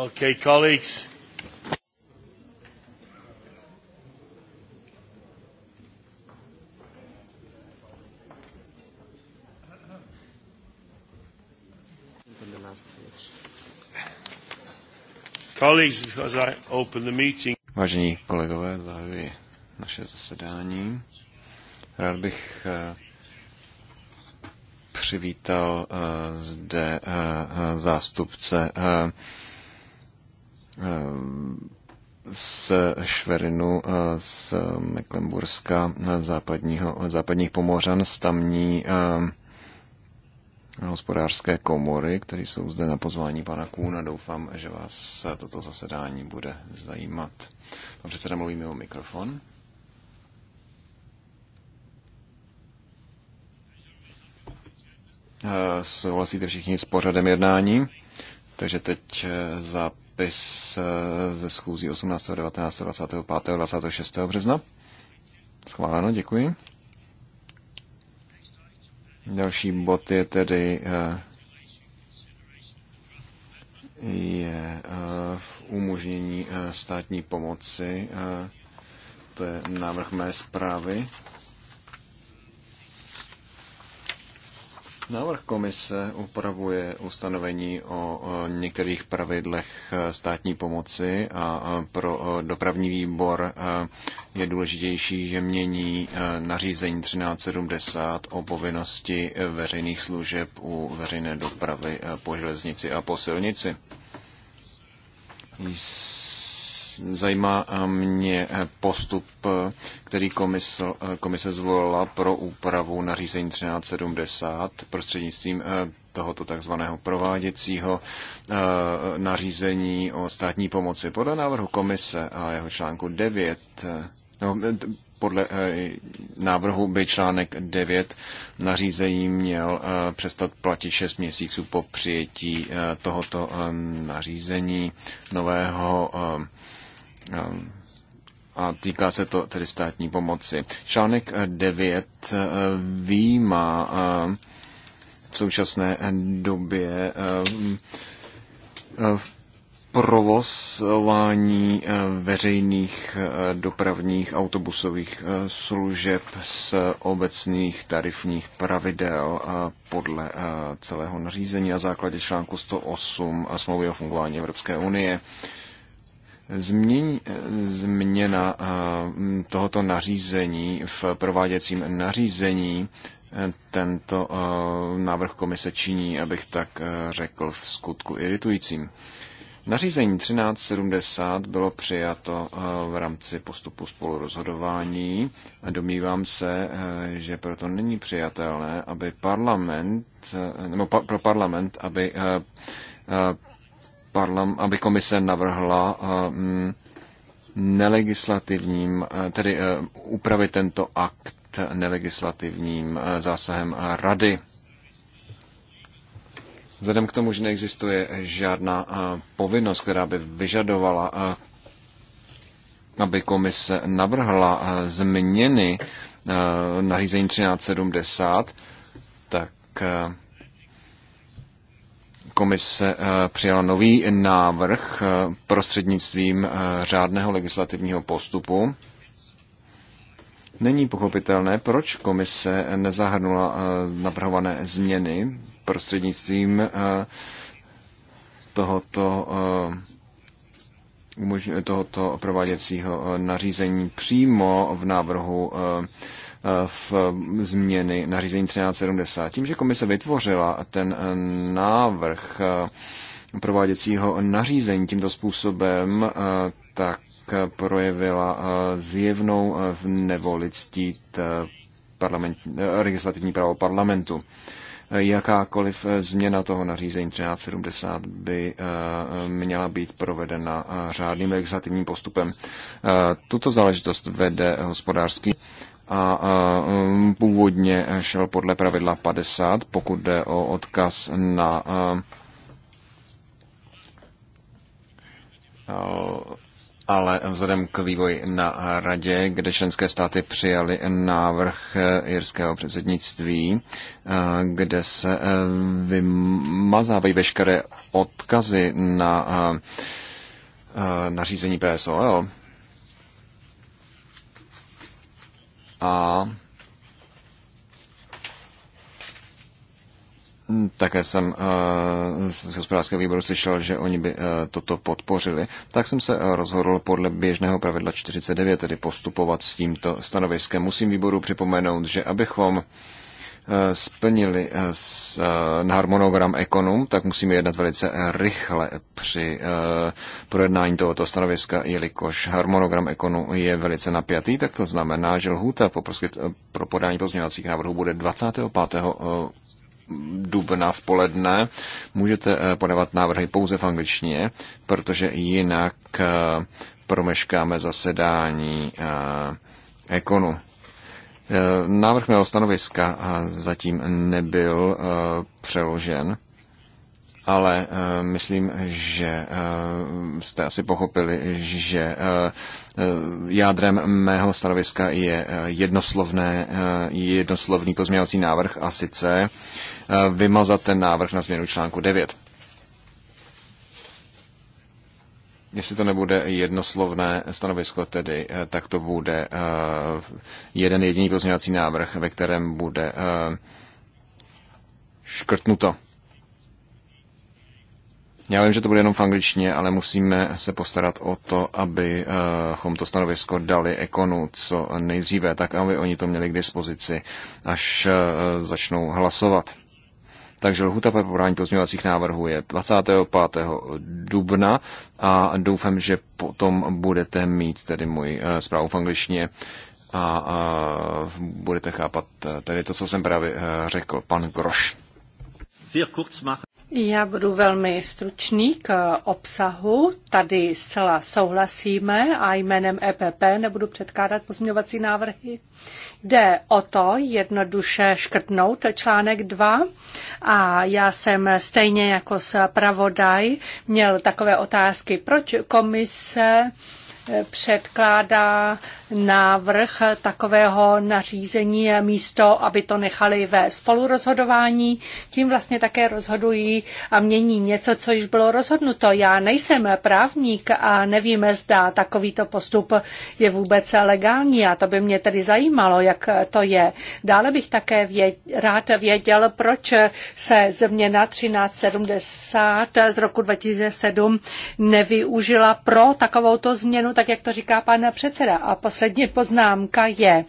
Okay, colleagues. Vážení kolegové, zahajuji naše zasedání. Rád bych uh, přivítal uh, zde uh, zástupce uh, z Šverinu, eh, z Mecklenburska, eh, západního, eh, západních pomořan, z tamní hospodářské komory, které jsou zde na pozvání pana Kůna. Doufám, že vás toto zasedání bude zajímat. Pan předseda mluví mimo mikrofon. Souhlasíte všichni s pořadem jednání? Takže teď za zápis eh, ze schůzí 18., 19., 25., 26. března. Schváleno, děkuji. Další bod je tedy eh, je eh, v umožnění státní pomoci. To je návrh mé zprávy. Návrh komise upravuje ustanovení o některých pravidlech eh, státní pomoci a pro eh, dopravní výbor eh, je důležitější, že mění nařízení 1370 o povinnosti veřejných služeb u veřejné dopravy po železnici a po silnici Zajímá eh, mě eh, postup, eh, který komise, komise zvolila pro úpravu nařízení 1370 prostřednictvím tohoto takzvaného prováděcího nařízení o státní pomoci. Podle návrhu komise a jeho článku 9, no, podle návrhu by článek 9 nařízení měl přestat platit 6 měsíců po přijetí tohoto nařízení nového Ehm, a týká se to tedy státní pomoci. Článek 9 eh, eh, výjima eh, v současné době provozování veřejných dopravních autobusových služeb z obecných tarifních pravidel podle celého nařízení na základě článku 108 a smlouvy o fungování Evropské unie. Změň, eh, změna eh, tohoto nařízení v prováděcím nařízení eh, tento návrh komise činí, abych tak řekl, v skutku iritujícím. Nařízení 1370 bylo přijato v rámci postupu spolurozhodování a domnívám se, že proto není přijatelné, aby parlament, nebo pa, pro parlament, aby parlam, aby komise navrhla eh, mm, nelegislativním, eh, tedy eh, upravit tento akt nelegislativním zásahem rady. Vzhledem k tomu, že neexistuje žádná povinnost, která by vyžadovala, aby komise navrhla změny nařízení 1370, tak komise eh, přijala nový návrh eh, prostřednictvím eh, řádného legislativního postupu. Není pochopitelné, proč komise nezahrnula navrhované změny prostřednictvím tohoto tohoto prováděcího eh, nařízení přímo v návrhu eh, eh, v změny nařízení 1370. Tím, že komise vytvořila ten návrh prováděcího nařízení tímto způsobem, tak projevila zjevnou nevoli parlament, legislativní právo parlamentu. Jakákoliv změna toho nařízení 1370 by eh, měla být provedena eh, řádným legislativním postupem. Eh, tuto záležitost vede hospodářský a původně šel podle pravidla 50, pokud jde o odkaz na ale vzhledem k vývoji na radě, kde členské státy přijali návrh jirského předsednictví, eh, kde se eh, vymazávají veškeré odkazy na eh, nařízení PSOL. A také jsem eh, z hospodářského výboru slyšel, že oni by eh, toto podpořili, tak jsem se eh, rozhodl podle běžného pravidla 49, tedy postupovat s tímto stanoviskem. Musím výboru připomenout, že abychom splnili na harmonogram ekonom, tak musíme jednat velice rychle při projednání tohoto stanoviska, jelikož harmonogram ekonom je velice napjatý, tak to znamená, že lhůta pro podání pozměňovacích návrhů bude 25 dubna v poledne. Můžete eh, podávat návrhy pouze v angličtině, protože jinak eh, promeškáme zasedání eh, ekonu. Návrh mého stanoviska zatím nebyl přeložen, ale myslím, že jste asi pochopili, že Eh, jádrem mého stanoviska je eh, jednoslovné, eh, jednoslovný pozměňovací návrh a sice vymazat ten návrh na změnu článku 9. Jestli to nebude jednoslovné stanovisko tedy, tak to bude jeden jediný pozměňovací návrh, ve kterém bude škrtnuto já vím, že to bude jenom v angličtině, ale musíme se postarat o to, abychom eh, to stanovisko dali ekonu co nejdříve, tak aby oni to měli k dispozici, až eh, začnou hlasovat. Takže lhuta pro podání pozměňovacích návrhů je 25. dubna a doufám, že potom budete mít tedy můj eh, zprávu v angličtině a, a budete chápat tedy to, co jsem právě řekl, pan Groš. Já budu velmi stručný k obsahu. Tady zcela souhlasíme a jménem EPP nebudu předkládat pozměňovací návrhy. Jde o to jednoduše škrtnout článek 2 a já jsem stejně jako pravodaj měl takové otázky, proč komise předkládá návrh takového nařízení místo, aby to nechali ve spolurozhodování. Tím vlastně také rozhodují a mění něco, co již bylo rozhodnuto. Já nejsem právník a nevíme zda takovýto postup je vůbec legální a to by mě tedy zajímalo, jak to je. Dále bych také věd, rád věděl, proč se změna 1370 z roku 2007 nevyužila pro takovouto změnu, tak jak to říká pan předseda. A poslední Poslední poznámka je,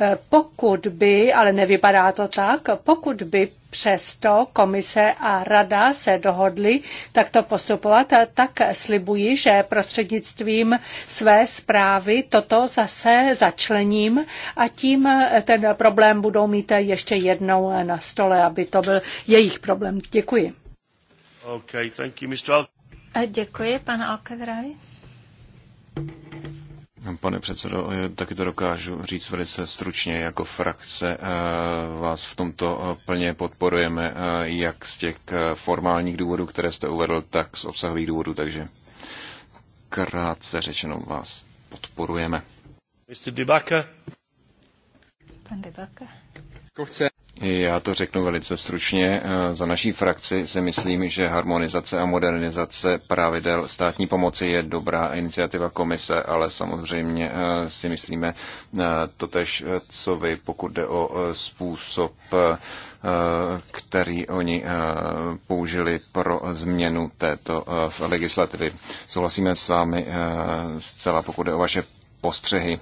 eh, pokud by, ale nevypadá to tak, pokud by Přesto komise a rada se dohodly takto postupovat, eh, tak slibuji, že prostřednictvím své zprávy toto zase začlením a tím eh, ten problém budou mít ještě jednou na stole, aby to byl jejich problém. Děkuji. Okay, thank you, Mr. Al- Děkuji, pan Alcadraj. Pane předsedo, eh, taky to dokážu říct velice stručně. Jako frakce eh, vás v tomto eh, plně podporujeme, jak z těch formálních důvodů, které jste uvedl, tak z obsahových důvodů, takže krátce řečeno vás podporujeme. Mr. Debaka. Pan Debaka. Jako chce. Já to řeknu velice stručně. Za naší frakci si myslím, že harmonizace a modernizace pravidel státní pomoci je dobrá iniciativa komise, ale samozřejmě eh, si myslíme eh, totež, eh, co vy, pokud jde o způsob, který oni použili pro změnu této legislativy. Souhlasíme s vámi zcela, pokud jde o vaše postřehy.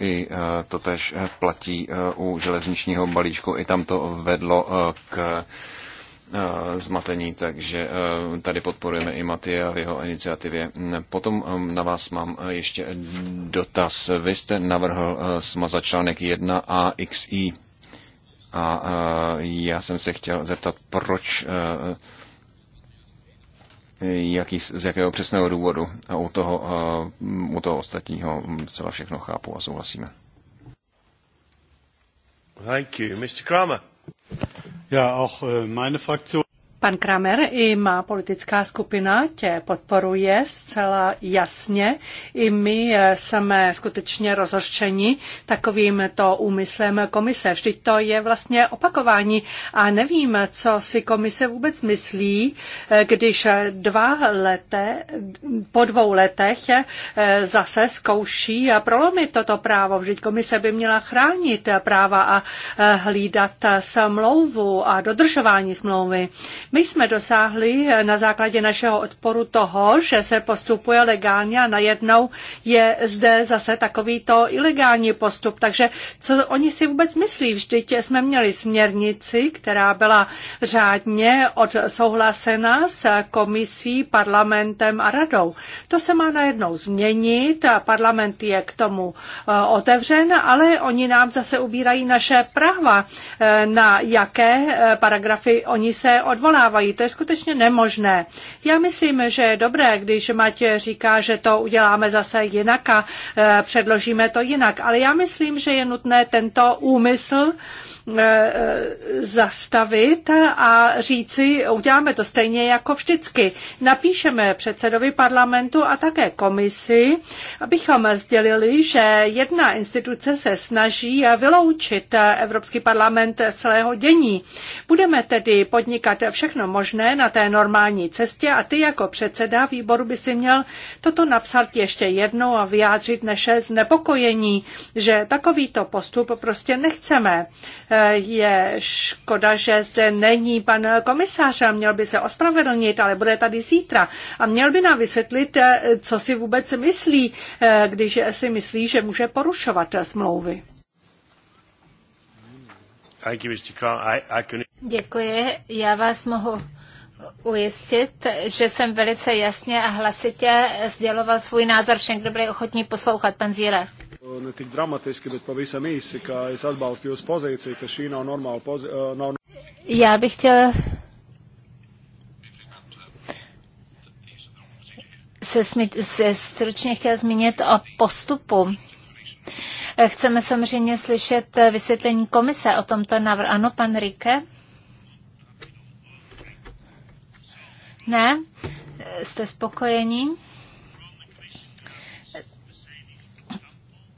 I eh, to tež eh, platí eh, u železničního balíčku. I tam to vedlo k zmatení, takže tady podporujeme i Matěja v jeho iniciativě. Potom ehm, na vás mám ještě dotaz. Vy jste navrhl smazat článek 1 a XI a já jsem se chtěl zeptat, proč jaký, z jakého přesného důvodu. A u toho, u toho ostatního zcela všechno chápu a souhlasíme. Thank you. Mr. Kramer. Ja, auch äh, meine Fraktion. Pan Kramer i má politická skupina tě podporuje zcela jasně. I my eh, jsme skutečně rozhořčeni takovýmto úmyslem komise. Vždyť to je vlastně opakování a nevím, co si komise vůbec myslí, eh, když dva lete, po dvou letech eh, zase zkouší a prolomit toto právo. Vždyť komise by měla chránit práva a hlídat smlouvu a dodržování smlouvy. My jsme dosáhli eh, na základě našeho odporu toho, že se postupuje legálně a najednou je zde zase takovýto ilegální postup. Takže co oni si vůbec myslí? Vždyť jsme měli směrnici, která byla řádně odsouhlasena s komisí, parlamentem a radou. To se má najednou změnit a parlament je k tomu eh, otevřen, ale oni nám zase ubírají naše práva, eh, na jaké paragrafy oni se odvolávají vykonávají. To je skutečně nemožné. Já myslím, že je dobré, když Matě říká, že to uděláme zase jinak a eh, předložíme to jinak. Ale já myslím, že je nutné tento úmysl Eh, zastavit a říci, uděláme to stejně jako vždycky. Napíšeme předsedovi parlamentu a také komisi, abychom sdělili, že jedna instituce se snaží vyloučit Evropský parlament celého dění. Budeme tedy podnikat všechno možné na té normální cestě a ty jako předseda výboru by si měl toto napsat ještě jednou a vyjádřit naše znepokojení, že takovýto postup prostě nechceme je škoda, že zde není pan komisář, měl by se ospravedlnit, ale bude tady zítra a měl by nám vysvětlit, eh, co si vůbec myslí, eh, když si myslí, že může porušovat smlouvy. Děkuji, já vás mohu ujistit, že jsem velice jasně a hlasitě sděloval svůj názor všem, kdo byli ochotní poslouchat. Pan Zíle ne tik dramatiski, bet pavisam īsi, ka es atbalstu jūsu pozīciju, ka šī nav normāla pozīcija. Jā, Já bych chtěla se, smit, se stručně chtěla zmínit o postupu. Chceme samozřejmě slyšet vysvětlení komise o tomto návrhu. Ano, pan Rike? Ne? Jste spokojení?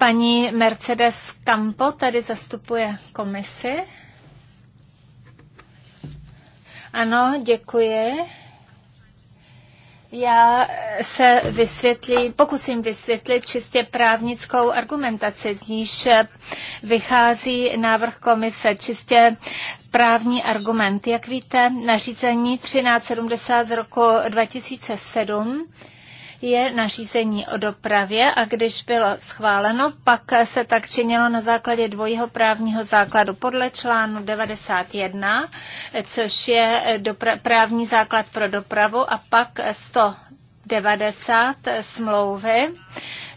Paní Mercedes Campo tady zastupuje komisi. Ano, děkuji. Já se vysvětlím, pokusím vysvětlit čistě právnickou argumentaci, z níž vychází návrh komise. Čistě právní argument. Jak víte, nařízení 1370 z roku 2007 je nařízení o dopravě a když bylo schváleno, pak se tak činilo na základě dvojího právního základu podle článku 91, což je právní základ pro dopravu a pak 190 smlouvy,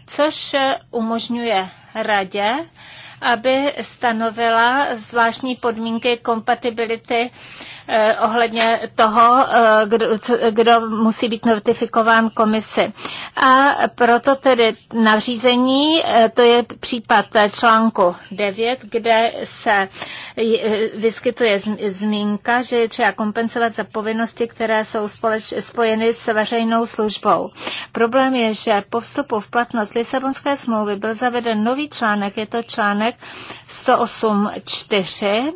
což umožňuje radě aby stanovila zvláštní podmínky kompatibility Eh, ohledně toho, eh, kdo, kdo musí být notifikován komisi. A proto tedy nařízení, eh, to je případ článku 9, kde se vyskytuje zmínka, že je třeba kompenzovat za povinnosti, které jsou společ, spojeny s veřejnou službou. Problém je, že po vstupu v platnost Lisabonské smlouvy byl zaveden nový článek, je to článek 108.4,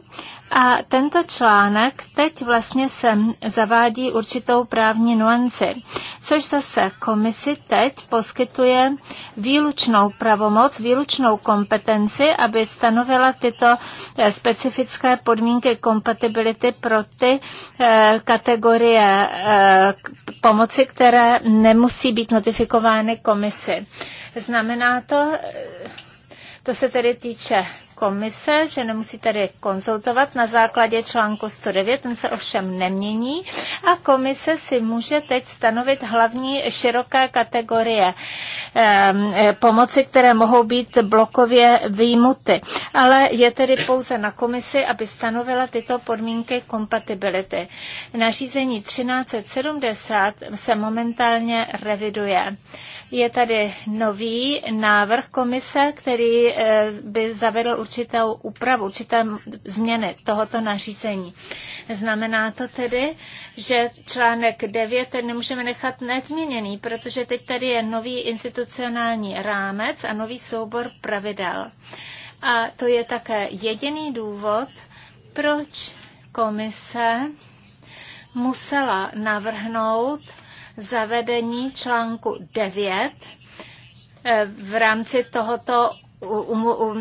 a tento článek teď vlastně se zavádí určitou právní nuanci, což zase komisi teď poskytuje výlučnou pravomoc, výlučnou kompetenci, aby stanovila tyto eh, specifické podmínky kompatibility pro ty eh, kategorie eh, pomoci, které nemusí být notifikovány komisi. Znamená to, to se tedy týče komise, že nemusí tady konzultovat na základě článku 109, ten se ovšem nemění a komise si může teď stanovit hlavní široké kategorie ehm, e, pomoci, které mohou být blokově výjimuty. Ale je tedy pouze na komisi, aby stanovila tyto podmínky kompatibility. Nařízení 1370 se momentálně reviduje. Je tady nový návrh komise, který eh, by zavedl určitou úpravu, určité změny tohoto nařízení. Znamená to tedy, že článek 9 nemůžeme nechat nezměněný, protože teď tady je nový institucionální rámec a nový soubor pravidel. A to je také jediný důvod, proč komise musela navrhnout zavedení článku 9 eh, v rámci tohoto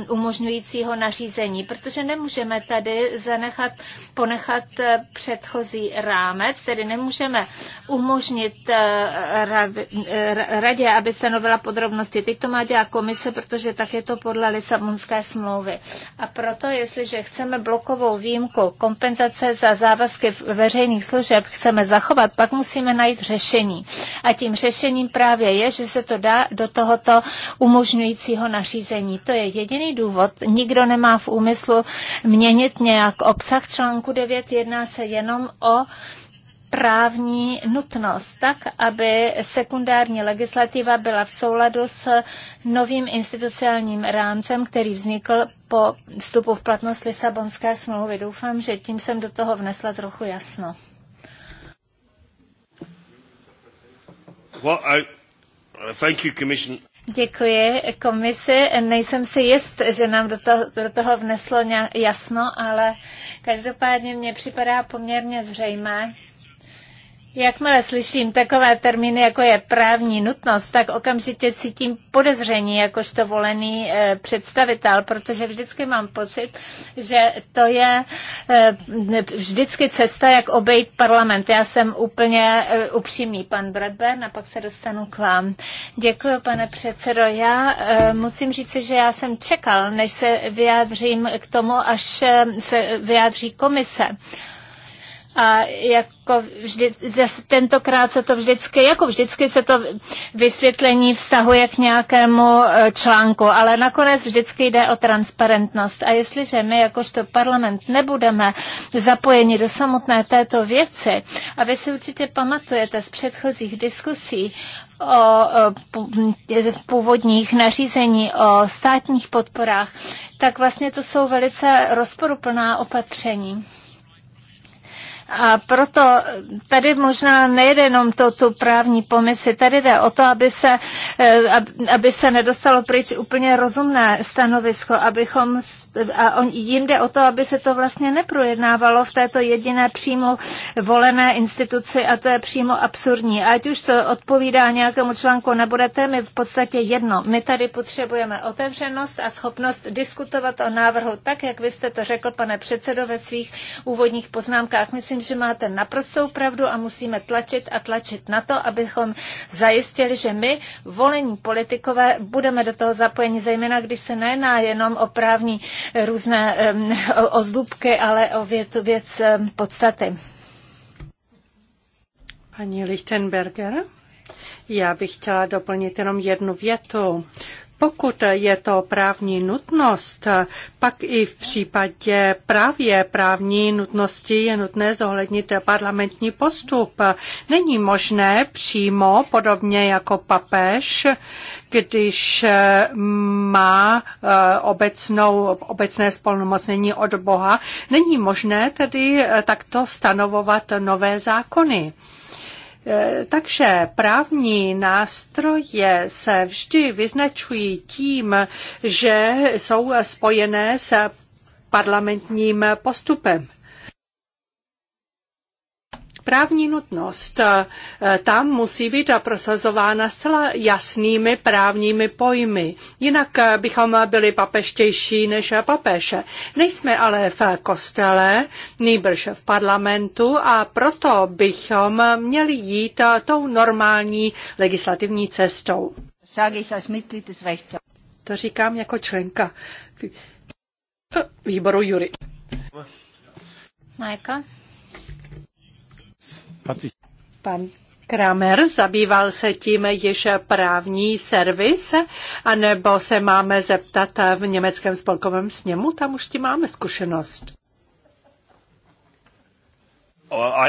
umožňujícího nařízení, protože nemůžeme tady zanechat, ponechat eh, předchozí rámec, tedy nemůžeme umožnit eh, eh, radě, aby stanovila podrobnosti. Teď to má dělat komise, protože tak je to podle Lisabonské smlouvy. A proto, jestliže chceme blokovou výjimku kompenzace za závazky veřejných služeb chceme zachovat, pak musíme najít řešení. A tím řešením právě je, že se to dá do tohoto umožňujícího nařízení není. To je jediný důvod. Nikdo nemá v úmyslu měnit nějak obsah článku 9. Jedná se jenom o právní nutnost, tak aby sekundární legislativa byla v souladu s novým institucionálním rámcem, který vznikl po vstupu v platnost Lisabonské smlouvy. Doufám, že tím jsem do toho vnesla trochu jasno. Well, I, uh, thank you, commission. Děkuji komisi. Nejsem si jist, že nám do toho, do toho vneslo jasno, ale každopádně mně připadá poměrně zřejmé, Jakmile slyším takové termíny, jako je právní nutnost, tak okamžitě cítím podezření jakožto volený eh, představitel, protože vždycky mám pocit, že to je eh, vždycky cesta, jak obejít parlament. Já jsem úplně eh, upřímný, pan Bradburn, a pak se dostanu k vám. Děkuji, pane předsedo. Já musím říct, že já jsem čekal, než se vyjádřím k tomu, až se vyjádří komise a jako vždy, tentokrát se to vždycky, jako vždycky se to vysvětlení vztahuje k nějakému e, článku, ale nakonec vždycky jde o transparentnost. A jestliže my jakožto parlament nebudeme zapojeni do samotné této věci, a vy si určitě pamatujete z předchozích diskusí o e, původních nařízení o státních podporách, tak vlastně to jsou velice rozporuplná opatření. A proto tady možná nejde jenom to, tu právní pomysy, tady jde o to, aby se, eh, aby se nedostalo pryč úplně rozumné stanovisko, abychom, a on, jim jde o to, aby se to vlastně neprojednávalo v této jediné přímo volené instituci a to je přímo absurdní. Ať už to odpovídá nějakému článku nebo to mi v podstatě jedno. My tady potřebujeme otevřenost a schopnost diskutovat o návrhu tak, jak vy jste to řekl, pane předsedo, ve svých úvodních poznámkách. Myslím, myslím, že máte naprostou pravdu a musíme tlačit a tlačit na to, abychom zajistili, že my, volení politikové, budeme do toho zapojeni, zejména když se nejedná jenom o právní eh, různé um, ozdůbky, ale o věc, věc podstaty. Paní Lichtenberger, já bych chtěla doplnit jenom jednu větu. Pokud je to právní nutnost, pak i v případě právě právní nutnosti je nutné zohlednit parlamentní postup. Není možné přímo, podobně jako papež, když má eh, obecnou, obecné spolnomocnění od Boha, není možné tedy eh, takto stanovovat nové zákony. Eh, takže právní nástroje se vždy vyznačují tím, že jsou spojené s parlamentním postupem. Právní nutnost e, tam musí být prosazována zcela jasnými právními pojmy. Jinak e, bychom byli papeštější než papeše. Nejsme ale v kostele, nejbrž v parlamentu a proto bychom měli jít e, tou normální legislativní cestou. To říkám jako členka výboru Jury. Majka? Pan Kramer zabýval se tím již právní servis, anebo se máme zeptat v německém spolkovém sněmu, tam už ti máme zkušenost. Oh,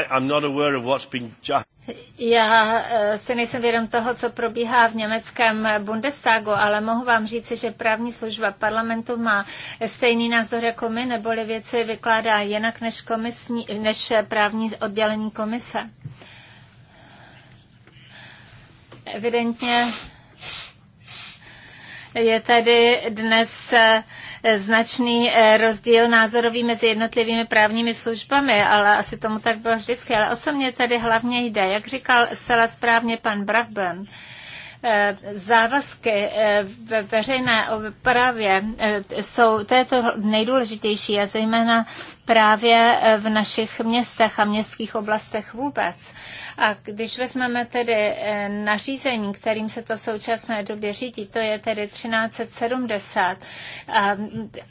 Já eh, si nejsem vědom toho, co probíhá v německém Bundestagu, ale mohu vám říci, že právní služba parlamentu má stejný názor jako my, neboli věci vykládá jinak než, komisní, než právní oddělení komise. Evidentně je tady dnes eh, značný eh, rozdíl názorový mezi jednotlivými právními službami, ale asi tomu tak bylo vždycky. Ale o co mě tady hlavně jde? Jak říkal zcela správně pan Brabben, Eh, závazky eh, ve veřejné právě eh, jsou této nejdůležitější a zejména právě v našich městech a městských oblastech vůbec. A když vezmeme tedy nařízení, kterým se to v současné době řídí, to je tedy 1370, a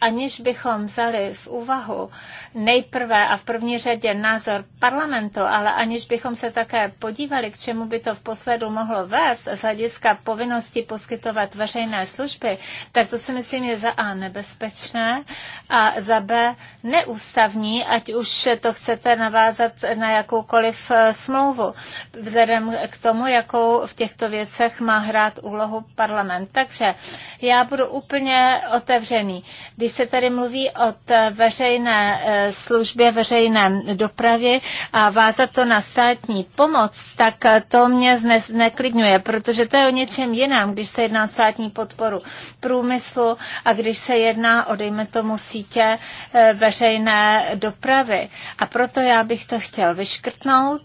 aniž bychom vzali v úvahu nejprve a v první řadě názor parlamentu, ale aniž bychom se také podívali, k čemu by to v posledu mohlo vést z hlediska hlediska povinnosti poskytovat veřejné služby, tak to si myslím je za A nebezpečné a za B neústavní, ať už to chcete navázat na jakoukoliv eh, smlouvu, vzhledem k tomu, jakou v těchto věcech má hrát úlohu parlament. Takže já budu úplně otevřený. Když se tady mluví o veřejné eh, službě, veřejné dopravě a vázat to na státní pomoc, tak eh, to mě zneklidňuje, protože to je o něčem jiném, když se jedná o státní podporu průmyslu a když se jedná o, dejme tomu, sítě eh, veřejné dopravy. A proto já bych to chtěl vyškrtnout,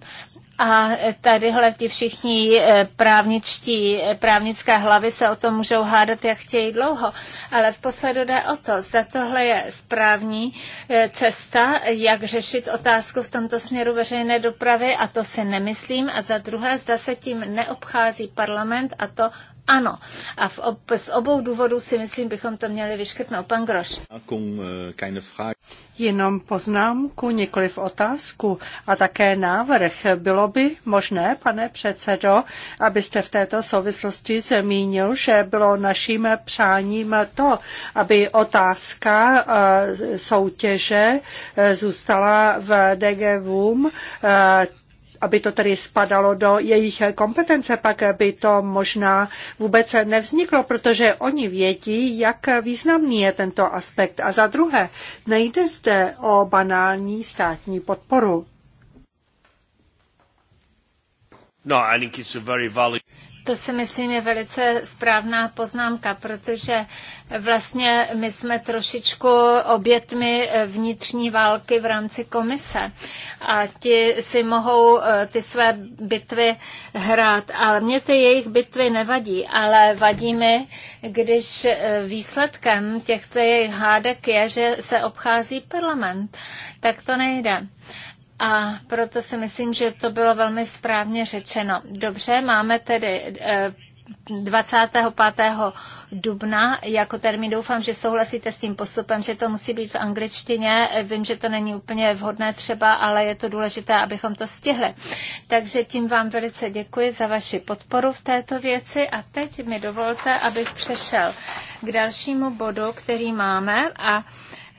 a tadyhle ti všichni eh, právničtí, eh, právnické hlavy se o tom můžou hádat, jak chtějí dlouho. Ale v posledu jde o to, zda tohle je správní eh, cesta, jak řešit otázku v tomto směru veřejné dopravy a to si nemyslím. A za druhé, zda se tím neobchází parlament a to ano. A v ob, z obou důvodů si myslím, bychom to měli vyškrtnout. Pan Groš. Eh, Jenom poznámku, v otázku a také návrh. Bylo by možné, pane předsedo, abyste v této souvislosti zmínil, že bylo naším přáním to, aby otázka eh, soutěže eh, zůstala v DGVUM aby to tedy spadalo do jejich kompetence, pak by to možná vůbec nevzniklo, protože oni vědí, jak významný je tento aspekt. A za druhé, nejde zde o banální státní podporu. No, I think it's a very valid... To si myslím je velice správná poznámka, protože vlastně my jsme trošičku obětmi vnitřní války v rámci komise a ti si mohou eh, ty své bitvy hrát, ale mě ty jejich bitvy nevadí, ale vadí mi, když eh, výsledkem těchto jejich hádek je, že se obchází parlament. Tak to nejde. A proto si myslím, že to bylo velmi správně řečeno. Dobře, máme tedy 25. Eh, dubna jako termín. Doufám, že souhlasíte s tím postupem, že to musí být v angličtině. Vím, že to není úplně vhodné třeba, ale je to důležité, abychom to stihli. Takže tím vám velice děkuji za vaši podporu v této věci a teď mi dovolte, abych přešel k dalšímu bodu, který máme a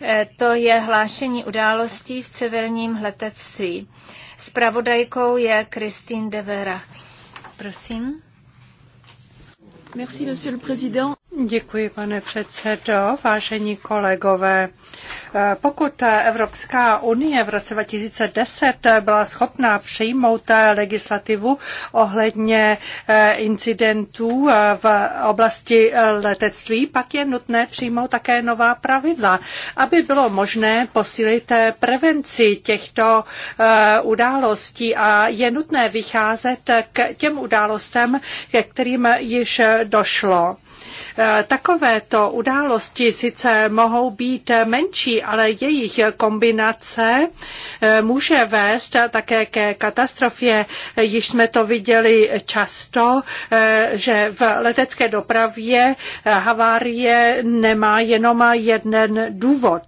Eh, to je hlášení událostí v civilním letectví. Spravodajkou je Christine de Vera. Prosím. Merci, monsieur le président. Děkuji, pane předsedo. Vážení kolegové, eh, pokud Evropská unie v roce 2010 byla schopná přijmout eh, legislativu ohledně eh, incidentů v oblasti letectví, pak je nutné přijmout také nová pravidla, aby bylo možné posílit prevenci těchto událostí a je nutné vycházet k těm událostem, ke kterým již došlo. Takovéto události sice mohou být menší, ale jejich kombinace eh, může vést také ke katastrofě. Již jsme to viděli často, eh, že v letecké dopravě havárie nemá jenom jeden důvod.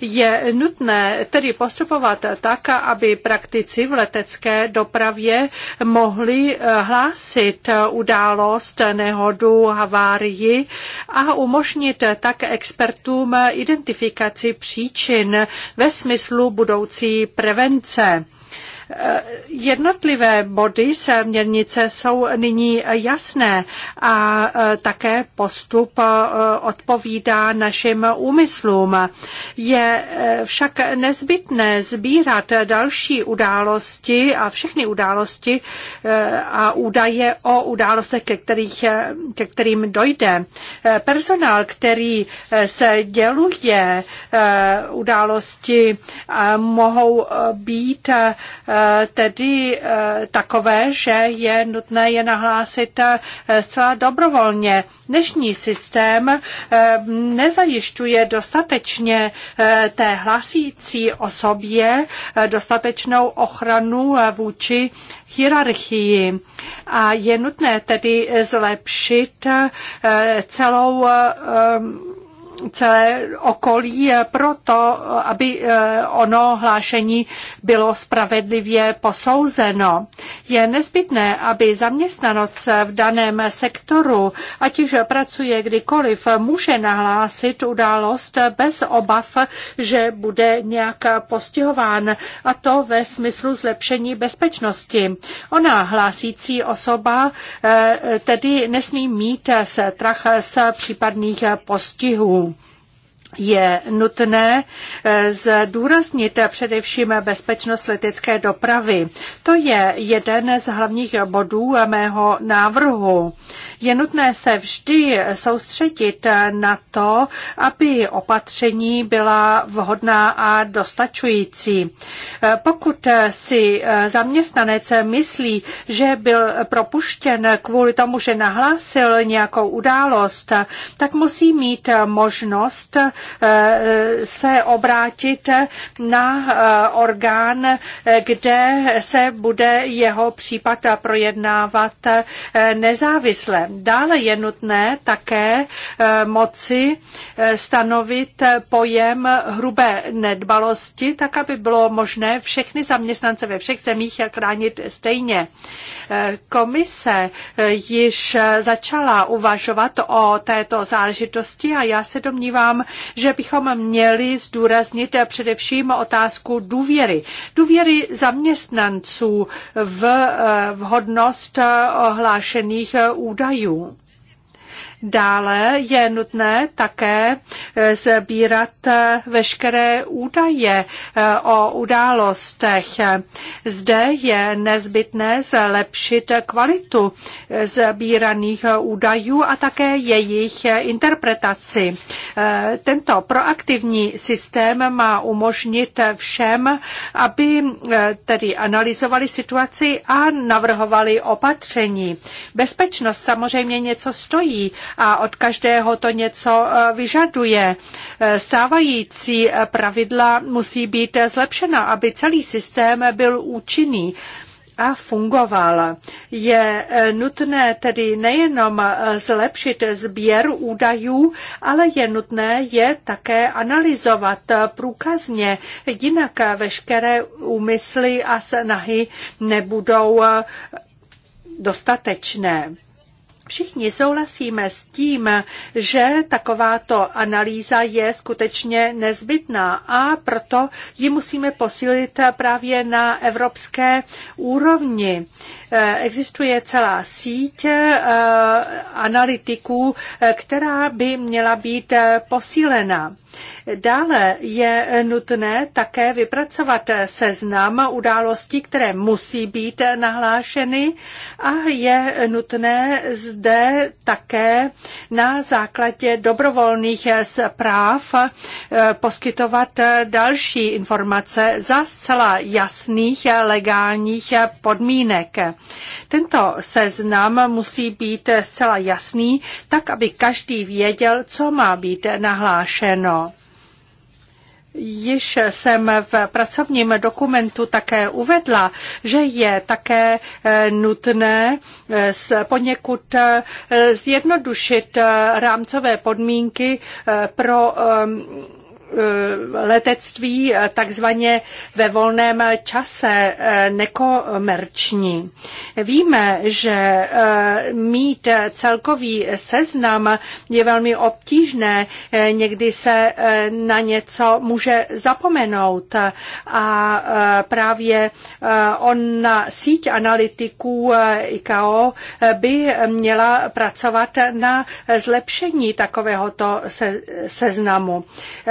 Je nutné tedy postupovat tak, aby praktici v letecké dopravě mohli hlásit událost, nehodu, havárii a umožnit tak expertům identifikaci příčin ve smyslu budoucí prevence. Jednotlivé body směrnice jsou nyní jasné a e, také postup e, odpovídá našim úmyslům. Je e, však nezbytné sbírat další události a všechny události a údaje o událostech, ke, kterých, ke kterým dojde. Personál, který se děluje události, mohou být Eh, tedy eh, takové, že je nutné je nahlásit eh, zcela dobrovolně. Dnešní systém nezajišťuje dostatečně té hlasící osobě dostatečnou ochranu vůči hierarchii. A je nutné tedy zlepšit celou celé okolí eh, pro to, eh, aby eh, ono hlášení bylo spravedlivě posouzeno. Je nezbytné, aby zaměstnanec v daném sektoru, ať už pracuje kdykoliv, může nahlásit událost bez obav, že bude nějak postihován, a to ve smyslu zlepšení bezpečnosti. Ona hlásící osoba tedy nesmí mít strach z případných postihů je nutné eh, zdůraznit především bezpečnost letecké dopravy. To je jeden z hlavních bodů mého návrhu. Je nutné se vždy soustředit na to, aby opatření byla vhodná a dostačující. Eh, pokud si eh, zaměstnanec myslí, že byl propuštěn kvůli tomu, že nahlásil nějakou událost, tak musí mít možnost Eh, se obrátit na eh, orgán, kde se bude jeho případ projednávat eh, nezávisle. Dále je nutné také moci stanovit pojem hrubé nedbalosti, tak aby bylo možné všechny zaměstnance ve všech zemích chránit stejně. Komise již začala uvažovat o této záležitosti a já se domnívám, že bychom měli zdůraznit především otázku důvěry. Důvěry zaměstnanců v eh, vhodnost eh, ohlášených eh, údajů. Dále je nutné také eh, sbírat eh, veškeré údaje eh, o událostech. Zde je nezbytné zlepšit kvalitu sbíraných údajů a také jejich interpretaci. Tento proaktivní systém má umožnit všem, aby tedy analyzovali situaci a navrhovali opatření. Bezpečnost samozřejmě něco stojí a od každého to něco eh, vyžaduje. Eh, stávající eh, pravidla musí být zlepšena, aby celý systém byl účinný a fungoval. Je nutné tedy nejenom zlepšit sběr údajů, ale je nutné je také analyzovat průkazně, jinak veškeré úmysly a snahy nebudou dostatečné. Všichni souhlasíme s tím, že takováto analýza je skutečně nezbytná a proto ji musíme posílit právě na evropské úrovni. Eh, existuje celá síť eh, analytiků, eh, která by měla být posílena. Dále je nutné také vypracovat seznam událostí, které musí být nahlášeny a je nutné zde také na základě dobrovolných zpráv poskytovat další informace za zcela jasných legálních podmínek. Tento seznam musí být zcela jasný, tak aby každý věděl, co má být nahlášeno. Již jsem v pracovním dokumentu také uvedla, že je také eh, nutné eh, poněkud eh, zjednodušit rámcové podmínky pro ehm, Eh, letectví eh, takzvaně ve volném čase eh, nekomerční. Víme, že mít celkový seznam je velmi obtížné, někdy se na něco může zapomenout a právě ona síť analytiků Iko by měla pracovat na zlepšení takovéhoto seznamu.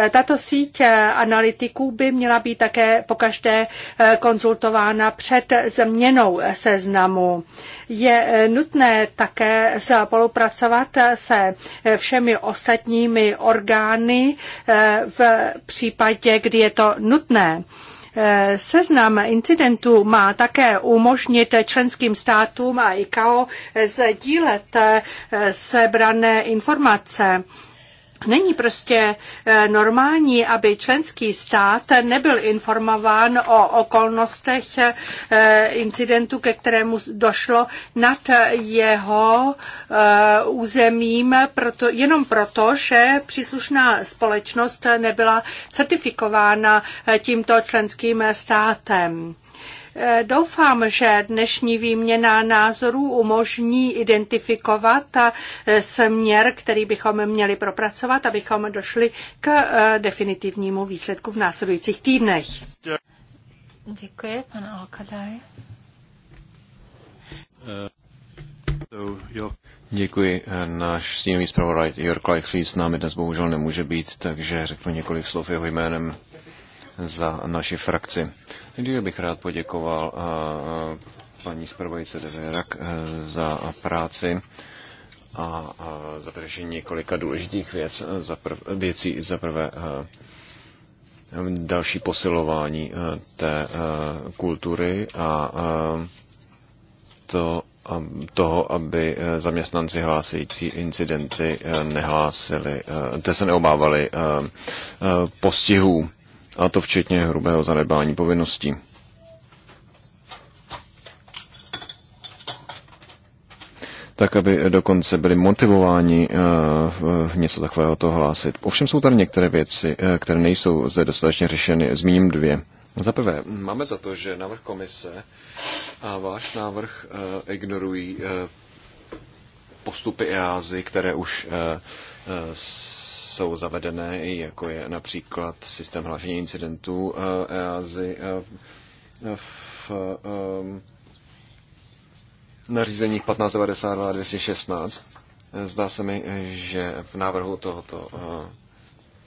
Tato tato síť eh, analytiků by měla být také pokaždé eh, konzultována před změnou seznamu. Je eh, nutné také spolupracovat se všemi ostatními orgány v případě, kdy je to nutné. Seznam incidentů má také umožnit členským státům a ICAO sdílet sebrané informace. Není prostě eh, normální, aby členský stát nebyl informován o okolnostech eh, incidentu, ke kterému došlo nad jeho eh, územím, proto, jenom proto, že příslušná společnost nebyla certifikována tímto členským státem. Eh, doufám, že dnešní výměna názorů umožní identifikovat eh, směr, který bychom měli propracovat, abychom došli k eh, definitivnímu výsledku v následujících týdnech. Děkuji, pan Alkadaj. Děkuji. Náš stínový zpravodaj Jörg Leichfried s námi dnes bohužel nemůže být, takže řeknu několik slov jeho jménem za naši frakci. Nejdříve bych rád poděkoval eh, eh, paní zpravodajce Deverak eh, za práci a za řešení několika důležitých věc, za prv, věcí. Za prvé další posilování té kultury a to, toho, aby zaměstnanci hlásící incidenty nehlásili, te se neobávali postihů a to včetně hrubého zanedbání povinností. tak aby dokonce byli motivováni uh, něco takového to hlásit. Ovšem jsou tady některé věci, uh, které nejsou zde dostatečně řešeny. Zmíním dvě. Za prvé, máme za to, že návrh komise a váš návrh uh, ignorují uh, postupy EASY, které už uh, uh, jsou zavedené, jako je například systém hlášení incidentů eh, EASI eh, v eh, nařízení 1592 216. Zdá se mi, že v návrhu tohoto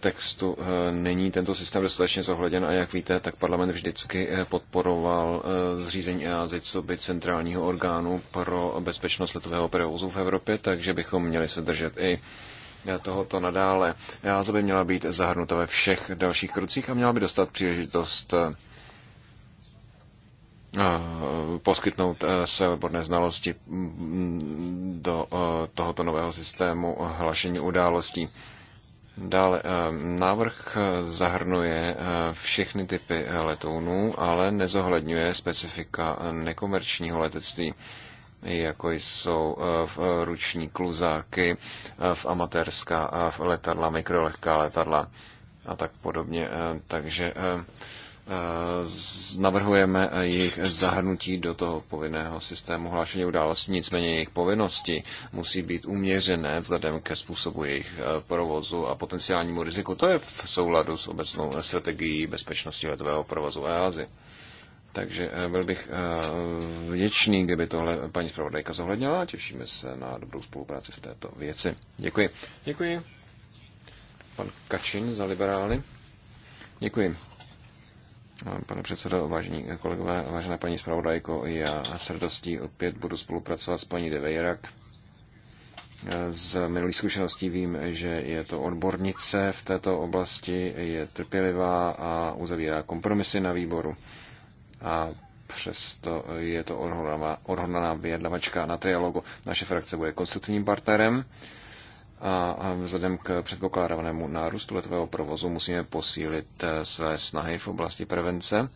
textu není tento systém dostatečně zohleděn a jak víte, tak parlament vždycky podporoval zřízení EASI co by centrálního orgánu pro bezpečnost letového provozu v Evropě, takže bychom měli se držet i tohoto nadále. Já by měla být zahrnuta ve všech dalších krucích a měla by dostat příležitost eh, poskytnout eh, své odborné znalosti mm, do eh, tohoto nového systému hlašení událostí. Dále návrh zahrnuje všechny typy letounů, ale nezohledňuje specifika nekomerčního letectví jako jsou eh, v eh, ruční kluzáky, eh, v amatérská v letadla, mikrolehká letadla a tak podobně. Takže navrhujeme jejich zahrnutí do toho povinného systému hlášení událostí, nicméně jejich povinnosti musí být uměřené vzhledem ke způsobu jejich provozu a potenciálnímu riziku. To je v souladu s obecnou strategií bezpečnosti letového provozu EASY. Takže eh, byl bych eh, vděčný, kdyby tohle paní zpravodajka zohlednila. Těšíme se na dobrou spolupráci v této věci. Děkuji. Děkuji. Pan Kačin za liberály. Děkuji. Eh, pane předsedo, vážení kolegové, vážená paní zpravodajko, já s radostí opět budu spolupracovat s paní Devejrak. Z minulých zkušeností vím, že je to odbornice v této oblasti, je trpělivá a uzavírá kompromisy na výboru a přesto je to odhodlaná, vyjednavačka na trialogu. Naše frakce bude konstruktivním partnerem a vzhledem k předpokládanému nárůstu letového provozu musíme posílit eh, své snahy v oblasti prevence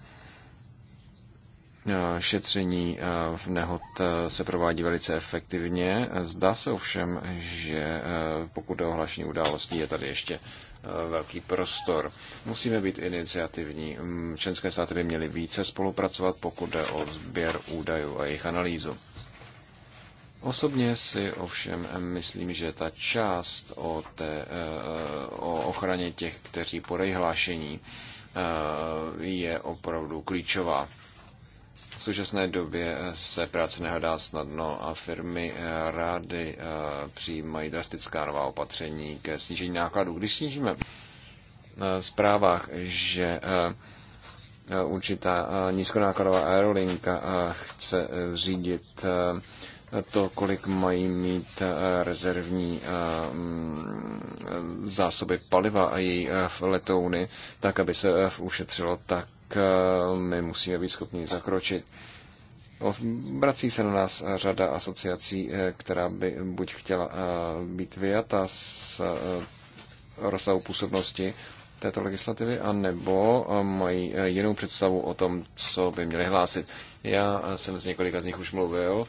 Eh, šetření eh, v nehod eh, se provádí velice efektivně. Zdá se ovšem, že pokud je o hlášení událostí, je tady ještě velký prostor. Musíme být iniciativní. Mm, členské státy by měly více spolupracovat, pokud jde o sběr údajů a jejich analýzu. Osobně si ovšem myslím, že ta část o, té, o ochraně těch, kteří podají hlášení, je opravdu klíčová. V současné době eh, se práce nehledá snadno a firmy eh, rády eh, přijímají drastická nová opatření ke snížení nákladů. Když snížíme zprávách, že určitá nízkonákladová aerolinka chce řídit to, kolik mají mít rezervní mm, zásoby paliva a její letouny, tak aby se ušetřilo, tak tak eh, my musíme být schopni zakročit. Vrací se na nás řada asociací, eh, která by buď chtěla eh, být vyjata z rozsahu působnosti této legislativy, anebo mají jinou představu o tom, co by měli hlásit. Já jsem s několika z nich už mluvil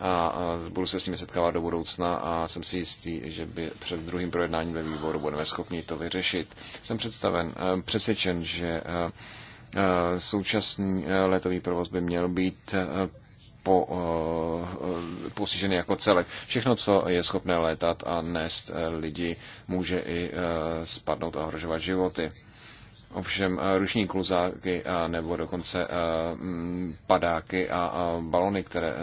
a budu se s nimi setkávat do budoucna a jsem si jistý, že by před druhým projednáním ve výboru budeme schopni to vyřešit. Jsem představen, přesvědčen, že Eh, současný eh, letový provoz by měl být eh, po, jako celek. Všechno, co je schopné létat a nést lidi, může i spadnout a ohrožovat životy. Ovšem ruční kluzáky a nebo dokonce mm, padáky a balony, které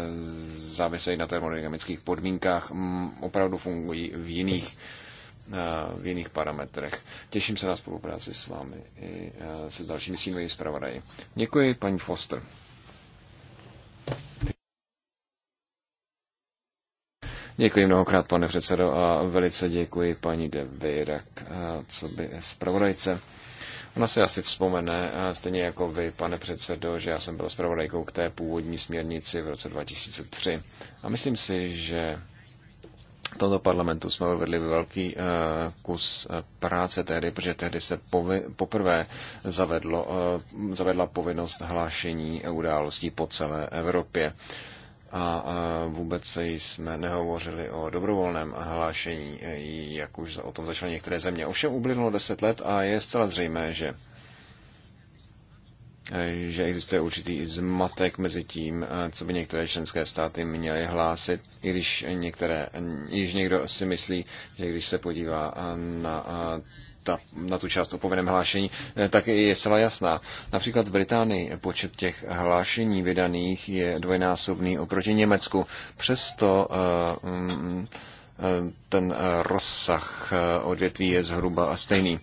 závisejí na termodynamických podmínkách, mm, opravdu fungují v jiných Eh, v jiných parametrech. Těším se na spolupráci s vámi i eh, se s dalšími sínovými zpravodaji. Děkuji, paní Foster. Děkuji mnohokrát, pane předsedo, a velice děkuji paní De Vejrak, eh, co by zpravodajce. Ona se asi vzpomene, stejně jako vy, pane předsedo, že já jsem byl zpravodajkou k té původní směrnici v roce 2003. A myslím si, že v tomto parlamentu jsme odvedli velký eh, kus eh, práce tehdy, protože tehdy se povi, poprvé zavedlo, eh, zavedla povinnost hlášení událostí po celé Evropě. A vůbec jsme nehovořili o dobrovolném hlášení, jak už o tom začaly některé země. Ovšem ublynulo deset let a je zcela zřejmé, že že existuje určitý zmatek mezi tím, eh, co by některé členské státy měly hlásit, i když některé, již někdo si myslí, že když se podívá eh, na eh, ta, na tu část o povinném hlášení, tak je celá jasná. Například v Británii počet těch hlášení vydaných je dvojnásobný oproti Německu. Přesto mm, ten rozsah odvětví je zhruba stejný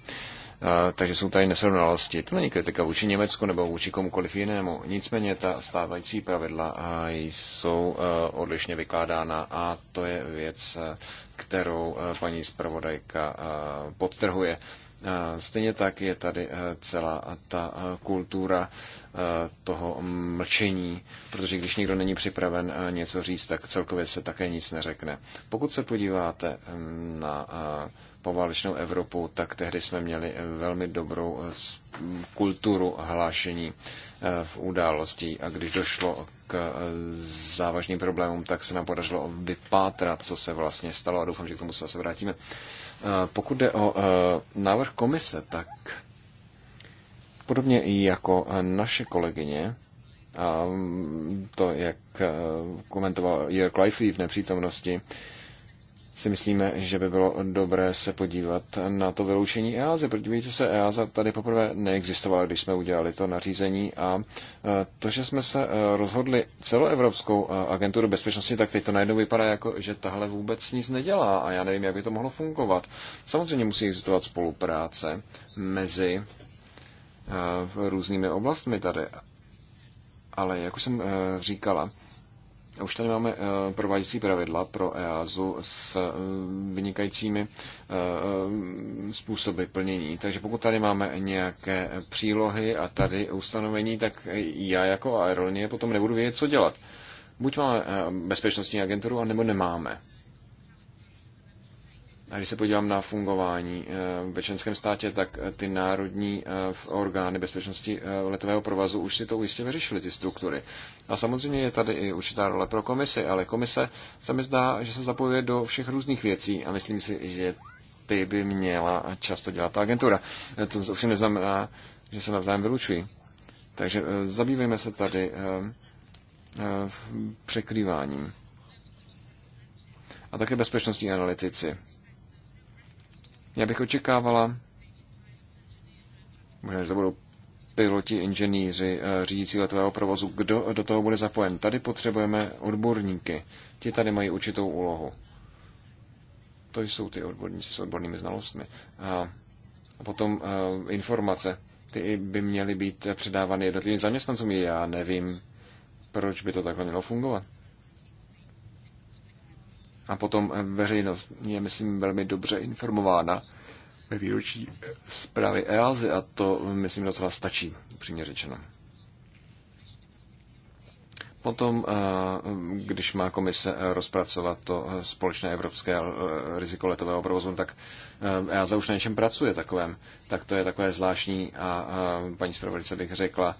takže jsou tady nesrovnalosti. To není kritika vůči Německu nebo vůči komukoliv jinému. Nicméně ta stávající pravidla jsou e, odlišně vykládána a to je věc, e, kterou e, paní zpravodajka podtrhuje. Stejně tak je tady celá ta kultura toho mlčení, protože když někdo není připraven něco říct, tak celkově se také nic neřekne. Pokud se podíváte na poválečnou Evropu, tak tehdy jsme měli velmi dobrou eh, kulturu hlášení eh, v událostí a když došlo k eh, závažným problémům, tak se nám podařilo vypátrat, co se vlastně stalo a doufám, že k tomu se zase vrátíme. Pokud jde o návrh komise, tak podobně i jako naše kolegyně, a mm, to, jak komentoval Jörg Leify v nepřítomnosti, si myslíme, že by bylo dobré se podívat na to vyloučení EASA. Podívejte se, EASA tady poprvé neexistovala, když jsme udělali to nařízení a e, to, že jsme se e, rozhodli celoevropskou e, agenturu bezpečnosti, tak teď to najednou vypadá jako, že tahle vůbec nic nedělá a já nevím, jak by to mohlo fungovat. Samozřejmě musí existovat spolupráce mezi různými oblastmi tady, ale jak už jsem říkala, už tady máme eh, provádějící pravidla pro EASu s eh, vynikajícími eh, způsoby plnění. Takže pokud tady máme nějaké přílohy a tady ustanovení, tak já jako aerolinie potom nebudu vědět, co dělat. Buď máme bezpečnostní agenturu, anebo nemáme. A když se podívám na fungování eh, ve členském státě, tak eh, ty národní eh, orgány bezpečnosti letového provazu už si to jistě vyřešily, ty struktury. A samozřejmě je tady i určitá role pro komisi, ale komise se mi zdá, že se zapojuje do všech různých věcí a myslím si, že ty by měla často dělat ta agentura. To ovšem neznamená, že se navzájem vylučují. Takže zabývejme se tady překrýváním. A také bezpečnostní analytici já bych očekávala, možná, že to budou piloti, inženýři, eh, řídící letového provozu, kdo do toho bude zapojen. Tady potřebujeme odborníky. Ti tady mají určitou úlohu. To jsou ty odborníci s odbornými znalostmi. A potom eh, informace. Ty by měly být předávány jednotlivým zaměstnancům. Já nevím, proč by to takhle mělo fungovat. A potom eh, veřejnost je, myslím, velmi dobře informována ve výročí zprávy EASY a to, eh, myslím, docela stačí, upřímně řečeno. Potom, eh, když má komise rozpracovat to společné evropské riziko letového provozu, tak za e už na něčem pracuje takovém. Tak to je takové zvláštní a paní zpravodajce bych řekla,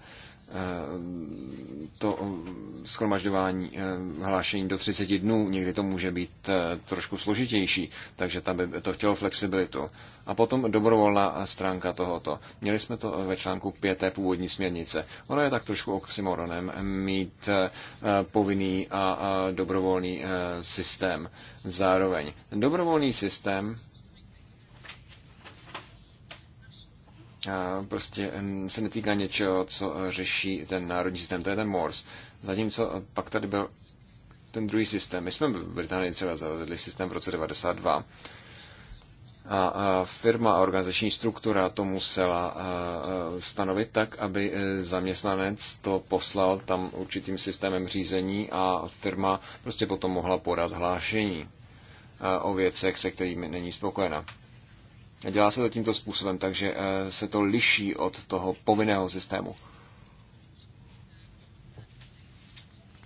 Eh, to eh, schromažďování eh, hlášení do 30 dnů, někdy to může být trošku složitější, takže tam by to chtělo flexibilitu. A potom dobrovolná stránka tohoto. Měli jsme to ve článku 5. původní směrnice. Ono je tak trošku oxymoronem mít povinný a dobrovolný systém zároveň. Dobrovolný systém prostě se netýká něčeho, co eh, řeší ten národní systém, to je ten Morse. Zatímco eh, pak tady byl ten druhý systém. My jsme v Británii třeba zavedli systém v roce 92. A, a firma a organizační struktura to musela eh, stanovit tak, aby zaměstnanec to poslal tam určitým systémem řízení a firma prostě potom mohla podat hlášení o věcech, se kterými není spokojena. Dělá se to tímto způsobem, takže eh, se to liší od toho povinného systému.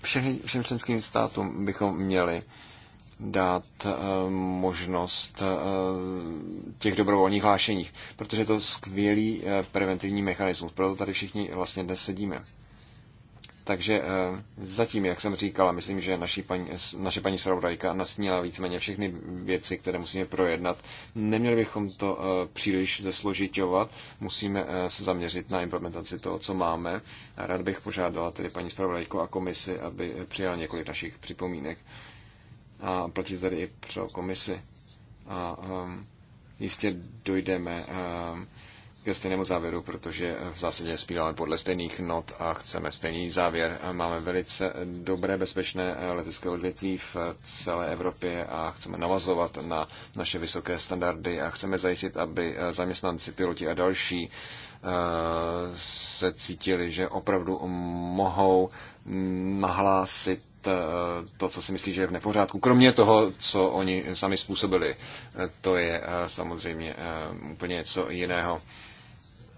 Všem, všem členským státům bychom měli dát eh, možnost eh, těch dobrovolných hlášeních, protože je to skvělý preventivní mechanismus. Proto tady všichni vlastně dnes sedíme. Takže eh, zatím, jak jsem říkala, myslím, že naší paní, naše paní Sorobrajka nastínila víceméně všechny věci, které musíme projednat. Neměli bychom to eh, příliš zesložitovat, musíme eh, se zaměřit na implementaci toho, co máme. A rád bych požádala tedy paní Sorobrajku a komisi, aby přijala několik našich připomínek. A platí tady i pro komisi. A um, jistě dojdeme um, ke stejnému závěru, protože v zásadě zpíváme podle stejných not a chceme stejný závěr. Máme velice dobré bezpečné letecké odvětví v celé Evropě a chceme navazovat na naše vysoké standardy a chceme zajistit, aby zaměstnanci, piloti a další eh, se cítili, že opravdu mohou nahlásit eh, to, co si myslí, že je v nepořádku. Kromě toho, co oni sami způsobili, eh, to je samozřejmě úplně něco jiného.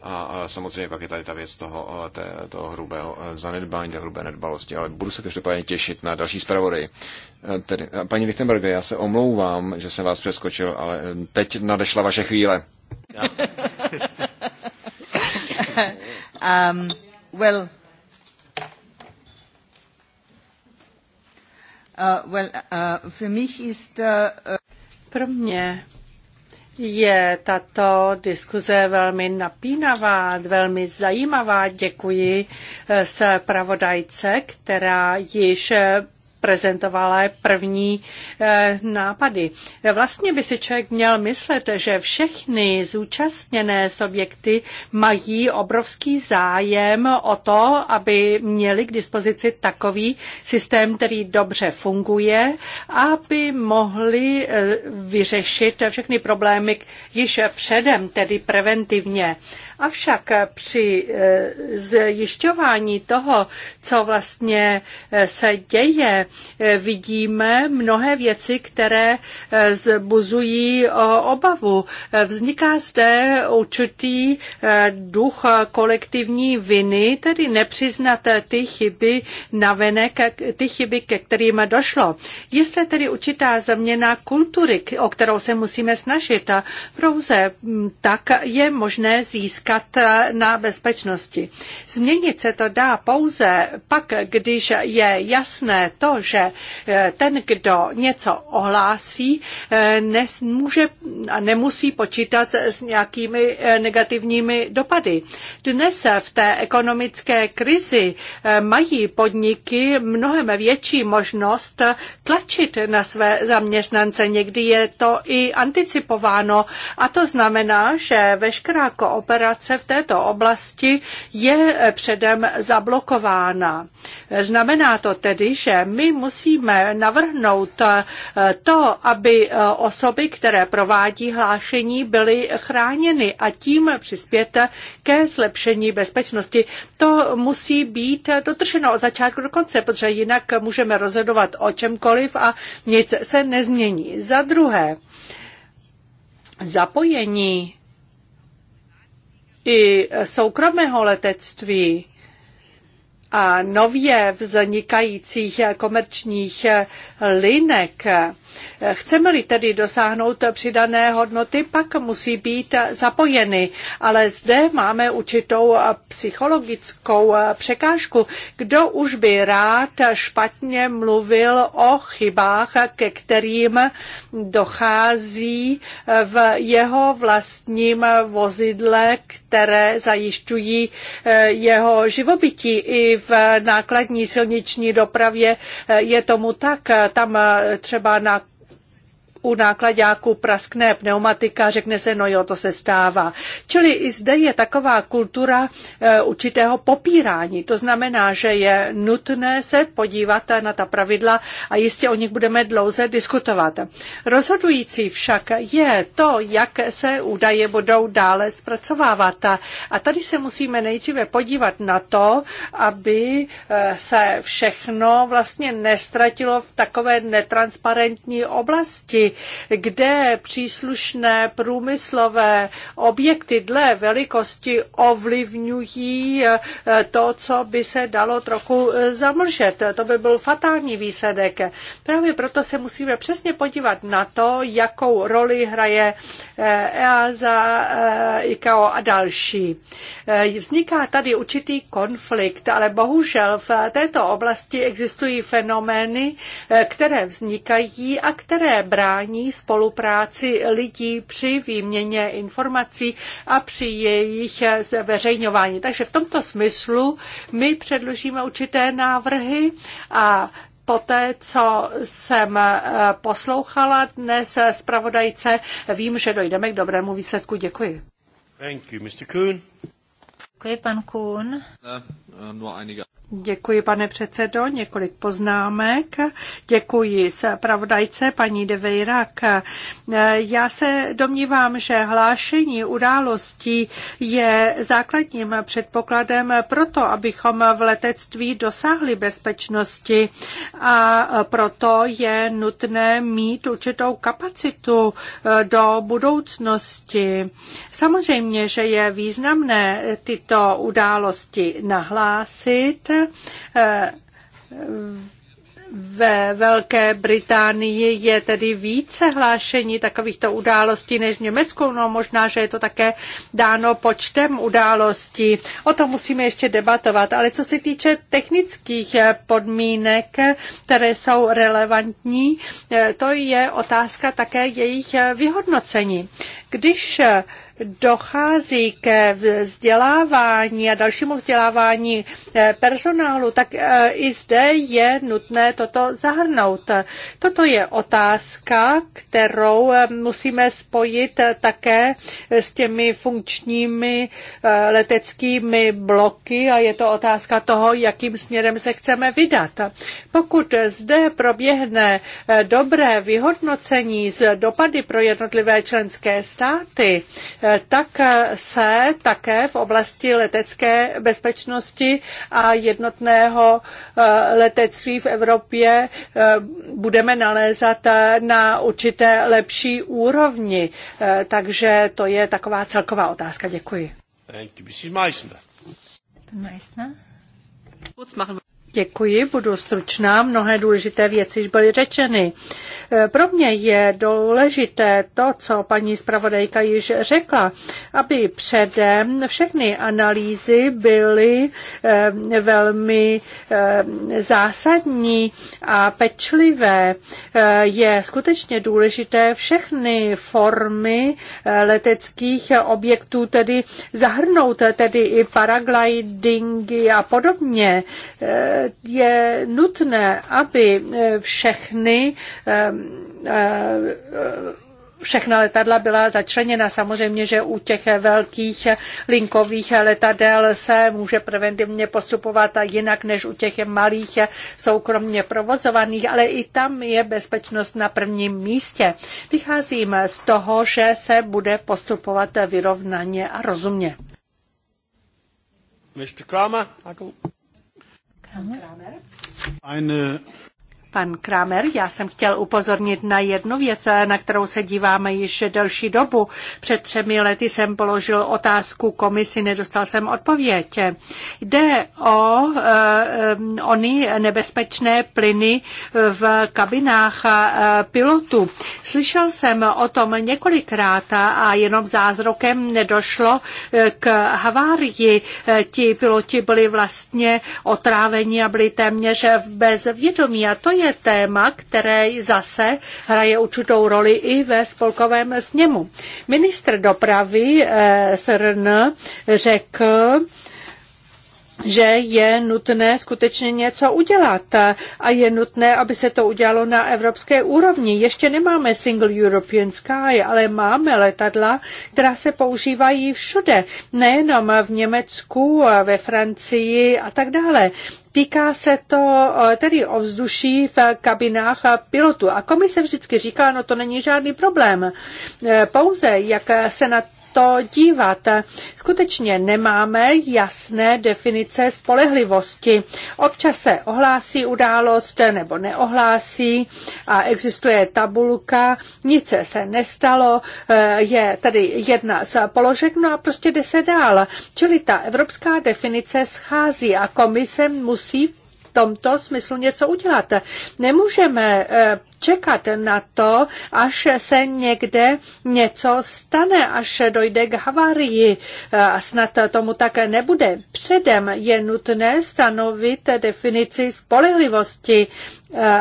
A samozřejmě pak je tady ta věc toho, eh, té, toho hrubého eh, zanedbání, té hrubé nedbalosti, ale budu se každopádně těšit na další zpravodaj. Eh, tedy, paní Wichtenberger, já se omlouvám, že jsem vás přeskočil, ale teď nadešla vaše chvíle. um, well, uh, well, uh, für mich ist, uh, Pro mě je tato diskuze velmi napínavá, velmi zajímavá. Děkuji eh, se pravodajce, která již eh, prezentovala první eh, nápady. Vlastně by si člověk měl myslet, že všechny zúčastněné subjekty mají obrovský zájem o to, aby měli k dispozici takový systém, který dobře funguje, aby mohli eh, vyřešit všechny problémy již předem, tedy preventivně. Avšak při eh, zjišťování toho, co vlastně eh, se děje, eh, vidíme mnohé věci, které zbuzují obavu. Vzniká zde určitý duch kolektivní viny, tedy nepřiznat ty chyby navenek, ty chyby, ke kterým došlo. Je zde tedy určitá změna kultury, o kterou se musíme snažit. a Pouze mm, tak je možné získat získat eh, na bezpečnosti. Změnit se to dá pouze pak, když je jasné to, že eh, ten, kdo něco ohlásí, eh, nemůže a nemusí počítat s nějakými negativními dopady. Dnes v té ekonomické krizi mají podniky mnohem větší možnost tlačit na své zaměstnance. Někdy je to i anticipováno a to znamená, že veškerá kooperace spolupráce v této oblasti je předem zablokována. Znamená to tedy, že my musíme navrhnout eh, to, aby eh, osoby, které provádí hlášení, byly chráněny a tím přispět ke zlepšení bezpečnosti. To musí být dotrženo od začátku do konce, protože jinak můžeme rozhodovat o čemkoliv a nic se nezmění. Za druhé, zapojení i soukromého letectví a nově vznikajících komerčních linek Chceme-li tedy dosáhnout přidané hodnoty, pak musí být zapojeny. Ale zde máme určitou psychologickou překážku. Kdo už by rád špatně mluvil o chybách, ke kterým dochází v jeho vlastním vozidle, které zajišťují eh, jeho živobytí. I v nákladní silniční dopravě eh, je tomu tak. Tam eh, třeba na u nákladňáku praskne pneumatika, řekne se, no jo, to se stává. Čili i zde je taková kultura e, určitého popírání. To znamená, že je nutné se podívat na ta pravidla a jistě o nich budeme dlouze diskutovat. Rozhodující však je to, jak se údaje budou dále zpracovávat. A tady se musíme nejdříve podívat na to, aby e, se všechno vlastně nestratilo v takové netransparentní oblasti, kde příslušné průmyslové objekty dle velikosti ovlivňují eh, to, co by se dalo trochu eh, zamlžet. To by byl fatální výsledek. Právě proto se musíme přesně podívat na to, jakou roli hraje EASA, eh, e ICAO a další. Vzniká tady určitý konflikt, ale bohužel v této oblasti existují fenomény, které vznikají a které brání sociální spolupráci lidí při výměně informací a při jejich zveřejňování. Takže v tomto smyslu my předložíme určité návrhy a Poté, co jsem eh, poslouchala dnes zpravodajce, vím, že dojdeme k dobrému výsledku. Děkuji. Thank you, Mr. Kuhn. Děkuji, pan Kuhn. Eh, eh, no, no, Děkuji, pane předsedo. Několik poznámek. Děkuji zpravodajce paní De Vejrak. Já se domnívám, že hlášení událostí je základním předpokladem pro to, abychom v letectví dosáhli bezpečnosti a proto je nutné mít určitou kapacitu eh, do budoucnosti. Samozřejmě, že je významné tyto události nahlásit, ve Velké Británii je tedy více hlášení takovýchto událostí než v Německu. No možná, že je to také dáno počtem událostí. O tom musíme ještě debatovat. Ale co se týče technických podmínek, které jsou relevantní, to je otázka také jejich vyhodnocení. Když dochází ke vzdělávání a dalšímu vzdělávání eh, personálu, tak eh, i zde je nutné toto zahrnout. Toto je otázka, kterou eh, musíme spojit také s těmi funkčními leteckými bloky a je to otázka toho, jakým směrem se chceme vydat. Pokud zde proběhne dobré vyhodnocení z dopady pro jednotlivé členské státy, tak se také v oblasti letecké bezpečnosti a jednotného eh, letectví v Evropě eh, budeme nalézat eh, na určité lepší úrovni. Takže to je taková celková otázka. Děkuji. Thank you, Mrs. Meissner. Meissner. Děkuji, budu stručná. Mnohé důležité věci již byly řečeny. Eh, pro mě je důležité to, co paní zpravodajka již řekla, aby předem všechny analýzy byly eh, velmi eh, zásadní a pečlivé. Je skutečně důležité všechny formy leteckých objektů tedy zahrnout, tedy i paraglidingy a podobně je nutné, aby eh, všechny eh, eh, všechna letadla byla začleněna. Samozřejmě, že u těch velkých linkových letadel se může preventivně postupovat jinak než u těch malých soukromně provozovaných, ale i tam je bezpečnost na prvním místě. Vycházím z toho, že se bude postupovat vyrovnaně a rozumně. Mr. Kramer, Pan Kramer. Pan Kramer, já jsem chtěl upozornit na jednu věc, na kterou se díváme již delší dobu. Před třemi lety jsem položil otázku komisi, nedostal jsem odpověď. Jde o uh, ony nebezpečné plyny v kabinách eh, pilotů. Slyšel jsem o tom několikrát a jenom zázrokem nedošlo eh, k havárii. Ti piloti byli vlastně otráveni a byli téměř bezvědomí. a to je téma, které zase hraje určitou roli i ve spolkovém sněmu. Ministr dopravy eh, SRN řekl, že je nutné skutečně něco udělat a je nutné, aby se to udělalo na evropské úrovni. Ještě nemáme Single European Sky, ale máme letadla, která se používají všude, nejenom v Německu, ve Francii a tak dále. Týká se to eh, tedy ovzduší v kabinách pilotů. A komise vždycky říká, no to není žádný problém. Eh, pouze, jak se na to dívat. Skutečně nemáme jasné definice spolehlivosti. Občas se ohlásí událost nebo neohlásí a existuje tabulka, nic se nestalo, eh, je tady jedna z položek, no a prostě jde se dál. Čili ta evropská definice schází a komise musí tomto smyslu něco udělat. Nemůžeme eh, čekat na to, až se někde něco stane, až dojde k havárii. Eh, a snad tomu také nebude. Předem je nutné stanovit definici spolehlivosti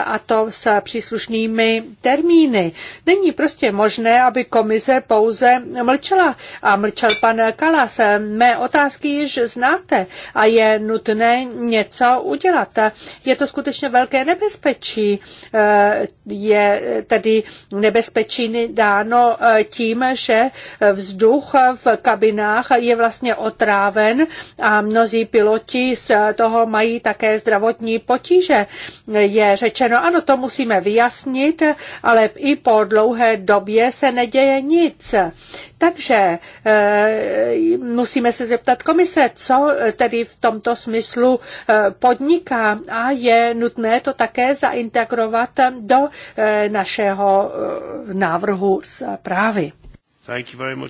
a to s příslušnými termíny. Není prostě možné, aby komise pouze mlčela a mlčel pan Kalas. Mé otázky již znáte a je nutné něco udělat. Je to skutečně velké nebezpečí eh, je eh, tedy nebezpečí dáno eh, tím, že vzduch v kabinách je vlastně otráven a mnozí piloti z toho mají také zdravotní potíže. Je řečeno, ano, to musíme vyjasnit, ale i po dlouhé době se neděje nic. Takže eh, musíme se zeptat komise, co tedy v tomto smyslu podniká a je nutné to také zaintegrovat do Eh, našeho eh, návrhu zprávy. právy.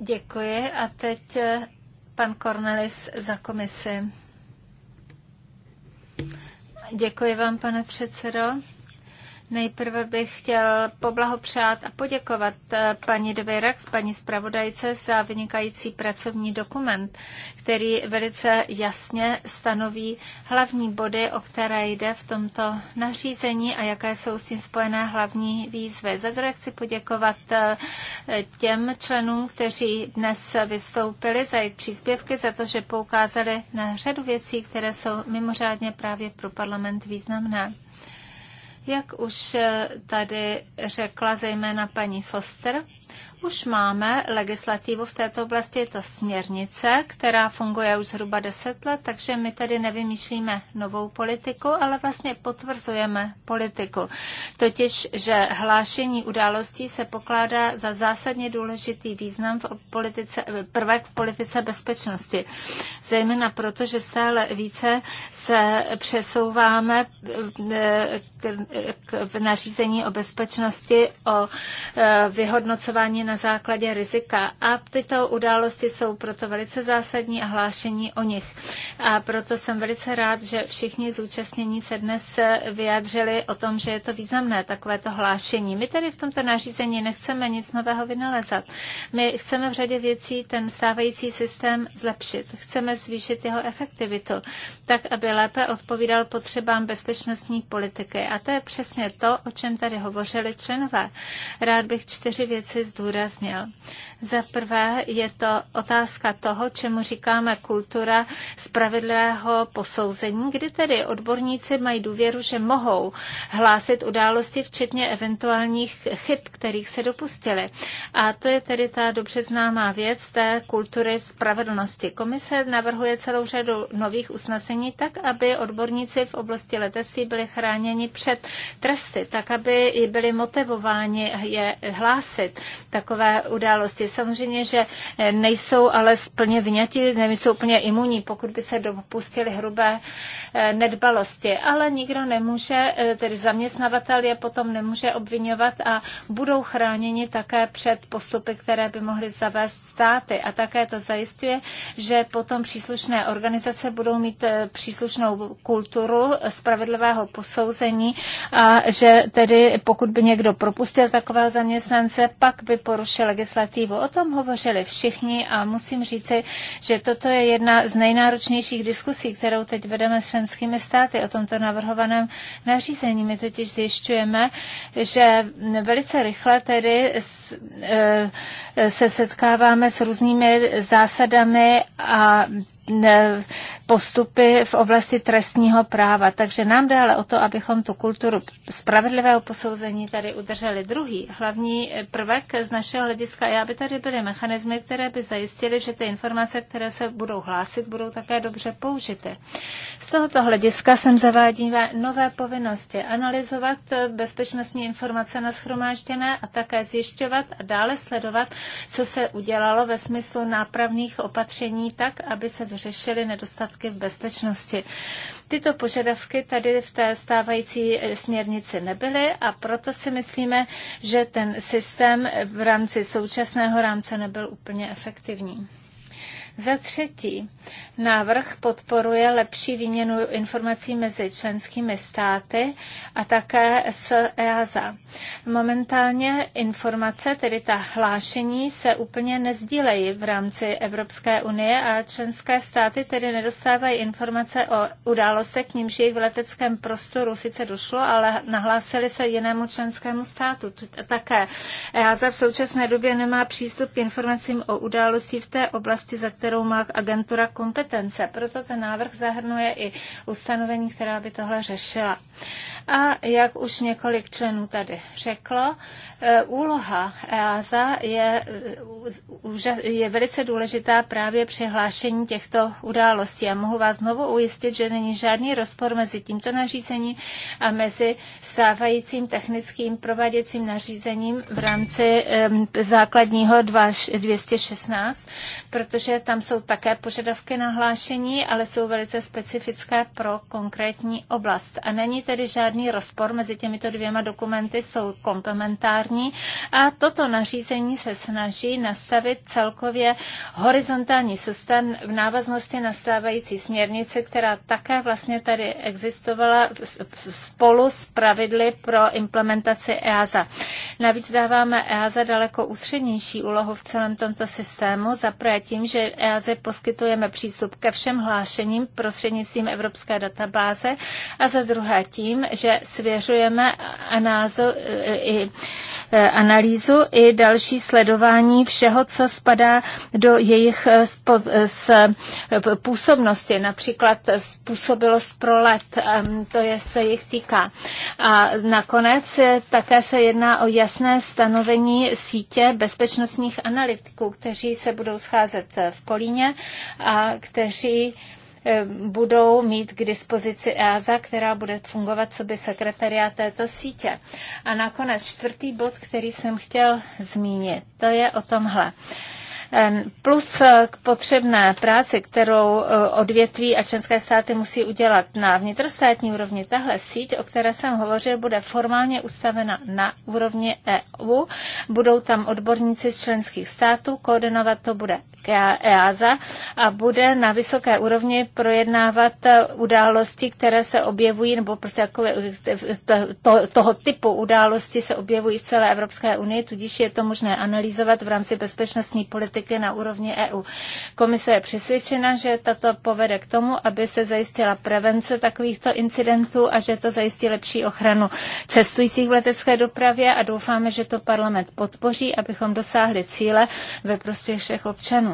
Děkuji a teď eh, pan Cornelis za komisi. Děkuji vám, pane předsedo. Nejprve bych chtěl poblahopřát a poděkovat eh, paní Dvěrax, paní zpravodajce, za vynikající pracovní dokument, který velice jasně stanoví hlavní body, o které jde v tomto nařízení a jaké jsou s tím spojené hlavní výzvy. Za druhé chci poděkovat eh, těm členům, kteří dnes vystoupili za jejich příspěvky, za to, že poukázali na řadu věcí, které jsou mimořádně právě pro parlament významné. Jak už eh, tady řekla zejména paní Foster, už máme legislativu v této oblasti, je to směrnice, která funguje už zhruba 10 let, takže my tady nevymýšlíme novou politiku, ale vlastně potvrzujeme politiku. Totiž, že hlášení událostí se pokládá za zásadně důležitý význam v politice, prvek v politice bezpečnosti. Zejména proto, že stále více se přesouváme eh, k, k, k nařízení o bezpečnosti, o eh, vyhodnocování na na základě rizika. A tyto události jsou proto velice zásadní a hlášení o nich. A proto jsem velice rád, že všichni zúčastnění se dnes vyjádřili o tom, že je to významné takovéto hlášení. My tady v tomto nařízení nechceme nic nového vynalezat. My chceme v řadě věcí ten stávající systém zlepšit. Chceme zvýšit jeho efektivitu, tak aby lépe odpovídal potřebám bezpečnostní politiky. A to je přesně to, o čem tady hovořili členové. Rád bych čtyři věci zdůraznil zdůraznil. Za prvé je to otázka toho, čemu říkáme kultura spravedlivého posouzení, kdy tedy odborníci mají důvěru, že mohou hlásit události, včetně eventuálních chyb, kterých se dopustili. A to je tedy ta dobře známá věc té kultury spravedlnosti. Komise navrhuje celou řadu nových usnesení tak, aby odborníci v oblasti letectví byli chráněni před tresty, tak, aby byli motivováni je hlásit takové události. Samozřejmě, že eh, nejsou ale splně vyňati, nejsou úplně imunní, pokud by se dopustili hrubé eh, nedbalosti. Ale nikdo nemůže, eh, tedy zaměstnavatel je potom nemůže obvinovat a budou chráněni také před postupy, které by mohly zavést státy. A také to zajistuje, že potom příslušné organizace budou mít příslušnou kulturu spravedlivého posouzení a že tedy pokud by někdo propustil takového zaměstnance, pak by porušil legislativu právu. O tom hovořili všichni a musím říci, že toto je jedna z nejnáročnějších diskusí, kterou teď vedeme s členskými státy o tomto navrhovaném nařízení. My totiž zjišťujeme, že velice rychle tedy eh, se setkáváme s různými zásadami a postupy v oblasti trestního práva. Takže nám jde ale o to, abychom tu kulturu spravedlivého posouzení tady udrželi. Druhý hlavní prvek z našeho hlediska je, aby tady byly mechanismy, které by zajistily, že ty informace, které se budou hlásit, budou také dobře použity. Z tohoto hlediska jsem zavádí nové povinnosti analyzovat bezpečnostní informace na schromážděné a také zjišťovat a dále sledovat, co se udělalo ve smyslu nápravných opatření tak, aby se vyřešili nedostatky v bezpečnosti. Tyto požadavky tady v té stávající směrnici nebyly a proto si myslíme, že ten systém v rámci současného rámce nebyl úplně efektivní. Za třetí, návrh podporuje lepší výměnu informací mezi členskými státy a také s EASA. Momentálně informace, tedy ta hlášení, se úplně nezdílejí v rámci Evropské unie a členské státy tedy nedostávají informace o událostech, k nímž jejich v leteckém prostoru sice došlo, ale nahlásili se jinému členskému státu. Také EASA v současné době nemá přístup k informacím o události v té oblasti, za kterou má agentura kompetence. Proto ten návrh zahrnuje i ustanovení, která by tohle řešila. A jak už několik členů tady řeklo, e, úloha EASA je, e, je velice důležitá právě při hlášení těchto událostí. A mohu vás znovu ujistit, že není žádný rozpor mezi tímto nařízením a mezi stávajícím technickým prováděcím nařízením v rámci základního 216, protože tam tam jsou také požadavky na hlášení, ale jsou velice specifické pro konkrétní oblast. A není tedy žádný rozpor mezi těmito dvěma dokumenty, jsou komplementární a toto nařízení se snaží nastavit celkově horizontální systém v návaznosti na stávající směrnici, která také vlastně tady existovala spolu s pravidly pro implementaci EASA. Navíc dáváme EASA daleko ústřednější úlohu v celém tomto systému, za tím, že EASY poskytujeme přístup ke všem hlášením prostřednictvím Evropské databáze a za druhé tím, že svěřujeme analýzu eh, i, eh, analýzu i další sledování všeho, co spadá do jejich eh, spo, s, působnosti, například způsobilost pro let, ehm, to je, se jich týká. A nakonec také se jedná o jasné stanovení sítě bezpečnostních analytiků, kteří se budou scházet v Kolíně a kteří eh, budou mít k dispozici EASA, která bude fungovat co by sekretariat této sítě. A nakonec čtvrtý bod, který jsem chtěl zmínit, to je o tomhle. Plus eh, k potřebné práci, kterou eh, odvětví a členské státy musí udělat na vnitrostátní úrovni, tahle síť, o které jsem hovořil, bude formálně ustavena na úrovni EU. Budou tam odborníci z členských států, koordinovat to bude EASA a bude na vysoké úrovni projednávat eh, události, které se objevují, nebo prostě jako to, toho typu události se objevují v celé Evropské unii, tudíž je to možné analyzovat v rámci bezpečnostní politiky na úrovni EU. Komise je přesvědčena, že tato povede k tomu, aby se zajistila prevence takovýchto incidentů a že to zajistí lepší ochranu cestujících v letecké dopravě a doufáme, že to parlament podpoří, abychom dosáhli cíle ve prospěch všech občanů.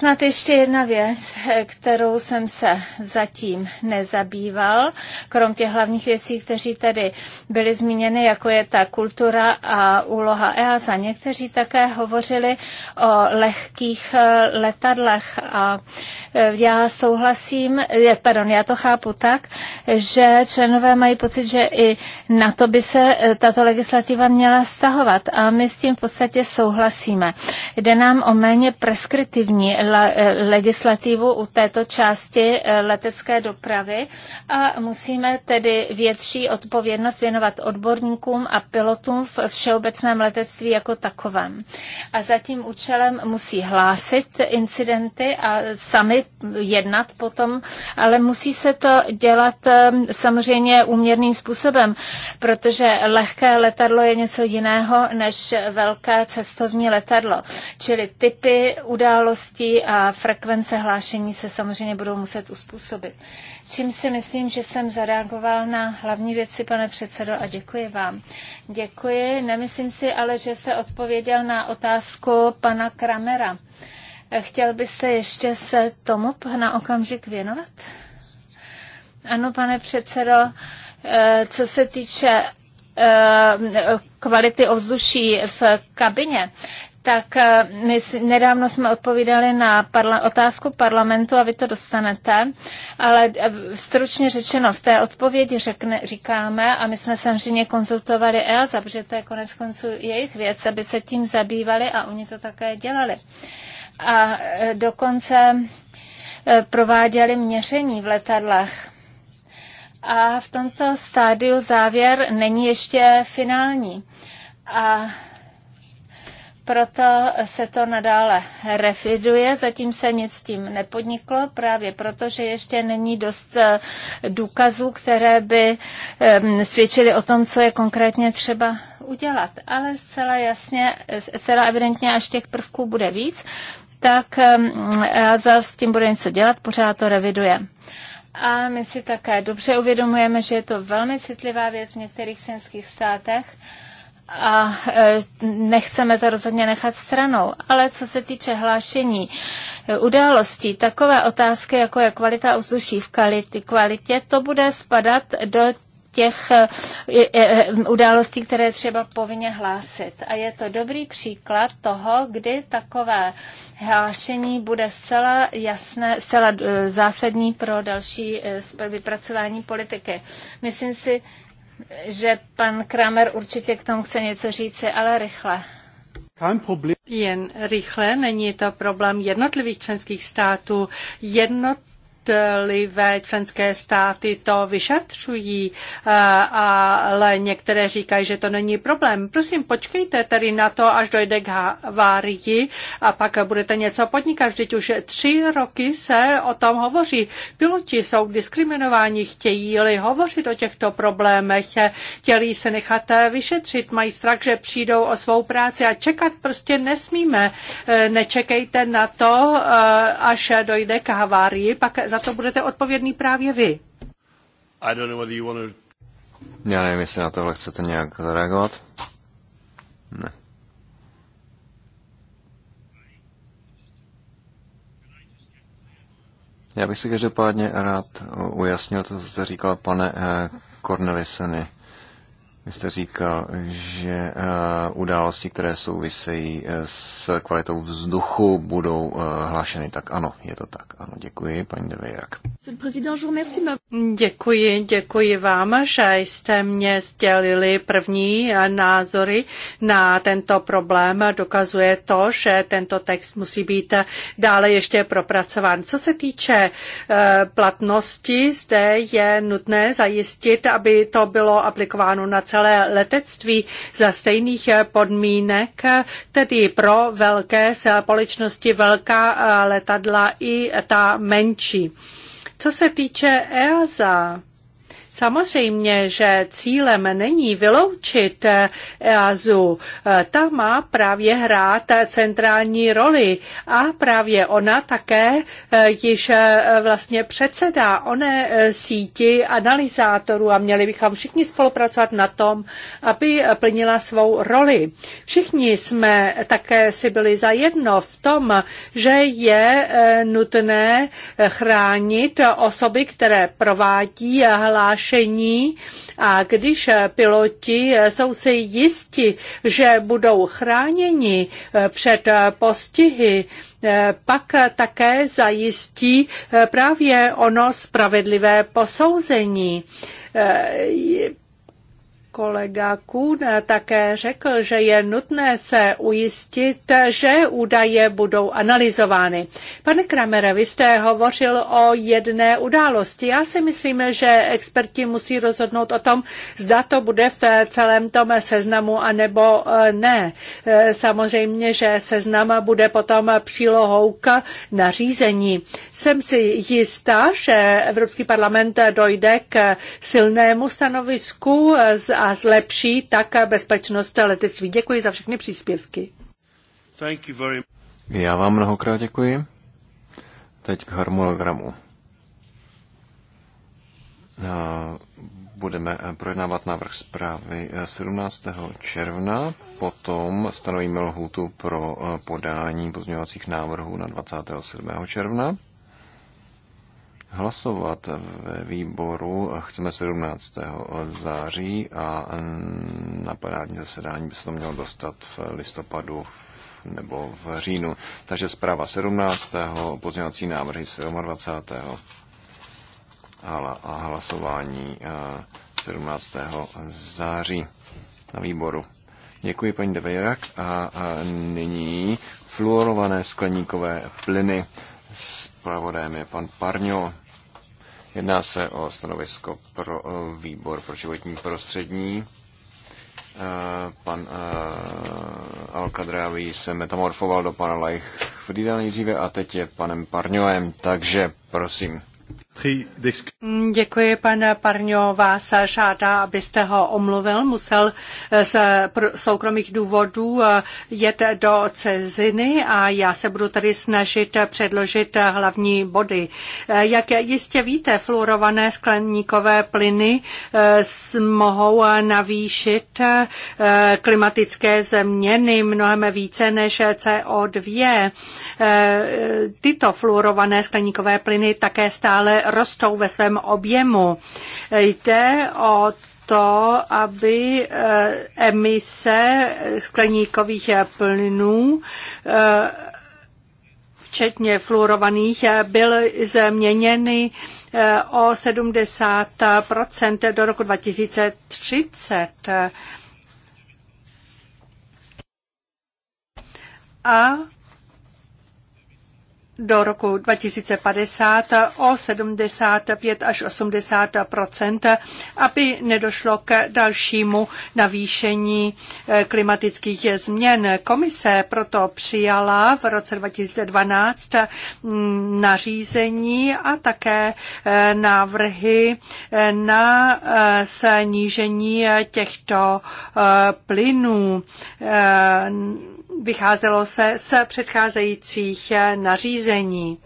Snad ještě jedna věc, kterou jsem se zatím nezabýval, krom těch hlavních věcí, kteří tady byly zmíněny, jako je ta kultura a úloha EASA. Někteří také hovořili o lehkých eh, letadlech a eh, já souhlasím, pardon, já to chápu tak, že členové mají pocit, že i na to by se eh, tato legislativa měla stahovat a my s tím v podstatě souhlasíme. Jde nám o méně preskriptivní legislativu u této části eh, letecké dopravy a musíme tedy větší odpovědnost věnovat odborníkům a pilotům v všeobecném letectví jako takovém. A za tím účelem musí hlásit incidenty a sami jednat potom, ale musí se to dělat eh, samozřejmě úměrným způsobem, protože lehké letadlo je něco jiného než velké cestovní letadlo. Čili typy událostí, a frekvence hlášení se samozřejmě budou muset uspůsobit. Čím si myslím, že jsem zareagoval na hlavní věci, pane předsedo, a děkuji vám. Děkuji. Nemyslím si ale, že se odpověděl na otázku pana Kramera. Chtěl byste ještě se tomu na okamžik věnovat? Ano, pane předsedo, eh, co se týče eh, kvality ovzduší v kabině, tak eh, my nedávno jsme odpovídali na parla- otázku parlamentu a vy to dostanete, ale eh, stručně řečeno v té odpovědi řekne, říkáme, a my jsme samozřejmě konzultovali EASA, protože to je konec konců jejich věc, aby se tím zabývali a oni to také dělali. A eh, dokonce prováděli měření v letadlech. A v tomto stádiu závěr není ještě finální. A proto se to nadále refiduje, zatím se nic s tím nepodniklo, právě proto, že ještě není dost eh, důkazů, které by svědčily o tom, co je konkrétně třeba udělat. Ale zcela jasně, zcela evidentně, až těch prvků bude víc, tak EASA s tím bude něco dělat, pořád to reviduje. A my si také dobře uvědomujeme, že je to velmi citlivá věc v některých členských státech a e, nechceme to rozhodně nechat stranou. Ale co se týče hlášení e, událostí, takové otázky, jako je kvalita ovzduší v kvalitě, to bude spadat do těch e, událostí, které třeba povinně hlásit. A je to dobrý příklad toho, kdy takové hlášení bude zcela jasné, zcela zásadní pro další vypracování politiky. Myslím si, že pan Kramer určitě k tomu chce něco říct, ale rychle. Jen rychle, není to problém jednotlivých členských států. Jednot jednotlivé členské státy to vyšetřují, eh, ale některé říkají, že to není problém. Prosím, počkejte tedy na to, až dojde k havárii a pak budete něco podnikat. Vždyť už tři roky se o tom hovoří. Piloti jsou diskriminováni, chtějí-li hovořit o těchto problémech, chtěli se nechat eh, vyšetřit, mají strach, že přijdou o svou práci a čekat prostě nesmíme. Eh, nečekejte na to, až dojde k havárii, pak za to budete odpovědný právě vy. I don't know whether you want to... Já nevím, jestli na tohle chcete nějak zareagovat. Ne. Já bych si každopádně rád ujasnil to, co jste říkal, pane Eh, vy jste říkal, že eh, události, které souvisejí eh, s kvalitou vzduchu, budou eh, hlášeny. Tak ano, je to tak. Ano, děkuji, paní de Vejrak. Děkuji, děkuji vám, že jste mě sdělili první názory na tento problém. Dokazuje to, že tento text musí být dále ještě propracován. Co se týče platnosti, zde je nutné zajistit, aby to bylo aplikováno na celé letectví za stejných podmínek, tedy pro velké společnosti, velká letadla i ta menší. Co se týče EASA, Samozřejmě, že cílem není vyloučit EASU. Eh, eh, ta má právě hrát centrální roli a právě ona také eh, již vlastně předsedá oné síti analyzátorů a měli bychom všichni spolupracovat na tom, aby plnila svou roli. Všichni jsme také si byli zajedno v tom, že je nutné chránit osoby, které provádí hlášení řešení a když piloti jsou si jisti, že budou chráněni před postihy, pak také zajistí právě ono spravedlivé posouzení Kolega Kuhn také řekl, že je nutné se ujistit, že údaje budou analyzovány. Pane Kramere, vy jste hovořil o jedné události. Já si myslím, že experti musí rozhodnout o tom, zda to bude v celém tom seznamu, anebo eh, ne. Eh, samozřejmě, že seznam bude potom přílohou k nařízení. Jsem si jistá, že Evropský parlament dojde k silnému stanovisku z a zlepší tak bezpečnost letectví. Děkuji za všechny příspěvky. Thank you very... Já vám mnohokrát děkuji. Teď k harmonogramu. Budeme projednávat návrh zprávy 17. června, potom stanovíme lhůtu pro podání pozměňovacích návrhů na 27. června hlasovat ve výboru. Chceme 17. září a na plenární zasedání by se to mělo dostat v listopadu nebo v říjnu. Takže zpráva 17. pozměňovací návrhy 27. a hlasování 17. Eh, září na výboru. Děkuji paní Devejrak a, a nyní fluorované skleníkové plyny. Zpravodajem je pan Parňo. Jedná se o stanovisko pro eh, výbor pro životní prostřední. Eh, pan eh, Alkadrávý se metamorfoval do pana Lajch v nejdříve a teď je panem Parňoem, takže prosím. Děkuji, pane Parňo, vás žádá, abyste ho omluvil. Musel eh, z soukromých důvodů eh, jet do ceziny a já se budu tady snažit předložit eh, hlavní body. Jak jistě víte, fluorované skleníkové plyny mohou navýšit klimatické změny mnohem více než CO2. Tyto fluorované skleníkové plyny také stále rostou ve svém objemu. Jde o to, aby eh, emise skleníkových plynů eh, včetně fluorovaných, byly změněny eh, o 70 do roku 2030. A do roku 2050 o 75 až 80 aby nedošlo k dalšímu navýšení eh, klimatických změn. Komise proto přijala v roce 2012 mm, nařízení a také eh, návrhy eh, na snížení těchto plynů vycházelo se z předcházejících nařízení.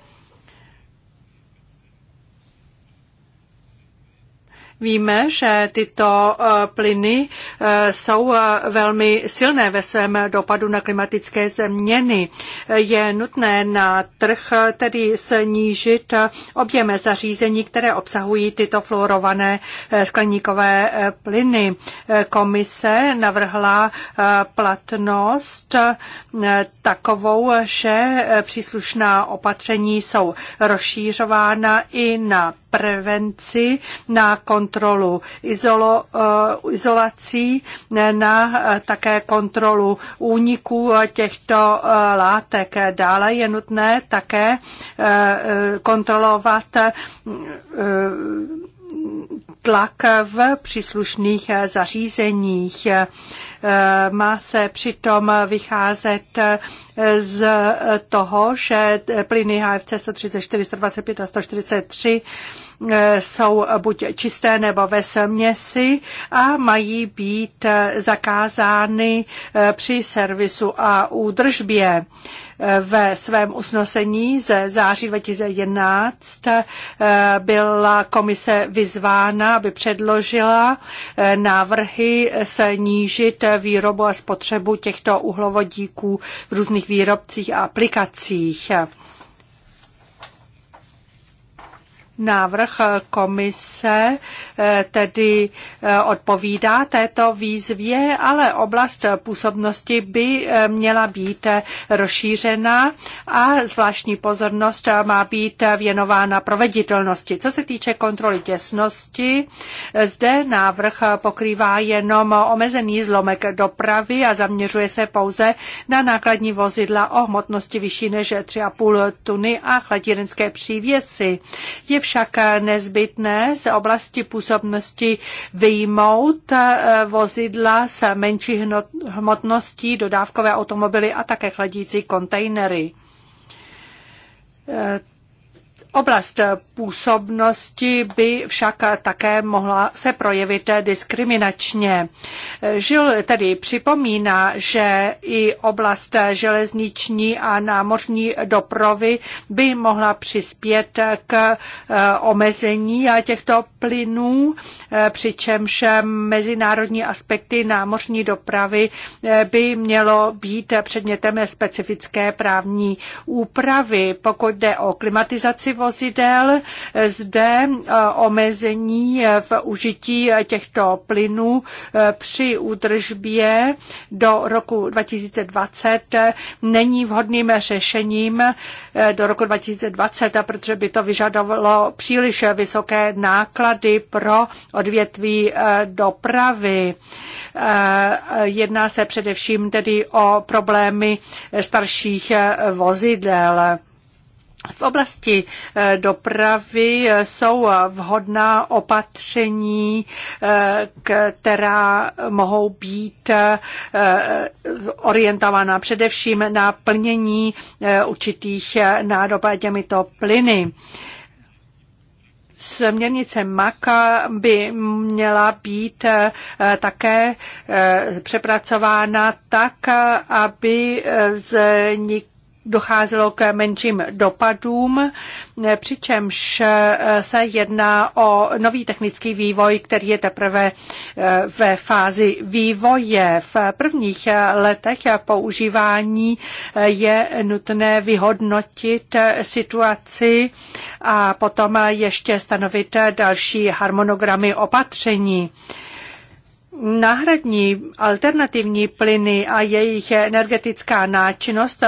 Víme, že tyto eh, plyny eh, jsou eh, velmi silné ve svém dopadu na klimatické změny. Je nutné na trh tedy snížit objem zařízení, které obsahují tyto fluorované skleníkové plyny. Komise navrhla platnost takovou, že příslušná opatření jsou rozšířována i na prevenci, na kontrolu izolo, eh, izolací, na eh, také kontrolu úniků eh, těchto látek. Dále je nutné také kontrolovat tlak v příslušných zařízeních. Má se přitom vycházet z toho, že plyny HFC 134, 125 a 143 Eh, jsou buď čisté nebo ve směsi a mají být eh, zakázány eh, při servisu a údržbě ve svém usnesení ze září 2011 byla komise vyzvána, aby předložila návrhy se nížit výrobu a spotřebu těchto uhlovodíků v různých výrobcích a aplikacích. Návrh komise eh, tedy eh, odpovídá této výzvě, ale oblast působnosti by eh, měla být rozšířena a zvláštní pozornost má být věnována proveditelnosti. Co se týče kontroly těsnosti, zde návrh pokrývá jenom omezený zlomek dopravy a zaměřuje se pouze na nákladní vozidla o hmotnosti vyšší než 3,5 tuny a chladírenské přívěsy. Je však nezbytné z oblasti působnosti vyjmout eh, vozidla s menší hmotností, dodávkové automobily a také chladící kontejnery. Eh, Oblast působnosti by však také mohla se projevit diskriminačně. Žil tedy připomíná, že i oblast železniční a námořní dopravy by mohla přispět k eh, omezení těchto plynů, eh, přičemž mezinárodní aspekty námořní dopravy eh, by mělo být předmětem specifické právní úpravy. Pokud jde o klimatizaci vozidel. Zde e, omezení e, v užití e, těchto plynů při údržbě do roku 2020 není vhodným řešením do roku 2020, protože by to vyžadovalo příliš vysoké náklady pro odvětví dopravy. Jedná se především tedy o problémy starších vozidel. V oblasti eh, dopravy eh, jsou vhodná opatření, eh, která mohou být orientována především na plnění určitých nádob těmito plyny. Směrnice MAKA by měla být také přepracována tak, aby vznik docházelo k menším dopadům, eh, přičemž eh, se jedná o nový technický vývoj, který je teprve eh, ve fázi vývoje. V prvních letech používání je nutné vyhodnotit situaci a potom ještě stanovit další harmonogramy opatření náhradní alternativní plyny a jejich energetická náčinnost,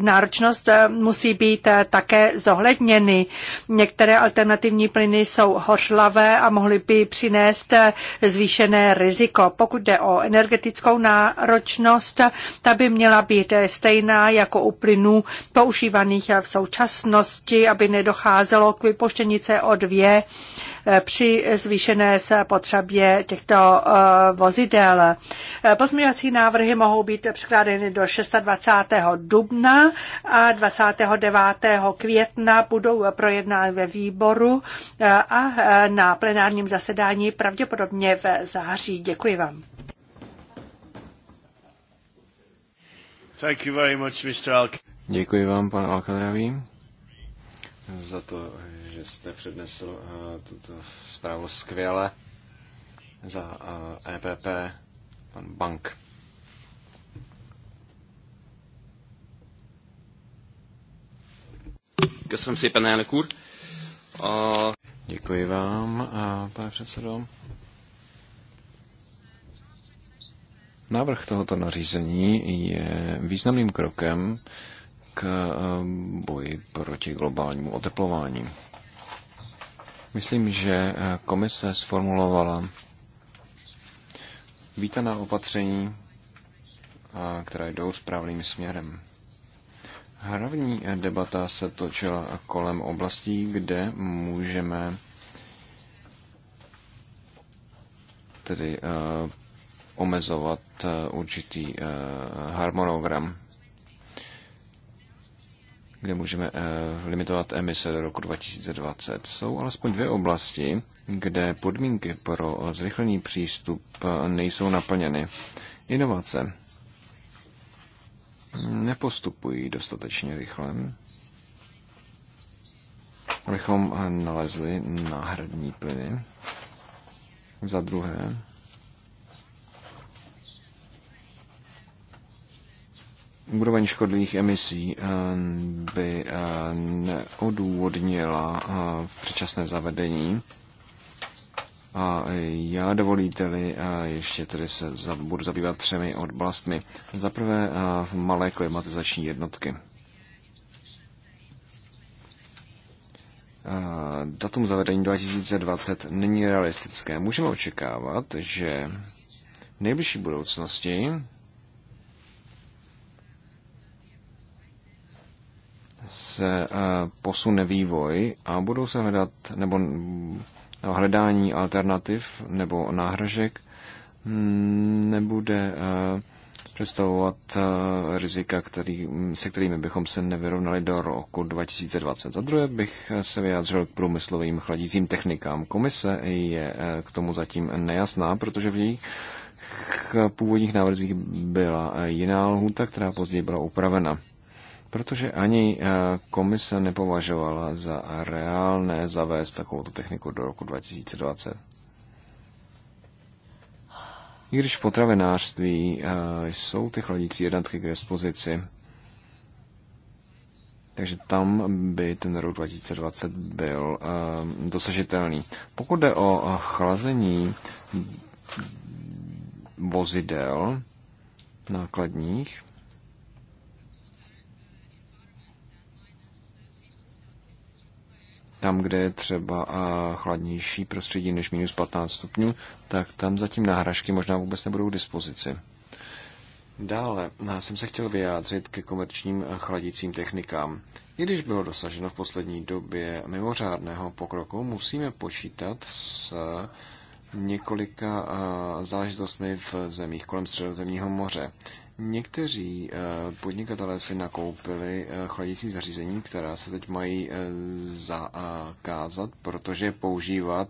náročnost eh, musí být eh, také zohledněny. Některé alternativní plyny jsou hořlavé a mohly by přinést eh, zvýšené riziko. Pokud jde o energetickou náročnost, ta by měla být stejná jako u plynů používaných v současnosti, aby nedocházelo k vypoštění CO2 při zvýšené potřebě těchto eh, vozidel. Eh, pozměňovací návrhy mohou být překládeny do 26. dubna a 29. května budou projednány ve výboru eh, a na plenárním zasedání pravděpodobně v září. Děkuji vám. Thank you very much, Mr. Alk. Děkuji vám, pane Alkadravý, za to, že jste přednesl eh, tuto zprávu skvěle za EPP, eh, e pan Bank. Köszönöm si pane úr. A... Děkuji vám, eh, pane předsedo. Návrh tohoto nařízení je významným krokem k boji proti globálnímu oteplování. Myslím, že eh, komise sformulovala vítaná opatření, eh, která jdou správným směrem. Hlavní eh, debata se točila kolem oblastí, kde můžeme tedy omezovat určitý harmonogram kde můžeme eh, limitovat emise do roku 2020. Jsou alespoň dvě oblasti, kde podmínky pro zrychlený přístup eh, nejsou naplněny. Inovace nepostupují dostatečně rychle, abychom eh, nalezli náhradní plyny. Za druhé, úroveň škodlivých emisí eh, by eh, neodůvodnila eh, předčasné zavedení. A já dovolíte-li, ještě tedy se budu zabývat třemi oblastmi. Za prvé malé klimatizační jednotky. Datum zavedení 2020 není realistické. Můžeme očekávat, že v nejbližší budoucnosti se eh, posune vývoj a budou se hledat nebo no, hledání alternativ nebo náhražek mm, nebude eh, představovat eh, rizika, který, se kterými bychom se nevyrovnali do roku 2020. Za druhé bych se vyjádřil k průmyslovým chladícím technikám. Komise je k tomu zatím nejasná, protože v jejich původních návrzích byla jiná lhůta, která později byla upravena protože ani eh, komise nepovažovala za reálné zavést takovou techniku do roku 2020. I když v potravinářství eh, jsou ty chladící jednotky k dispozici, takže tam by ten rok 2020 byl eh, dosažitelný. Pokud jde o chlazení vozidel nákladních, tam, kde je třeba chladnější prostředí než minus 15 stupňů, tak tam zatím náhražky možná vůbec nebudou k dispozici. Dále já jsem se chtěl vyjádřit ke komerčním chladicím technikám. I když bylo dosaženo v poslední době mimořádného pokroku, musíme počítat s několika záležitostmi v zemích kolem Středozemního moře. Někteří eh, podnikatelé si nakoupili eh, chladicí zařízení, která se teď mají eh, zakázat, protože používat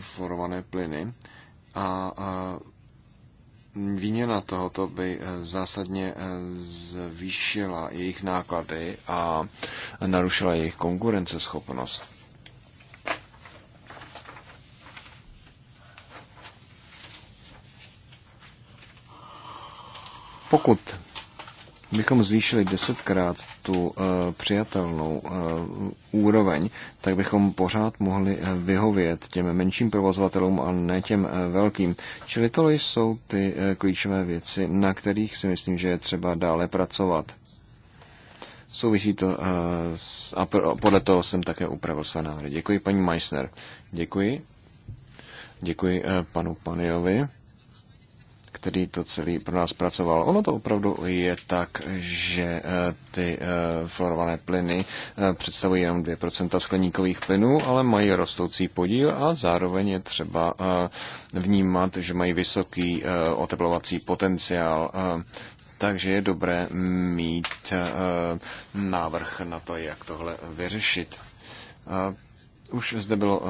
forované plyny. A výměna tohoto by zásadně zvýšila jejich náklady a narušila jejich konkurenceschopnost. pokud bychom zvýšili desetkrát tu uh, přijatelnou uh, úroveň, tak bychom pořád mohli eh, vyhovět těm menším provozovatelům a ne těm uh, velkým. Čili to jsou ty uh, klíčové věci, na kterých si myslím, že je třeba dále pracovat. Souvisí to uh, s, a pro, podle toho jsem také upravil své návrhy. Děkuji paní Meissner. Děkuji. Děkuji uh, panu Panejovi který to celý pro nás pracoval. Ono to opravdu je tak, že eh, ty eh, fluorované plyny eh, představují jenom 2% skleníkových plynů, ale mají rostoucí podíl a zároveň je třeba vnímat, že mají vysoký oteplovací potenciál takže je dobré mít návrh na to, jak tohle vyřešit. Už zde bylo uh,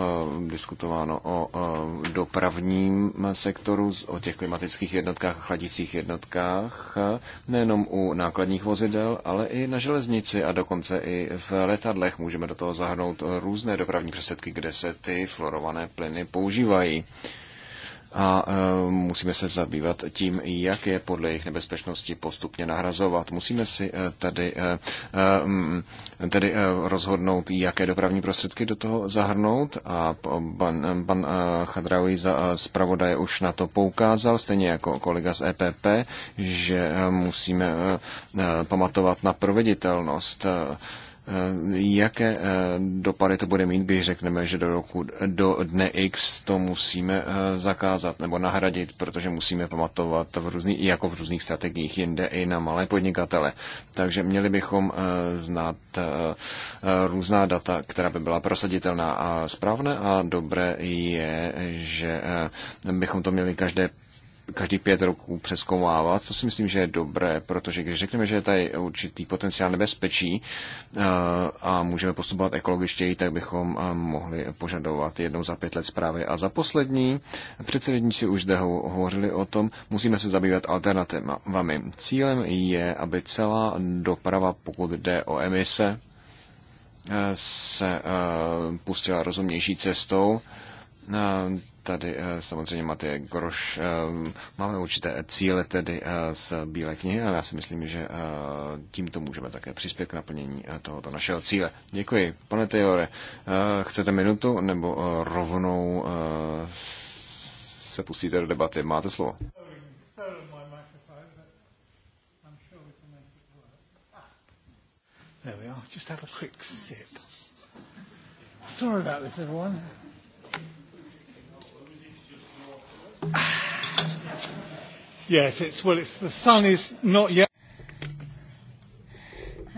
diskutováno o uh, dopravním sektoru, o těch klimatických jednotkách a chladicích jednotkách, eh, nejenom u nákladních vozidel, ale i na železnici a dokonce i v letadlech můžeme do toho zahrnout různé dopravní přesedky, kde se ty fluorované plyny používají. Uh, a e, musíme se zabývat tím, jak je podle jejich nebezpečnosti postupně nahrazovat. Musíme si e, tady, e, tady rozhodnout, jaké dopravní prostředky do toho zahrnout a pan, pan Chadraoui za zpravodaje už na to poukázal, stejně jako kolega z EPP, že musíme pamatovat na proveditelnost Eh, jaké eh, dopady to bude mít, když řekneme, že do roku, do dne X to musíme eh, zakázat nebo nahradit, protože musíme pamatovat v různý, jako v různých strategiích jinde i na malé podnikatele. Takže měli bychom znát různá data, která by byla prosaditelná a správné a dobré je, že bychom to měli každé každý pět roků přeskoumávat, co si myslím, že je dobré, protože když řekneme, že je tady určitý potenciál nebezpečí eh, a můžeme postupovat ekologičtěji, tak bychom eh, mohli požadovat jednou za pět let zprávy. A za poslední, předsedníci už zde hovořili o tom, musíme se zabývat alternativami. Cílem je, aby celá doprava, pokud jde o emise, eh, se pustila rozumnější cestou tady eh, samozřejmě Matěj Groš, eh, máme určité cíle tedy eh, z Bílé knihy a já si myslím, že tímto můžeme také přispět k naplnění tohoto našeho cíle. Děkuji. Pane Tejore, chcete minutu nebo rovnou se pustíte do debaty? Máte slovo. There we are. Just have a quick sip. Sorry about this, everyone. Yes, it's, well, it's, the sun is not yet...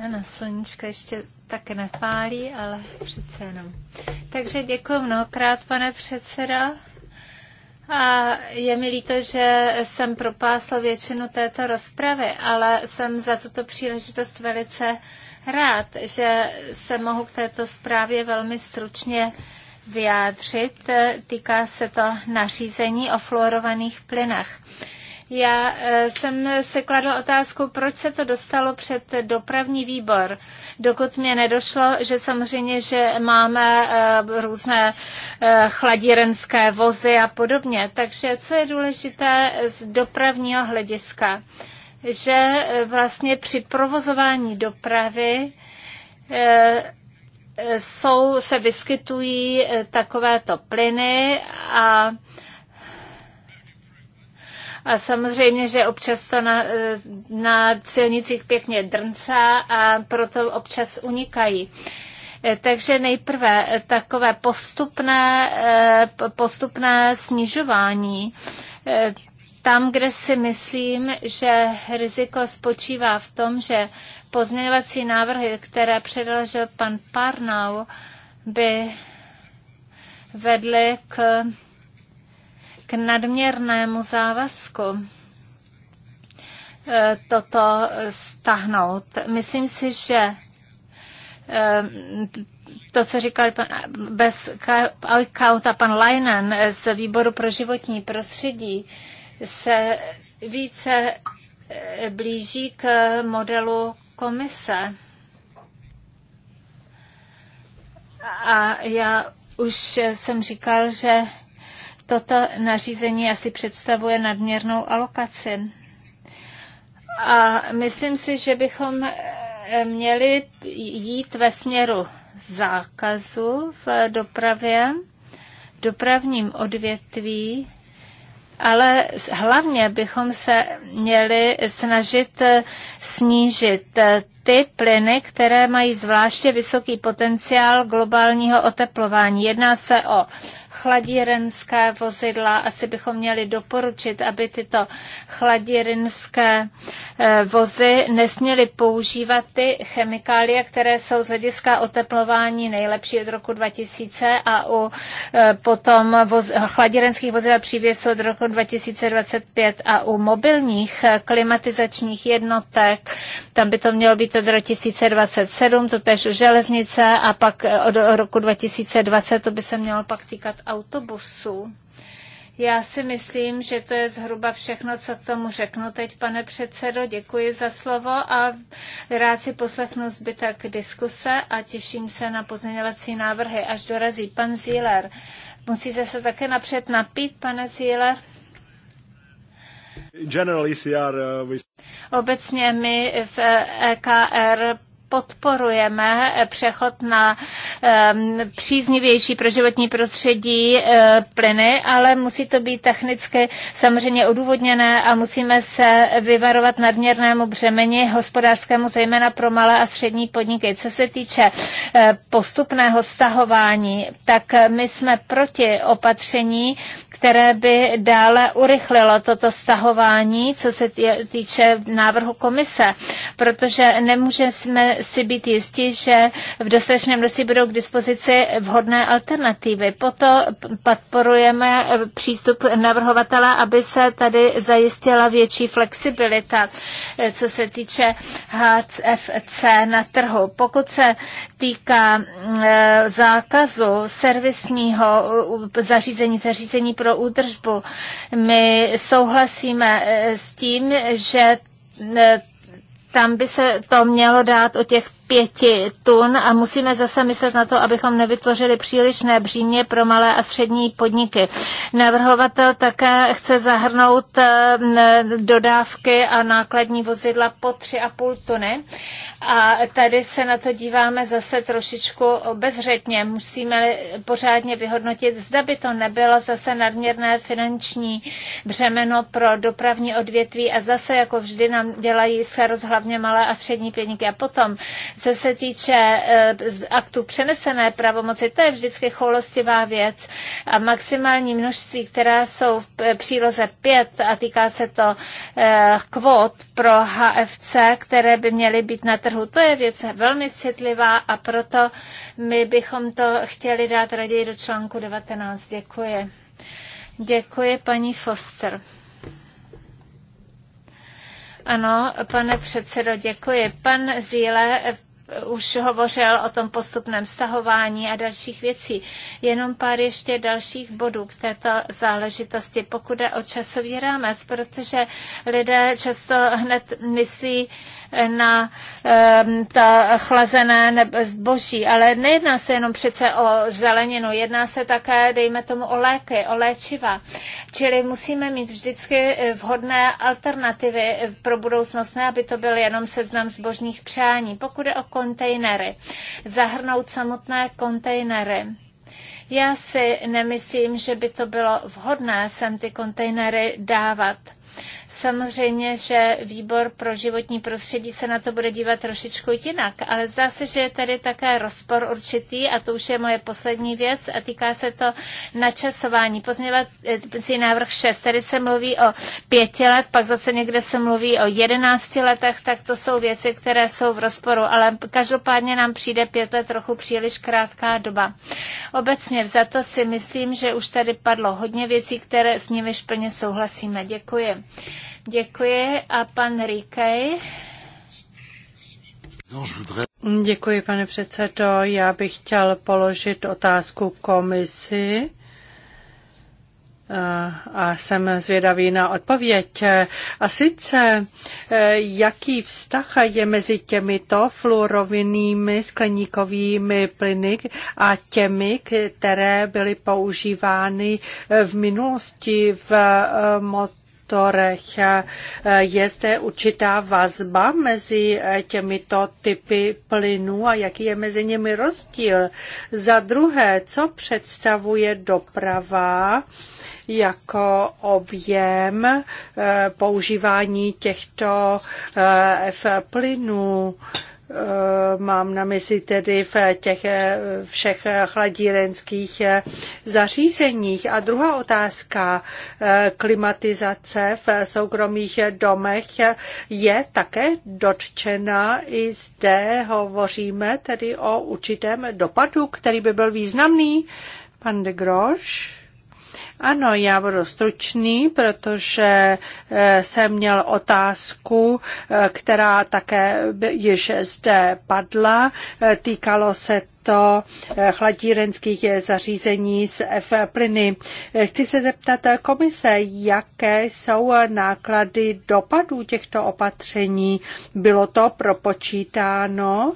Ano, sluníčko ještě také nepálí, ale přece jenom. Takže děkuji mnohokrát, pane předseda. A je mi líto, že jsem propásl většinu této rozpravy, ale jsem za tuto příležitost velice rád, že se mohu k této zprávě velmi stručně vyjádřit. E, Týká se to nařízení o fluorovaných plynech. Já e, jsem se kladl otázku, proč se to dostalo před dopravní výbor, dokud mě nedošlo, že samozřejmě, že máme e, různé chladírenské vozy a podobně. Takže co je důležité z dopravního hlediska? Že vlastně při provozování dopravy jsou, se vyskytují eh, takovéto plyny a a samozřejmě, že občas to na, eh, na silnicích pěkně drncá a proto občas unikají. Eh, takže nejprve takové postupné, postupné snižování tam, kde si myslím, že riziko spočívá v tom, že pozměňovací návrhy, které předložil pan Parnau, by vedly k, k nadměrnému závazku e, toto stahnout. Myslím si, že e, to, co říkal pan, bez Kauta, pan Leinen z Výboru pro životní prostředí, se více e, blíží k modelu komise. A já už jsem říkal, že toto nařízení asi představuje nadměrnou alokaci. A myslím si, že bychom eh, měli jít ve směru zákazu v dopravě, dopravním odvětví, ale hlavně bychom se měli snažit eh, snížit eh, ty plyny, které mají zvláště vysoký potenciál globálního oteplování. Jedná se o chladírenské vozidla. Asi bychom měli doporučit, aby tyto chladírenské eh, vozy nesměly používat ty chemikálie, které jsou z hlediska oteplování nejlepší od roku 2000 a u eh, potom voz, chladírenských vozidel přívěsů od roku 2025 a u mobilních eh, klimatizačních jednotek, tam by to mělo být od roku 2027, to tež železnice a pak od roku 2020 to by se mělo pak týkat autobusů. Já si myslím, že to je zhruba všechno, co k tomu řeknu teď, pane předsedo. Děkuji za slovo a rád si poslechnu zbytek diskuse a těším se na pozměňovací návrhy, až dorazí pan Zíler. Musíte se také napřed napít, pane Zíler? E uh, Obecně my v EKR podporujeme přechod na um, příznivější pro životní prostředí uh, plyny, ale musí to být technicky samozřejmě odůvodněné a musíme se vyvarovat nadměrnému břemeni hospodářskému, zejména pro malé a střední podniky. Co se týče uh, postupného stahování, tak my jsme proti opatření, které by dále urychlilo toto stahování, co se týče návrhu komise, protože nemůžeme si být jistí, že v dostatečném množství budou k dispozici vhodné alternativy. Proto podporujeme přístup navrhovatele, aby se tady zajistila větší flexibilita, co se týče HFC na trhu. Pokud se týká e, zákazu servisního zařízení, zařízení pro údržbu, my souhlasíme e, s tím, že e, tam by se to mělo dát o těch pěti tun a musíme zase myslet na to, abychom nevytvořili přílišné břímě pro malé a střední podniky. Navrhovatel také chce zahrnout eh, dodávky a nákladní vozidla po tři a půl tuny. A tady se na to díváme zase trošičku bezřetně. Musíme pořádně vyhodnotit, zda by to nebylo zase nadměrné finanční břemeno pro dopravní odvětví a zase jako vždy nám dělají se hlavně malé a střední podniky. A potom co se týče eh, aktu přenesené pravomoci, to je vždycky choulostivá věc a maximální množství, která jsou v příloze 5 a týká se to eh, kvot pro HFC, které by měly být na trhu, to je věc velmi citlivá a proto my bychom to chtěli dát raději do článku 19. Děkuji. Děkuji paní Foster. Ano, pane předsedo, děkuji. Pan Zíle eh, už hovořil o tom postupném stahování a dalších věcí. Jenom pár ještě dalších bodů k této záležitosti, pokud je o časový rámec, protože lidé často hned myslí, na ta chlazené zboží. Ale nejedná se jenom přece o zeleninu, jedná se také, dejme tomu, o léky, o léčiva. Čili musíme mít vždycky eh, vhodné alternativy eh, pro budoucnost, ne aby to byl jenom seznam zbožních přání. Pokud je o kontejnery, zahrnout samotné kontejnery. Já si nemyslím, že by to bylo vhodné sem ty kontejnery dávat. Samozřejmě, že výbor pro životní prostředí se na to bude dívat trošičku jinak, ale zdá se, že je tady také rozpor určitý a to už je moje poslední věc a týká se to načasování. Pozměňovací eh, návrh 6, tady se mluví o pěti let, pak zase někde se mluví o jedenácti letech, tak to jsou věci, které jsou v rozporu, ale každopádně nám přijde pět let trochu příliš krátká doba. Obecně za to si myslím, že už tady padlo hodně věcí, které s nimi plně souhlasíme. Děkuji. Děkuji a pan Rikej. Děkuji, pane předsedo. Já bych chtěl položit otázku komisi a jsem zvědavý na odpověď. A sice, e, jaký vztah je mezi těmito fluorovinými, skleníkovými plyny a těmi, které byly používány v minulosti v e, motorech sektorech. Je zde určitá vazba mezi těmito typy plynů a jaký je mezi nimi rozdíl. Za druhé, co představuje doprava jako objem eh, používání těchto eh, F plynů? Eh, mám na mysli tedy v těch eh, všech chladírenských eh, zařízeních. A druhá otázka, klimatizace v soukromých domech je také dotčena. I zde hovoříme tedy o určitém dopadu, který by byl významný. Pan de Grosch. Ano, já budu stručný, protože eh, jsem měl otázku, eh, která také již zde padla. Eh, týkalo se těchto eh, chladírenských eh, zařízení z F-plyny. Chci se zeptat eh, komise, jaké jsou náklady dopadů těchto opatření. Bylo to propočítáno.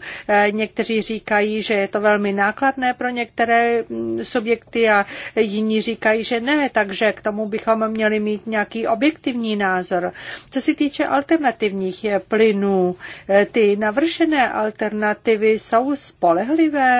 Někteří říkají, že je to velmi nákladné pro některé mm, subjekty a jiní říkají, že ne, takže k tomu bychom měli mít nějaký objektivní názor. Co se týče alternativních plynů, ty navržené alternativy jsou spolehlivé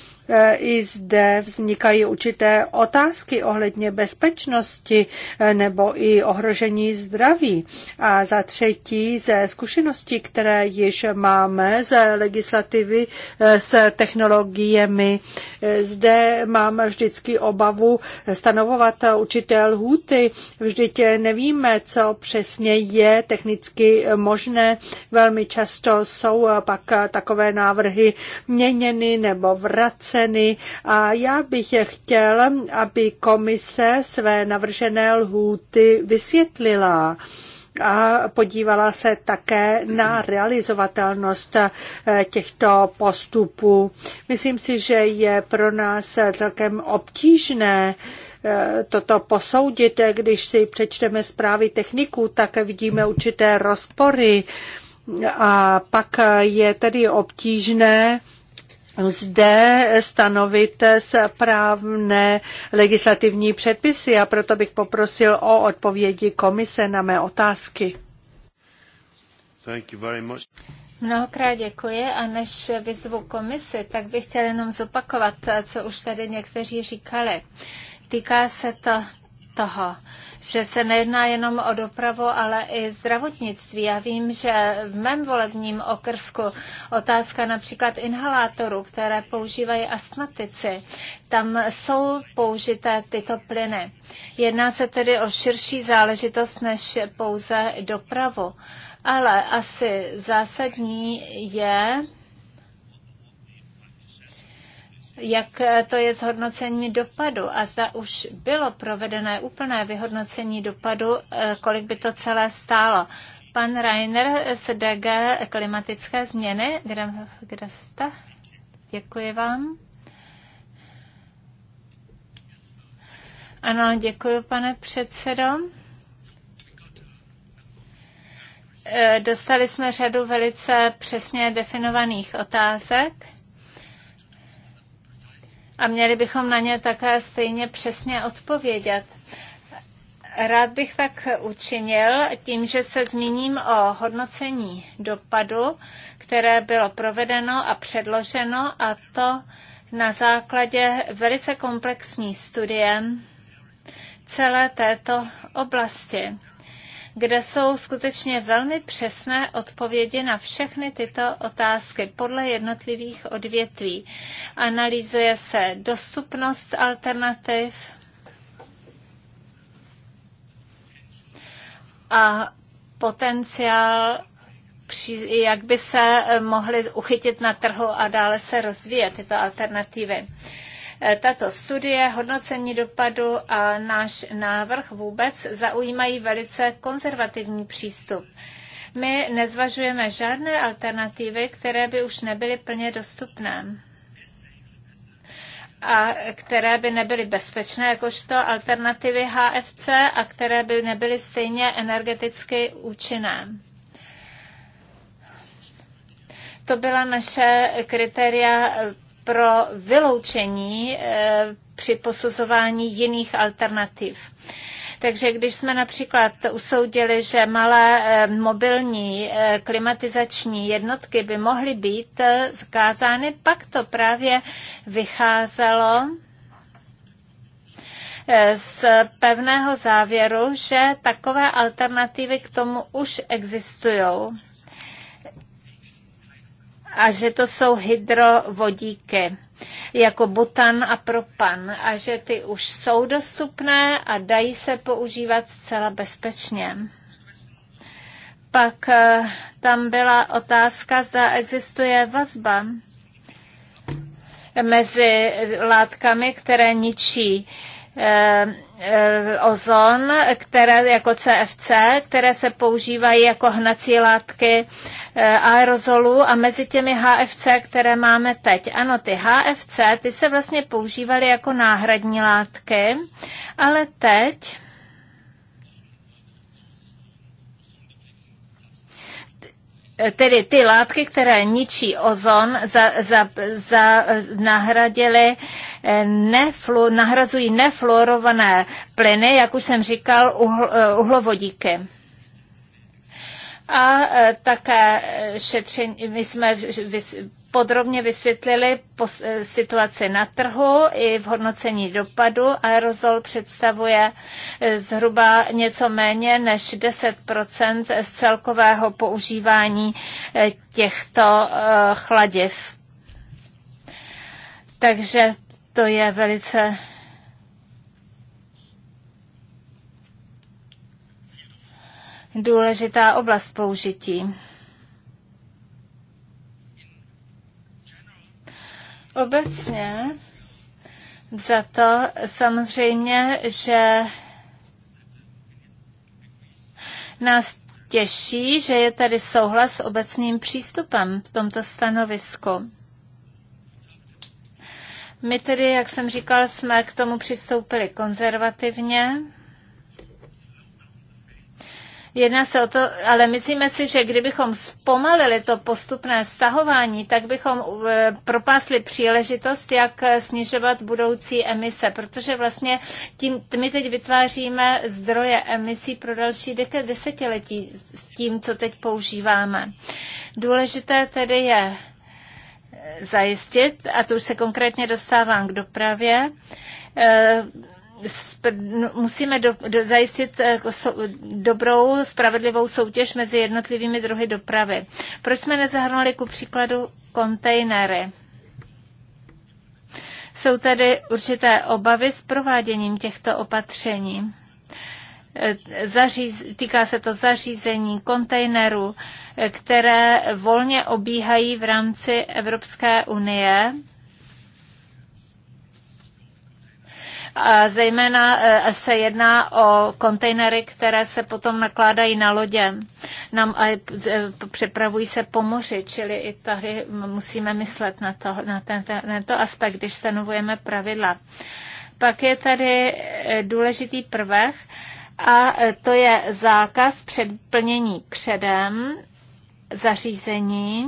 E, i zde vznikají určité otázky ohledně bezpečnosti e, nebo i ohrožení zdraví. A za třetí, ze zkušeností, které již máme z legislativy e, s technologiemi, zde máme vždycky obavu stanovovat určité lhůty. Vždyť nevíme, co přesně je technicky možné. Velmi často jsou pak takové návrhy měněny nebo vrací ceny a já bych je chtěl, aby komise své navržené lhůty vysvětlila a podívala se také na realizovatelnost eh, těchto postupů. Myslím si, že je pro nás celkem obtížné eh, toto posoudit. Když si přečteme zprávy techniků, tak vidíme určité rozpory a pak je tedy obtížné zde stanovit správné legislativní předpisy a proto bych poprosil o odpovědi komise na mé otázky. Thank you very much. Mnohokrát děkuji a než vyzvu komisi, tak bych chtěl jenom zopakovat, co už tady někteří říkali. Týká se to toho, že se nejedná jenom o dopravu, ale i zdravotnictví. Já vím, že v mém volebním okrsku otázka například inhalátorů, které používají astmatici, tam jsou použité tyto plyny. Jedná se tedy o širší záležitost než pouze dopravu. Ale asi zásadní je, jak eh, to je s hodnocením dopadu a zda už bylo provedené úplné vyhodnocení dopadu, eh, kolik by to celé stálo. Pan Rainer z DG Klimatické změny, kde, kde jste? Děkuji vám. Ano, děkuji, pane předsedo. Eh, dostali jsme řadu velice přesně definovaných otázek a měli bychom na ně také stejně přesně odpovědět. Rád bych tak učinil tím, že se zmíním o hodnocení dopadu, které bylo provedeno a předloženo, a to na základě velice komplexní studie celé této oblasti kde jsou skutečně velmi přesné odpovědi na všechny tyto otázky podle jednotlivých odvětví. Analýzuje se dostupnost alternativ a potenciál jak by se mohly uchytit na trhu a dále se rozvíjet tyto alternativy. Eh, tato studie, hodnocení dopadu a náš návrh vůbec zaujímají velice konzervativní přístup. My nezvažujeme žádné alternativy, které by už nebyly plně dostupné a které by nebyly bezpečné, jakožto alternativy HFC a které by nebyly stejně energeticky účinné. To byla naše kritéria pro vyloučení eh, při posuzování jiných alternativ. Takže když jsme například usoudili, že malé eh, mobilní eh, klimatizační jednotky by mohly být zakázány, pak to právě vycházelo z pevného závěru, že takové alternativy k tomu už existují a že to jsou hydrovodíky jako butan a propan a že ty už jsou dostupné a dají se používat zcela bezpečně. Pak eh, tam byla otázka, zda existuje vazba mezi látkami, které ničí eh, Eh, ozon, které jako CFC, které se používají jako hnací látky eh, aerozolu a mezi těmi HFC, které máme teď. Ano, ty HFC, ty se vlastně používaly jako náhradní látky, ale teď tedy ty látky, které ničí ozon, za, za, za, eh, nahradily neflu, nahrazují nefluorované plyny, jak už jsem říkal, uhl, eh, uhlovodíky a eh, také eh, šetření, my jsme podrobně vysvětlili situaci na trhu i v hodnocení dopadu. Aerozol představuje zhruba něco méně než 10 z celkového používání těchto chladiv. Takže to je velice důležitá oblast použití. Obecně za to samozřejmě, že nás těší, že je tady souhlas s obecným přístupem v tomto stanovisku. My tedy, jak jsem říkal, jsme k tomu přistoupili konzervativně. Jedná se o to, ale myslíme si, že kdybychom zpomalili to postupné stahování, tak bychom e, propásli příležitost, jak snižovat budoucí emise, protože vlastně tím, my teď vytváříme zdroje emisí pro další desetiletí s tím, co teď používáme. Důležité tedy je zajistit, a to už se konkrétně dostávám k dopravě, eh, no, musíme do, do, zajistit eh, jako so, dobrou, spravedlivou soutěž mezi jednotlivými druhy dopravy. Proč jsme nezahrnuli ku příkladu kontejnery? Jsou tady určité obavy s prováděním těchto opatření zaříz, týká se to zařízení, kontejnerů, které volně obíhají v rámci Evropské unie. A zejména eh, se jedná o kontejnery, které se potom nakládají na lodě. Nám a eh, přepravují se po moři, čili i tady musíme myslet na, to, na, tento, tento aspekt, když stanovujeme pravidla. Pak je tady eh, důležitý prvek, a to je zákaz předplnění předem zařízení.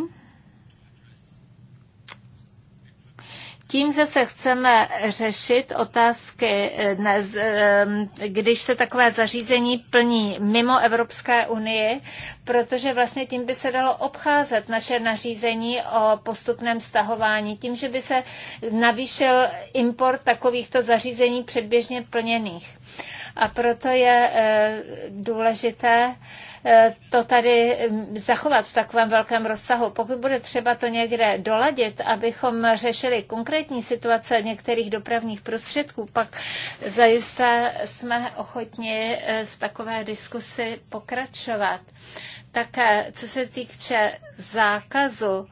Tím zase chceme řešit otázky, eh, eh, když se takové zařízení plní mimo Evropské unii, protože vlastně tím by se dalo obcházet naše nařízení o postupném stahování, tím, že by se navýšil import takovýchto zařízení předběžně plněných. A proto je eh, důležité eh, to tady mm, zachovat v takovém velkém rozsahu. Pokud bude třeba to někde doladit, abychom řešili konkrétní situace některých dopravních prostředků, pak zajisté jsme ochotni eh, v takové diskusi pokračovat. Také co se týče zákazu,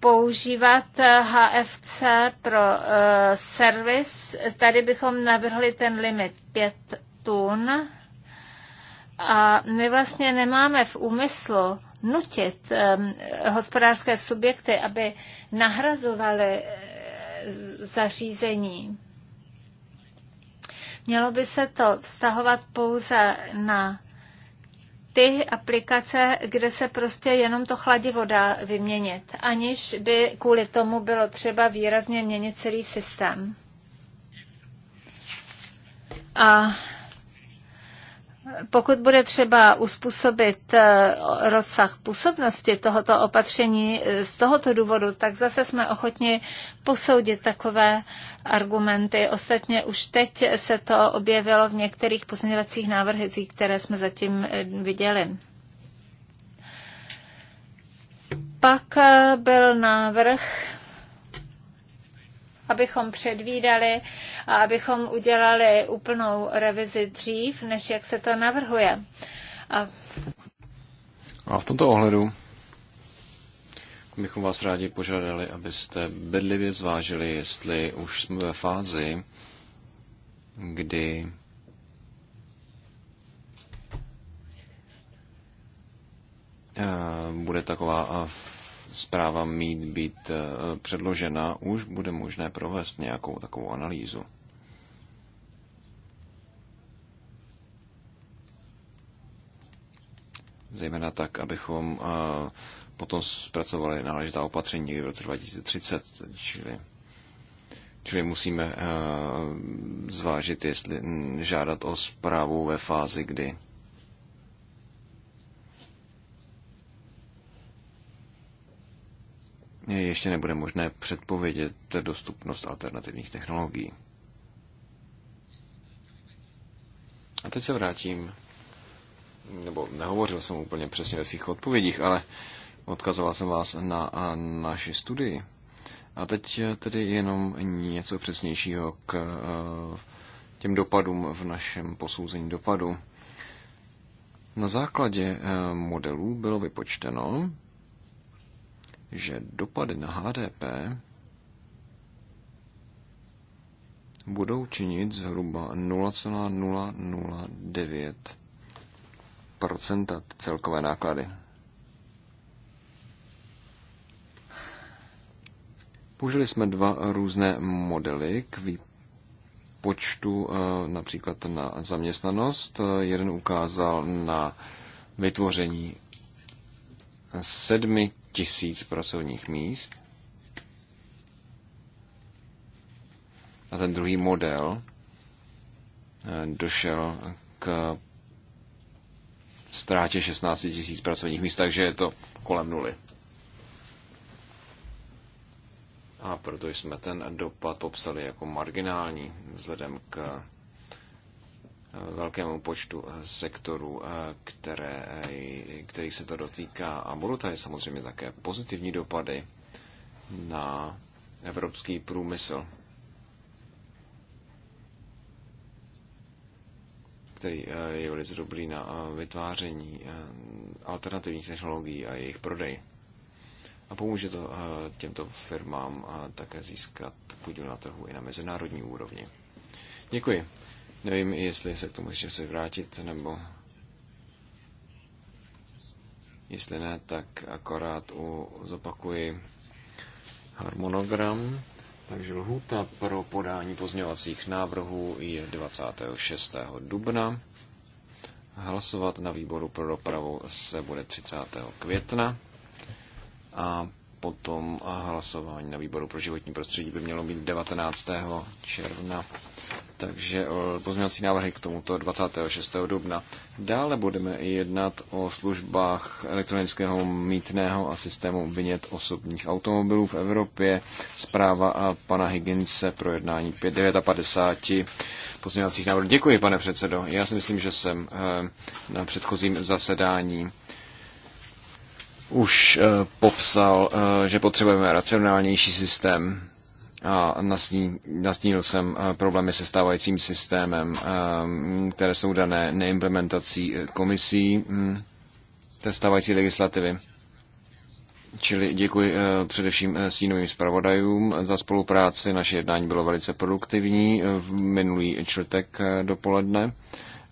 používat HFC eh, pro eh, servis. Tady bychom navrhli ten limit 5 tun. A my vlastně nemáme v úmyslu nutit eh, hospodářské subjekty, aby nahrazovaly zařízení. Mělo by se to vztahovat pouze na ty aplikace, kde se prostě jenom to chladivo dá vyměnit, aniž by kvůli tomu bylo třeba výrazně měnit celý systém. A pokud bude třeba uspůsobit eh, rozsah působnosti tohoto opatření eh, z tohoto důvodu, tak zase jsme ochotni posoudit takové argumenty. Ostatně už teď se to objevilo v některých pozměňovacích návrhech, které jsme zatím eh, viděli. Pak byl návrh abychom předvídali a abychom udělali úplnou revizi dřív, než jak se to navrhuje. A, a v tomto ohledu bychom vás rádi požádali, abyste bedlivě zvážili, jestli už jsme ve fázi, kdy eh, bude taková eh, zpráva mít být eh, předložena, už bude možné provést nějakou takovou analýzu. Zejména tak, abychom eh, potom zpracovali náležitá opatření v roce 2030, čili Čili musíme eh, zvážit, jestli mm, žádat o zprávu ve fázi, kdy ještě nebude možné předpovědět dostupnost alternativních technologií. A teď se vrátím, nebo nehovořil jsem úplně přesně ve svých odpovědích, ale odkazoval jsem vás na naši studii. A teď tedy jenom něco přesnějšího k e, těm dopadům v našem posouzení dopadu. Na základě e, modelů bylo vypočteno, že dopady na HDP budou činit zhruba 0,009 celkové náklady. Použili jsme dva různé modely k výpočtu eh, například na zaměstnanost. Eh, jeden ukázal na vytvoření sedmi tisíc pracovních míst. A ten druhý model eh, došel k ztrátě 16 tisíc pracovních míst, takže je to kolem nuly. A proto jsme ten dopad popsali jako marginální vzhledem k velkému počtu sektorů, eh, které, eh, kterých se to dotýká. A budou tady samozřejmě také pozitivní dopady na evropský průmysl, který eh, je velice dobrý na vytváření alternativních technologií a jejich prodej. A pomůže to těmto firmám také získat podíl na trhu i na mezinárodní úrovni. Děkuji. Nevím, jestli se k tomu ještě chci vrátit, nebo jestli ne, tak akorát u, zopakuji harmonogram. Takže lhůta pro podání pozměňovacích návrhů je 26. dubna. Hlasovat na výboru pro dopravu se bude 30. května a potom hlasování na výboru pro životní prostředí by mělo být 19. června. Takže eh, pozměňovací návrhy k tomuto 26. dubna. Dále budeme jednat o službách elektronického mítného a systému vynět osobních automobilů v Evropě. Zpráva a pana Higginse pro jednání 59 pozměňovacích návrhů. Děkuji, pane předsedo. Já si myslím, že jsem eh, na předchozím zasedání už eh, popsal, že potřebujeme racionálnější systém a nastínil jsem eh, problémy se stávajícím systémem, eh, které jsou dané neimplementací eh, komisí hm, té stávající legislativy. Čili děkuji především stínovým zpravodajům za spolupráci. Naše jednání bylo velice produktivní v minulý čtvrtek dopoledne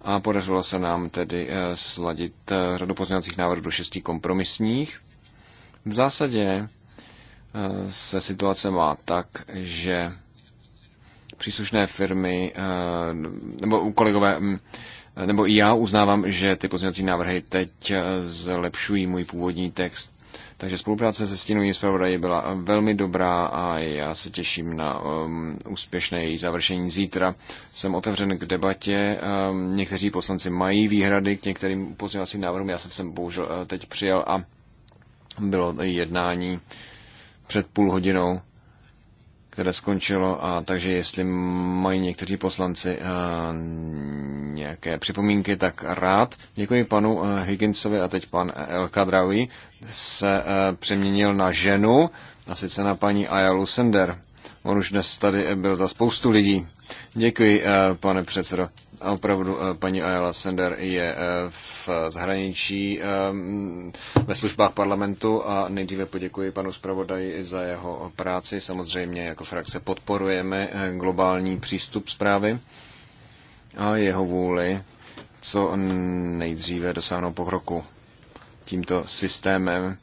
a podařilo se nám tedy sladit řadu pozměňovacích návrhů do šesti kompromisních. V zásadě se situace má tak, že příslušné firmy eh, nebo kolegové mm, nebo i já uznávám, že ty pozměňovací návrhy teď eh, zlepšují můj původní text. Takže spolupráce se stínovým zpravodají byla eh, velmi dobrá a já se těším na um, úspěšné její završení zítra. Jsem otevřen k debatě. Um, někteří poslanci mají výhrady k některým pozměňovacím návrhům. Já jsem sem bohužel teď přijel a bylo jednání uh, před půl hodinou, které skončilo, a takže jestli mají někteří poslanci eh, nějaké připomínky, tak rád. Děkuji panu eh, Higginsovi a teď pan eh, El Kadrawi se přeměnil na ženu, a sice na paní Ayalu Sender. On už dnes tady byl za spoustu lidí. Děkuji, pane předsedo opravdu eh, paní Ayala Sender je eh, v zahraničí eh, ve službách parlamentu a nejdříve poděkuji panu zpravodaji za jeho práci. Samozřejmě jako frakce podporujeme globální přístup zprávy a jeho vůli co nejdříve dosáhnout pokroku tímto systémem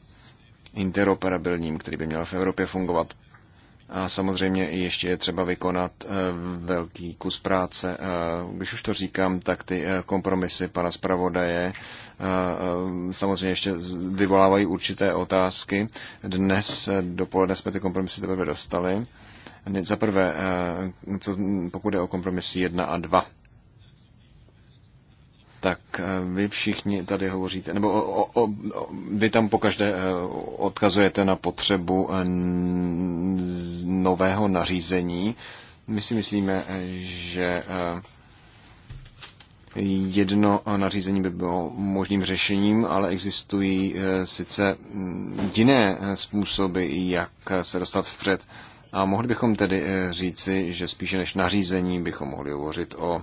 interoperabilním, který by měl v Evropě fungovat. A samozřejmě i ještě je třeba vykonat eh, velký kus práce. Eh, když už to říkám, tak ty eh, kompromisy pana zpravodaje samozřejmě ještě vyvolávají určité otázky. Dnes dopoledne jsme ty kompromisy teprve dostali. Za prvé, pokud je o kompromisy 1 a 2 tak eh, vy všichni tady hovoříte, nebo o, o, o, vy tam pokaždé eh, odkazujete na potřebu eh, nového nařízení. My si myslíme, že jedno nařízení by bylo možným řešením, ale existují sice mm, jiné způsoby, jak se dostat vpřed. A mohli bychom tedy říci, že spíše než nařízení bychom mohli hovořit o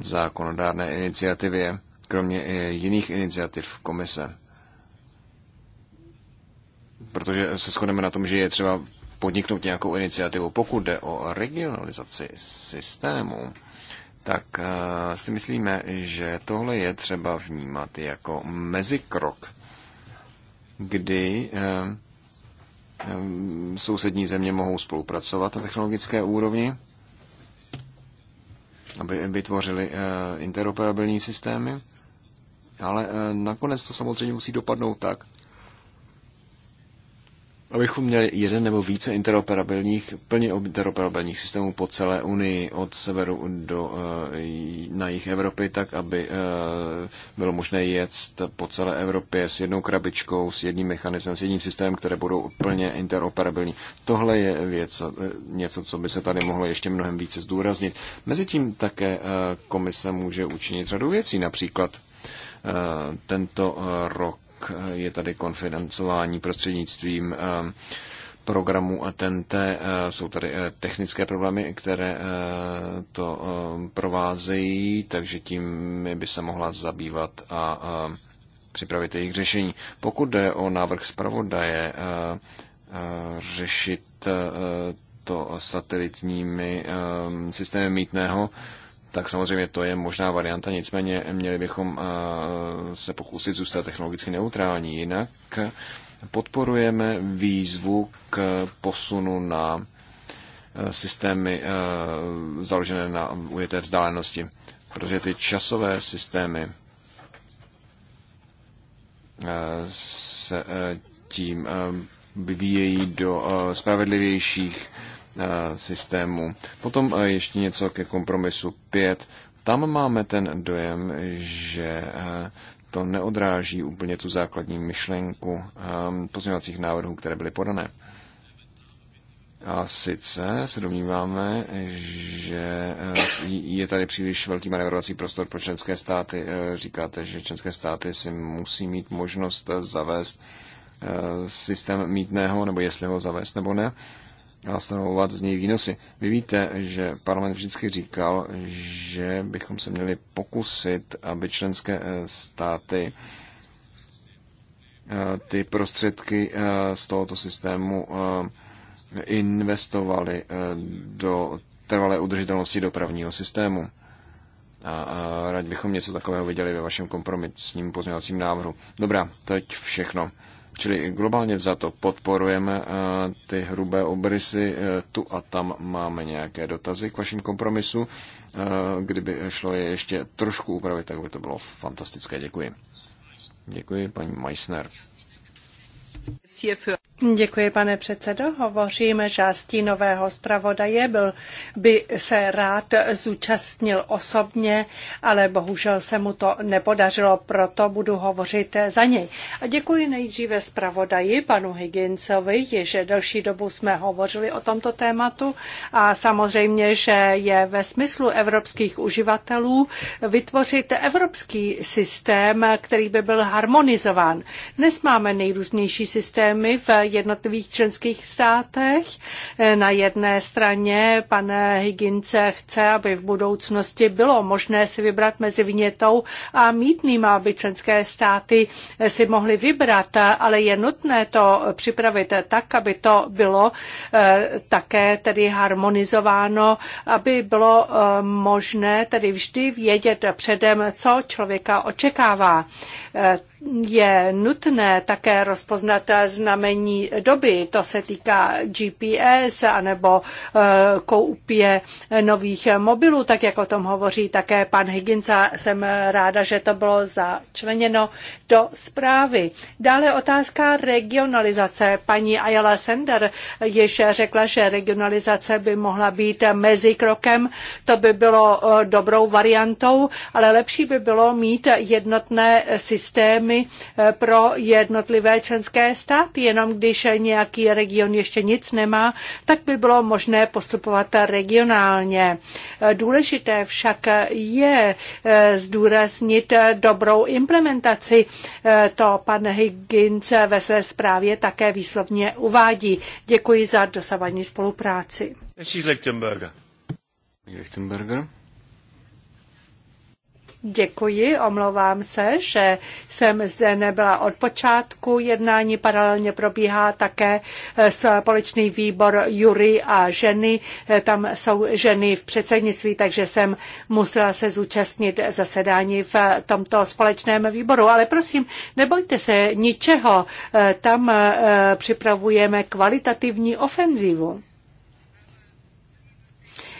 zákonodárné iniciativě, kromě i jiných iniciativ komise. Protože se shodneme na tom, že je třeba podniknout nějakou iniciativu. Pokud jde o regionalizaci systému, tak eh, si myslíme, že tohle je třeba vnímat jako mezikrok, kdy eh, eh, sousední země mohou spolupracovat na technologické úrovni aby vytvořili eh, interoperabilní systémy, ale eh, nakonec to samozřejmě musí dopadnout tak, abychom měli jeden nebo více interoperabilních, plně interoperabilních systémů po celé Unii od severu do, eh, na jih Evropy, tak aby eh, bylo možné jet po celé Evropě s jednou krabičkou, s jedním mechanismem, s jedním systémem, které budou plně interoperabilní. Tohle je věc, eh, něco, co by se tady mohlo ještě mnohem více zdůraznit. Mezitím také komise může učinit řadu věcí, například tento rok tak eh, je tady konfinancování prostřednictvím eh, programu a tente. Eh, jsou tady technické problémy, které to provázejí, takže tím by se mohla zabývat a připravit jejich řešení. Pokud jde o návrh zpravodaje řešit to satelitními systémy mítného, tak samozřejmě to je možná varianta, nicméně měli bychom eh, se pokusit zůstat technologicky neutrální. Jinak podporujeme výzvu k posunu na eh, systémy eh, založené na ujeté vzdálenosti, protože ty časové systémy se tím vyvíjejí do spravedlivějších Eh, systému. Potom eh, ještě něco ke kompromisu 5. Tam máme ten dojem, že eh, to neodráží úplně tu základní myšlenku ehm, pozměňovacích návrhů, které byly podané. A sice se domníváme, že je tady příliš velký manevrovací prostor pro členské státy. Říkáte, že členské státy si musí mít možnost zavést systém mítného, nebo jestli ho zavést nebo ne a stanovovat z něj výnosy. Vy víte, že parlament vždycky říkal, že bychom se měli pokusit, aby členské eh, státy eh, ty prostředky eh, z tohoto systému investovali do trvalé udržitelnosti dopravního systému. a rád bychom něco takového viděli ve vašem kompromisním pozměňovacím návrhu. Dobrá, teď všechno. Čili globálně to podporujeme eh, ty hrubé obrysy, eh, tu a tam máme nějaké dotazy k vašim kompromisu. Eh, kdyby šlo je ještě trošku upravit, tak by to bylo fantastické. Děkuji. Děkuji, paní Meissner. Děkuji, pane předsedo. Hovořím, že nového zpravodaje byl, by se rád zúčastnil osobně, ale bohužel se mu to nepodařilo, proto budu hovořit za něj. A děkuji nejdříve zpravodaji, panu Higginsovi, že delší dobu jsme hovořili o tomto tématu a samozřejmě, že je ve smyslu evropských uživatelů vytvořit evropský systém, který by byl harmonizován. Dnes máme nejrůznější systémy v jednotlivých členských státech. Eh, na jedné straně pan Higince chce, aby v budoucnosti bylo možné si vybrat mezi vnětou a mítným, aby členské státy eh, si mohly vybrat, ale je nutné to připravit tak, aby to bylo eh, také tedy harmonizováno, aby bylo možné tedy vždy vědět předem, co člověka očekává je nutné také rozpoznat znamení doby. To se týká GPS anebo eh, koupě nových mobilů, tak jak o tom hovoří také pan Higgins a jsem ráda, že to bylo začleněno do zprávy. Dále otázka regionalizace. Paní Ayala Sender již řekla, že regionalizace by mohla být mezi krokem. To by bylo eh, dobrou variantou, ale lepší by bylo mít jednotné systémy problémy eh, pro jednotlivé členské státy. Jenom když nějaký region ještě nic nemá, tak by bylo možné postupovat regionálně. Eh, důležité však je eh, zdůraznit dobrou implementaci. To pan Higgins ve své zprávě také výslovně uvádí. Děkuji za dosavadní spolupráci. Lichtenberger. Lichtenberger. Děkuji, omlouvám se, že jsem zde nebyla od počátku. Jednání paralelně probíhá také eh, společný výbor Jury a ženy. Eh, tam jsou ženy v předsednictví, takže jsem musela se zúčastnit zasedání v eh, tomto společném výboru. Ale prosím, nebojte se ničeho. Tam připravujeme kvalitativní ofenzivu.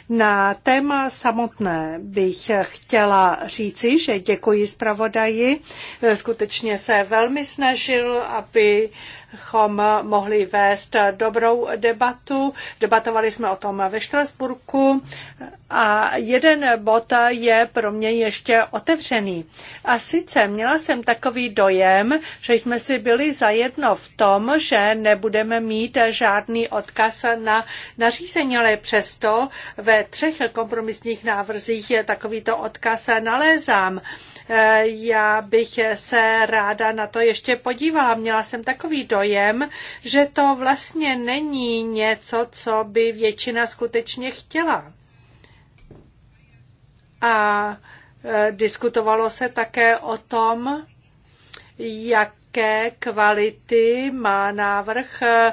Na téma samotné bych chtěla říci, že děkuji zpravodaji. Skutečně se velmi snažil, aby chom mohli vést dobrou debatu. Debatovali jsme o tom ve Štrasburku a jeden bod je pro mě ještě otevřený. A sice měla jsem takový dojem, že jsme si byli zajedno v tom, že nebudeme mít žádný odkaz na nařízení, ale přesto ve třech kompromisních návrzích je takovýto odkaz nalézám. Eh, já bych se ráda na to ještě podívala. Měla jsem takový dojem, že to vlastně není něco, co by většina skutečně chtěla. A eh, diskutovalo se také o tom, jak jaké kvality má návrh eh,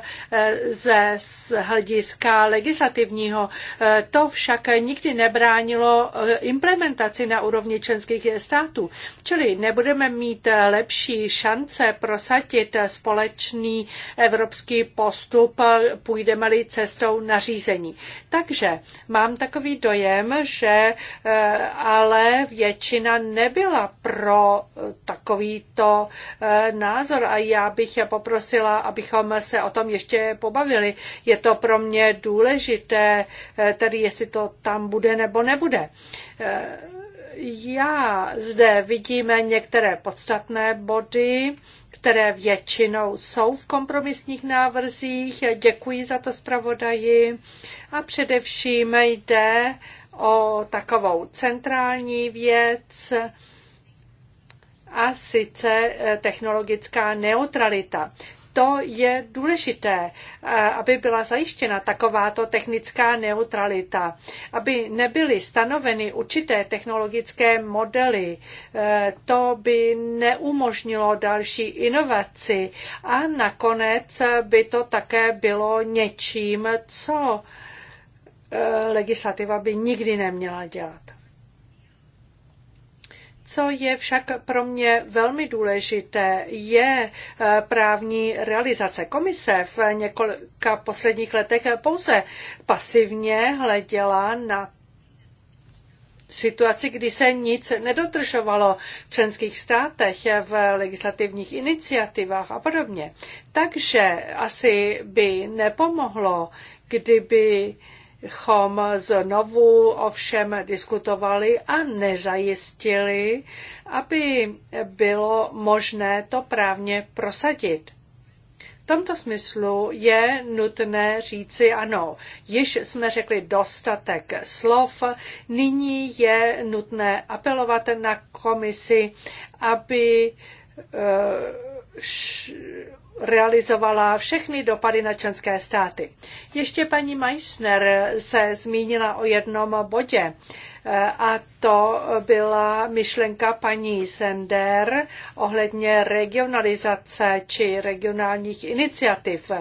ze z hlediska legislativního. Eh, to však nikdy nebránilo eh, implementaci na úrovni členských států. Čili nebudeme mít lepší šance prosadit společný evropský postup, půjdeme-li cestou nařízení. Takže mám takový dojem, že ale většina nebyla pro takovýto návrh názor a já bych poprosila, abychom se o tom ještě pobavili. Je to pro mě důležité, eh, tedy jestli to tam bude nebo nebude eh, já zde vidíme některé podstatné body, které většinou jsou v kompromisních návrzích. Děkuji za to zpravodaji. A především jde o takovou centrální věc, a sice eh, technologická neutralita to je důležité, eh, aby byla zajištěna takováto technická neutralita, aby nebyly stanoveny určité technologické modely. Eh, to by neumožnilo další inovaci a nakonec by to také bylo něčím, co legislativa by nikdy neměla dělat. Co je však pro mě velmi důležité, je eh, právní realizace. Komise v několika posledních letech pouze pasivně hleděla na situaci, kdy se nic nedodržovalo v členských státech, v legislativních iniciativách a podobně. Takže asi by nepomohlo, kdyby chom znovu ovšem diskutovali a nezajistili, aby bylo možné to právně prosadit. V tomto smyslu je nutné říci ano. Již jsme řekli dostatek slov, nyní je nutné apelovat na komisi, aby eh, realizovala všechny dopady na členské státy. Ještě paní Meissner se zmínila o jednom bodě eh, a to byla myšlenka paní Sender ohledně regionalizace či regionálních iniciativ.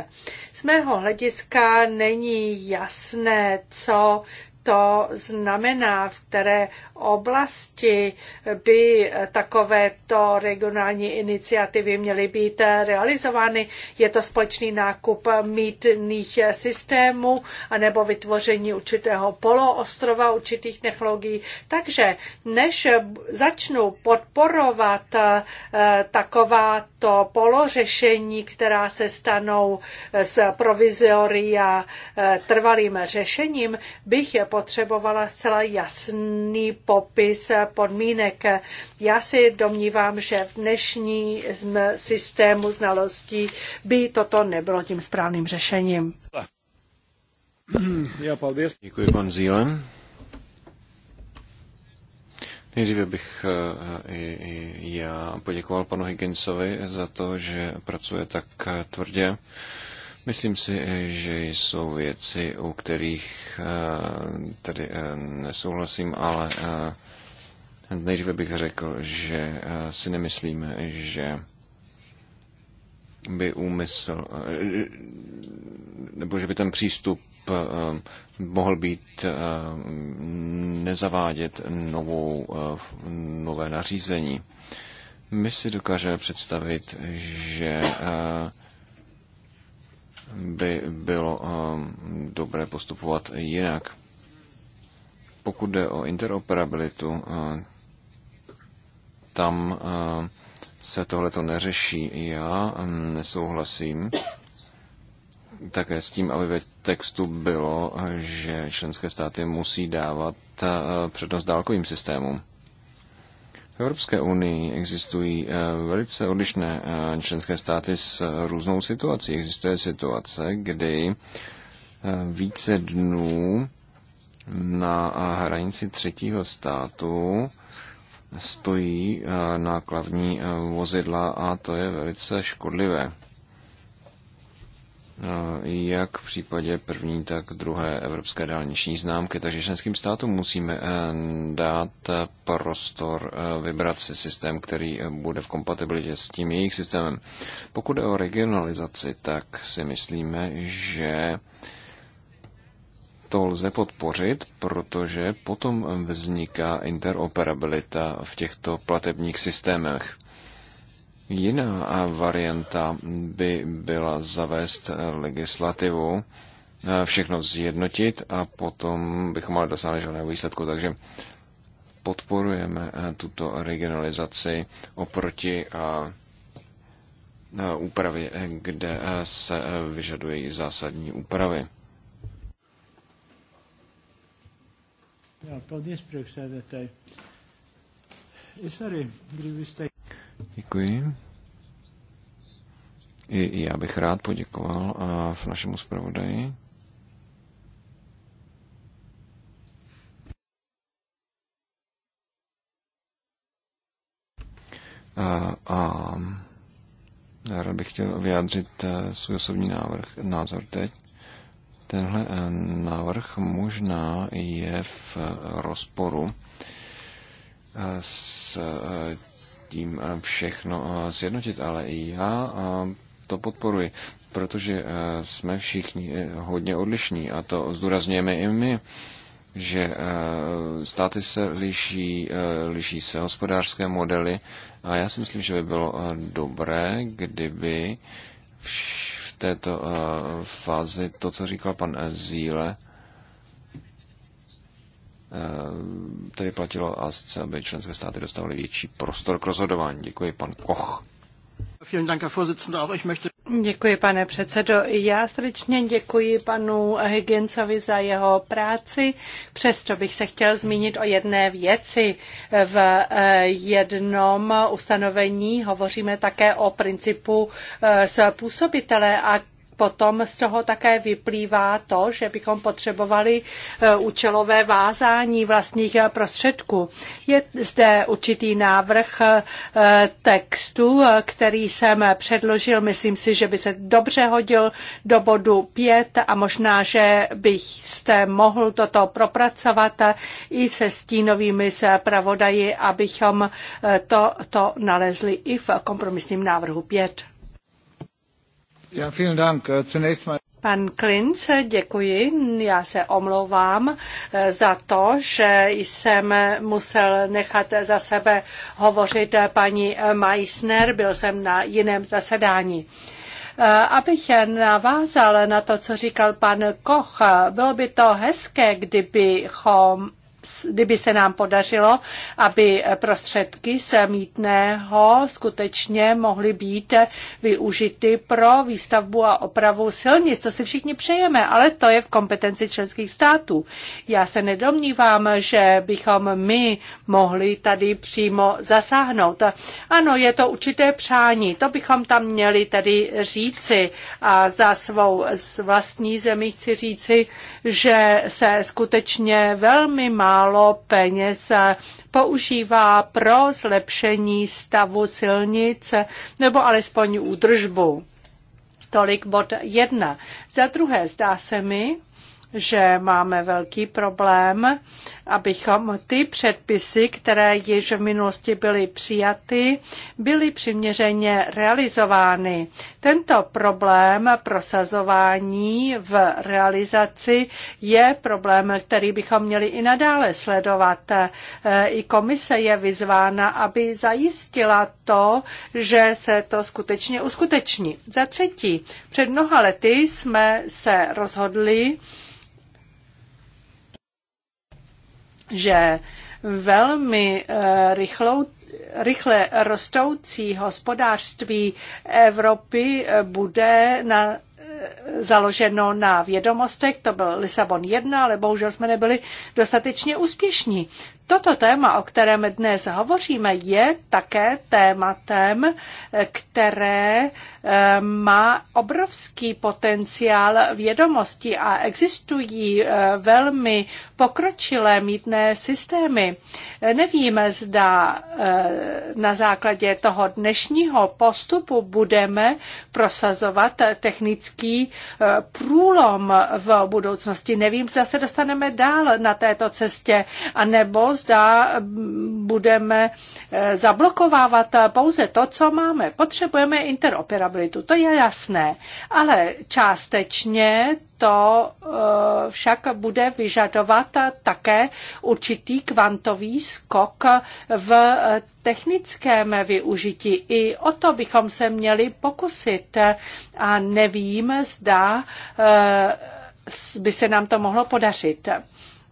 Z mého hlediska není jasné, co to znamená, v které oblasti by takovéto regionální iniciativy měly být realizovány. Je to společný nákup mítných systémů anebo vytvoření určitého poloostrova, určitých technologií. Takže než začnu podporovat eh, takováto polořešení, která se stanou z provizoria eh, trvalým řešením, bych je potřebovala zcela jasný popis podmínek. Já si domnívám, že v dnešní systému znalostí by toto nebylo tím správným řešením. Já Děkuji, pan Zílen. Nejdříve bych eh, i, i já poděkoval panu Higginsovi za to, že pracuje tak eh, tvrdě Myslím si, eh, že jsou věci, u kterých eh, tedy eh, nesouhlasím, ale nejdříve bych řekl, že si nemyslím, že by úmysl, nebo že by ten přístup mohl být nezavádět novou, nové nařízení. My si dokážeme představit, že by bylo eh, dobré postupovat jinak. Pokud jde o interoperabilitu, eh, tam eh, se tohle to neřeší. Já nesouhlasím také s tím, aby ve textu bylo, že členské státy musí dávat přednost dálkovým systémům. V Evropské unii existují eh, velice odlišné eh, členské státy s eh, různou situací. Existuje situace, kdy více dnů na hranici třetího státu stojí nákladní vozidla a to je velice škodlivé. Eh, jak v případě první, tak druhé evropské dálniční známky. Takže členským státům musíme eh, dát eh, prostor vybrat si systém, který bude v kompatibilitě s tím jejich systémem. Pokud je o regionalizaci, tak si myslíme, že to lze podpořit, protože potom vzniká interoperabilita v těchto platebních systémech. Jiná varianta by byla zavést eh, legislativu, eh, všechno zjednotit a potom bychom mali dosáhnout žádného výsledku. Takže podporujeme eh, tuto regionalizaci oproti úpravy, kde se vyžadují zásadní úpravy. Paldies, Děkuji. I já bych rád poděkoval a v našemu zpravodaji. A, a rád bych chtěl vyjádřit e, svůj osobní návrh, názor teď. Tenhle e, návrh možná je v e, rozporu s tím eh, všechno eh, sjednotit, ale i já eh, to podporuji, protože jsme všichni hodně odlišní a to zdůrazňujeme i my že státy se liší, liší se hospodářské modely a já si myslím, že by bylo dobré, kdyby v této fázi to, co říkal pan Zíle, Eh, tedy platilo a zce, aby členské státy dostávaly větší prostor k rozhodování. Děkuji, pan Koch. Děkuji, pane předsedo. Já srdečně děkuji panu Higginsovi za jeho práci. Přesto bych se chtěl zmínit o jedné věci. V eh, jednom ustanovení hovoříme také o principu eh, způsobitele a Potom z toho také vyplývá to, že bychom potřebovali e, účelové vázání vlastních e, prostředků. Je zde určitý návrh e, textu, který jsem předložil. Myslím si, že by se dobře hodil do bodu 5 a možná, že byste mohl toto propracovat i se stínovými zpravodaji, abychom to, to nalezli i v kompromisním návrhu 5. Ja, vielen Dank. Zunächst mal Pan Klinc, děkuji. Já se omlouvám eh, za to, že jsem musel nechat za sebe hovořit eh, paní Meissner. Byl jsem na jiném zasedání. Eh, abych navázal na to, co říkal pan Koch, bylo by to hezké, kdybychom kdyby se nám podařilo, aby prostředky z mítného skutečně mohly být využity pro výstavbu a opravu silnic. To si všichni přejeme, ale to je v kompetenci členských států. Já se nedomnívám, že bychom my mohli tady přímo zasáhnout. Ano, je to určité přání, to bychom tam měli tady říci a za svou vlastní zemi chci říci, že se skutečně velmi má málo peněz eh, používá pro zlepšení stavu silnic nebo alespoň údržbu. Tolik bod jedna. Za druhé, zdá se mi, že máme velký problém, abychom ty předpisy, které již v minulosti byly přijaty, byly přiměřeně realizovány. Tento problém prosazování v realizaci je problém, který bychom měli i nadále sledovat. E, I komise je vyzvána, aby zajistila to, že se to skutečně uskuteční. Za třetí, před mnoha lety jsme se rozhodli, že velmi eh, rychlou rychle rostoucí hospodářství Evropy eh, bude na eh, založeno na vědomostech, to byl Lisabon 1, ale bohužel jsme nebyli dostatečně úspěšní. Toto téma, o kterém dnes hovoříme, je také tématem, které eh, má obrovský potenciál vědomosti a existují eh, velmi pokročilé mítné systémy. Nevíme, zda eh, na základě toho dnešního postupu budeme prosazovat technický průlom v budoucnosti. Nevím, zda se dostaneme dál na této cestě, anebo zda budeme eh, zablokovávat pouze to, co máme. Potřebujeme interoperabilitu, to je jasné, ale částečně to eh, však bude vyžadovat také určitý kvantový skok v eh, technickém využití. I o to bychom se měli pokusit a nevím, zda by se nám to mohlo podařit.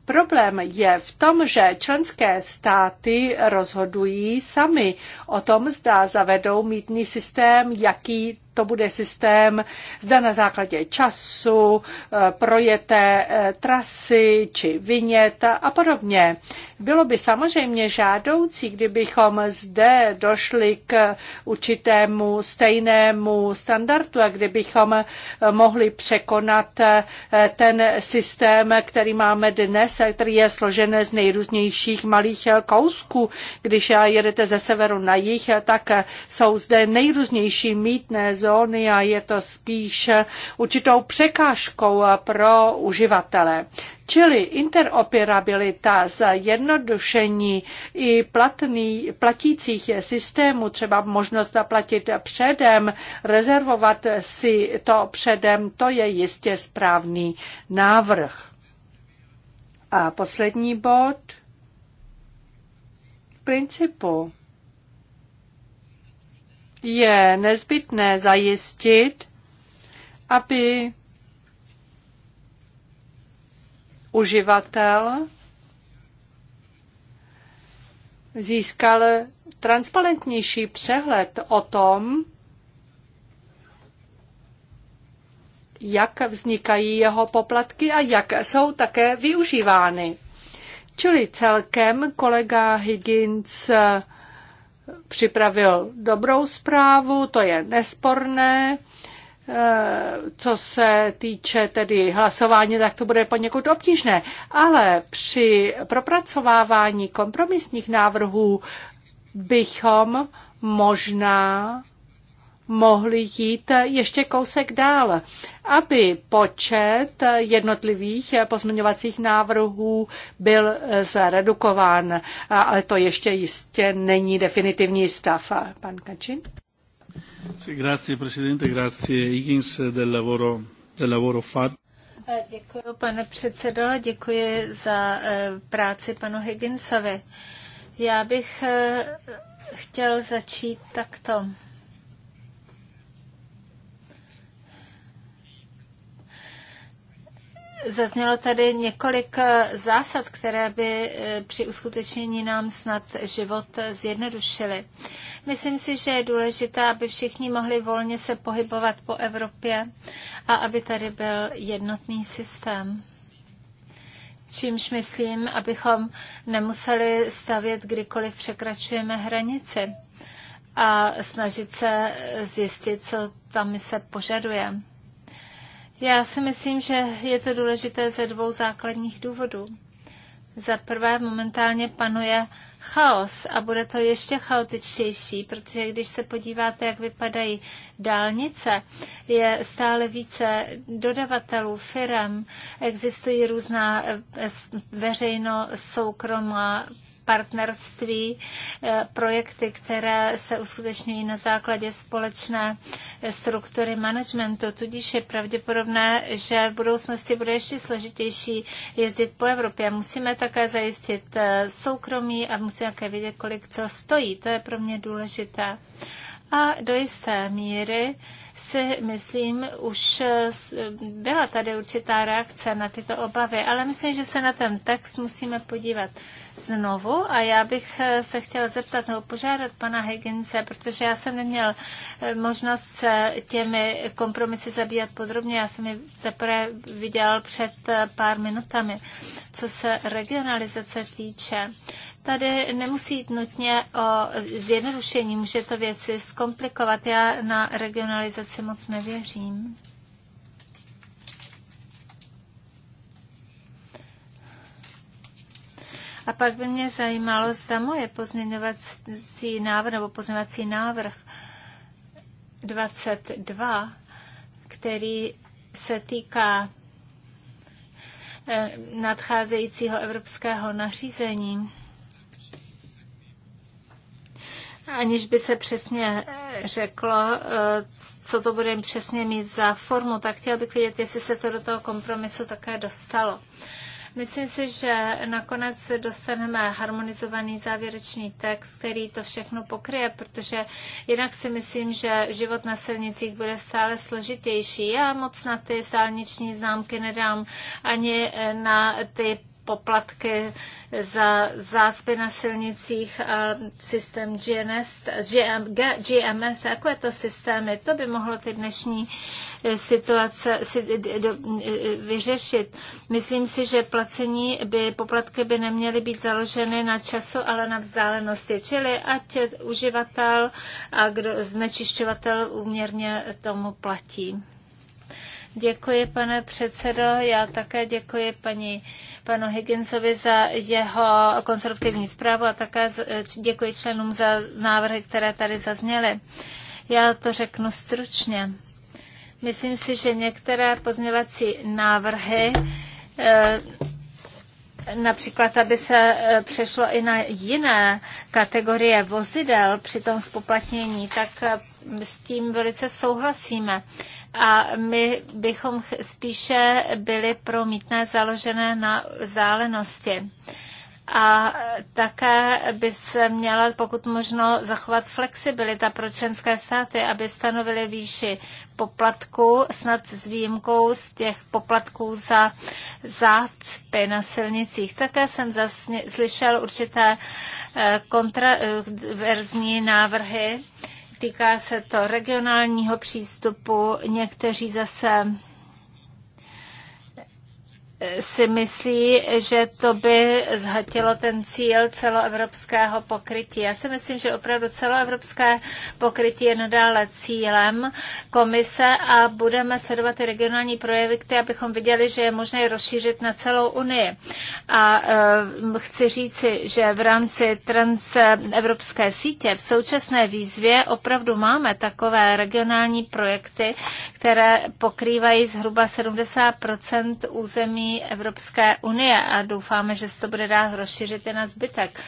Problém je v tom, že členské státy rozhodují sami o tom, zda zavedou mítný systém, jaký to bude systém, zda na základě času, eh, projeté eh, trasy či vinět a podobně. Bylo by samozřejmě žádoucí, kdybychom zde došli k určitému stejnému standardu a kdybychom eh, mohli překonat ten systém, který máme dnes, který je složen z nejrůznějších malých kousků. Když jedete ze severu na jih, tak jsou zde nejrůznější mítné zóny a je to spíše určitou překážkou pro uživatele. Čili interoperabilita, zjednodušení i platný, platících systémů, třeba možnost zaplatit předem, rezervovat si to předem, to je jistě správný návrh. A poslední bod. Principu je nezbytné zajistit, aby uživatel získal transparentnější přehled o tom, jak vznikají jeho poplatky a jak jsou také využívány. Čili celkem kolega Higgins připravil dobrou zprávu, to je nesporné. Eh, co se týče tedy hlasování, tak to bude poněkud obtížné, ale při propracovávání kompromisních návrhů bychom možná mohli jít ještě kousek dál, aby počet jednotlivých pozměňovacích návrhů byl zredukován, ale to ještě jistě není definitivní stav. Pan Kačin? Děkuji, pane předsedo, děkuji za eh, práci panu Higginsovi. Já bych eh, chtěl začít takto. Zaznělo tady několik eh, zásad, které by eh, při uskutečnění nám snad život zjednodušily. Myslím si, že je důležité, aby všichni mohli volně se pohybovat po Evropě a aby tady byl jednotný systém čímž myslím, abychom nemuseli stavět, kdykoliv překračujeme hranici a snažit se zjistit, co tam se požaduje. Já si myslím, že je to důležité ze dvou základních důvodů. Za prvé momentálně panuje chaos a bude to ještě chaotičtější, protože když se podíváte, jak vypadají dálnice, je stále více dodavatelů, firm, existují různá eh, veřejno-soukromá partnerství, eh, projekty, které se uskutečňují na základě společné struktury managementu. Tudíž je pravděpodobné, že v budoucnosti bude ještě složitější jezdit po Evropě. Musíme také zajistit eh, soukromí a musíme také vědět, kolik co stojí. To je pro mě důležité. A do jisté míry si myslím, už byla tady určitá reakce na tyto obavy, ale myslím, že se na ten text musíme podívat znovu a já bych eh, se chtěla zeptat nebo požádat pana Higginse, protože já jsem neměl eh, možnost se těmi kompromisy zabývat podrobně, já jsem je teprve viděl před eh, pár minutami, co se regionalizace týče. Tady nemusí jít nutně o zjednodušení, může to věci zkomplikovat. Já na regionalizaci moc nevěřím. A pak by mě zajímalo, zda moje pozměňovací návrh nebo pozměňovací návrh 22, který se týká eh, nadcházejícího evropského nařízení, aniž by se přesně eh, řeklo, eh, co to bude přesně mít za formu, tak chtěl bych vědět, jestli se to do toho kompromisu také dostalo. Myslím si, že nakonec dostaneme harmonizovaný závěrečný text, který to všechno pokryje, protože jinak si myslím, že život na silnicích bude stále složitější. Já moc na ty silniční známky nedám ani eh, na ty poplatky za záspy na silnicích a systém GNS, GM, GMS, takové to systémy, to by mohlo ty dnešní eh, situace eh, vyřešit. Myslím si, že placení by, poplatky by neměly být založeny na času, ale na vzdálenosti, čili ať uživatel a kdo, znečišťovatel úměrně tomu platí. Děkuji, pane předsedo. Já také děkuji paní panu Higginsovi za jeho konstruktivní zprávu a také děkuji členům za návrhy, které tady zazněly. Já to řeknu stručně. Myslím si, že některé pozměvací návrhy eh, například, aby se eh, přešlo i na jiné kategorie vozidel při tom spoplatnění, tak eh, s tím velice souhlasíme a my bychom spíše byli pro mítné založené na zálenosti. A také by se měla pokud možno zachovat flexibilita pro členské státy, aby stanovily výši poplatku, snad s výjimkou z těch poplatků za zácpy na silnicích. Také jsem zasně, slyšel určité eh, kontraverzní eh, návrhy, Týká se to regionálního přístupu, někteří zase si myslí, že to by zhatilo ten cíl celoevropského pokrytí. Já si myslím, že opravdu celoevropské pokrytí je nadále cílem komise a budeme sledovat regionální projekty, abychom viděli, že je možné je rozšířit na celou Unii. A e, chci říci, že v rámci transevropské sítě v současné výzvě opravdu máme takové regionální projekty, které pokrývají zhruba 70 území Evropské unie a doufáme, že se to bude dát rozšířit i na zbytek,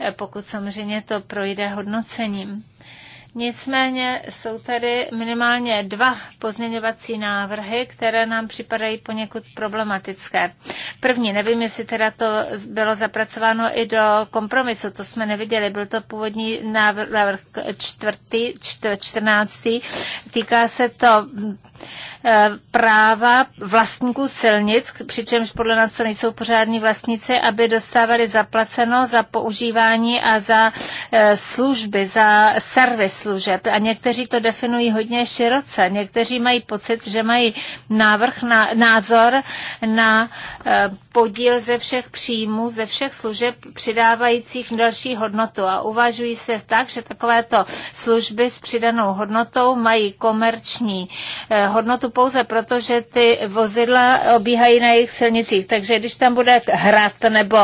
eh, pokud samozřejmě to projde hodnocením. Nicméně jsou tady minimálně dva pozměňovací návrhy, které nám připadají poněkud problematické. První, nevím, jestli teda to bylo zapracováno i do kompromisu, to jsme neviděli, byl to původní návrh čtvrtý, čtvrtý čtrnáctý, týká se to Eh, práva vlastníků silnic, přičemž podle nás to nejsou pořádní vlastníci, aby dostávali zaplaceno za používání a za eh, služby, za servis služeb. A někteří to definují hodně široce. Někteří mají pocit, že mají návrh na, názor na eh, podíl ze všech příjmů, ze všech služeb přidávajících další hodnotu a uvažují se tak, že takovéto služby s přidanou hodnotou mají komerční hodnotu pouze proto, že ty vozidla obíhají na jejich silnicích. Takže když tam bude hrad nebo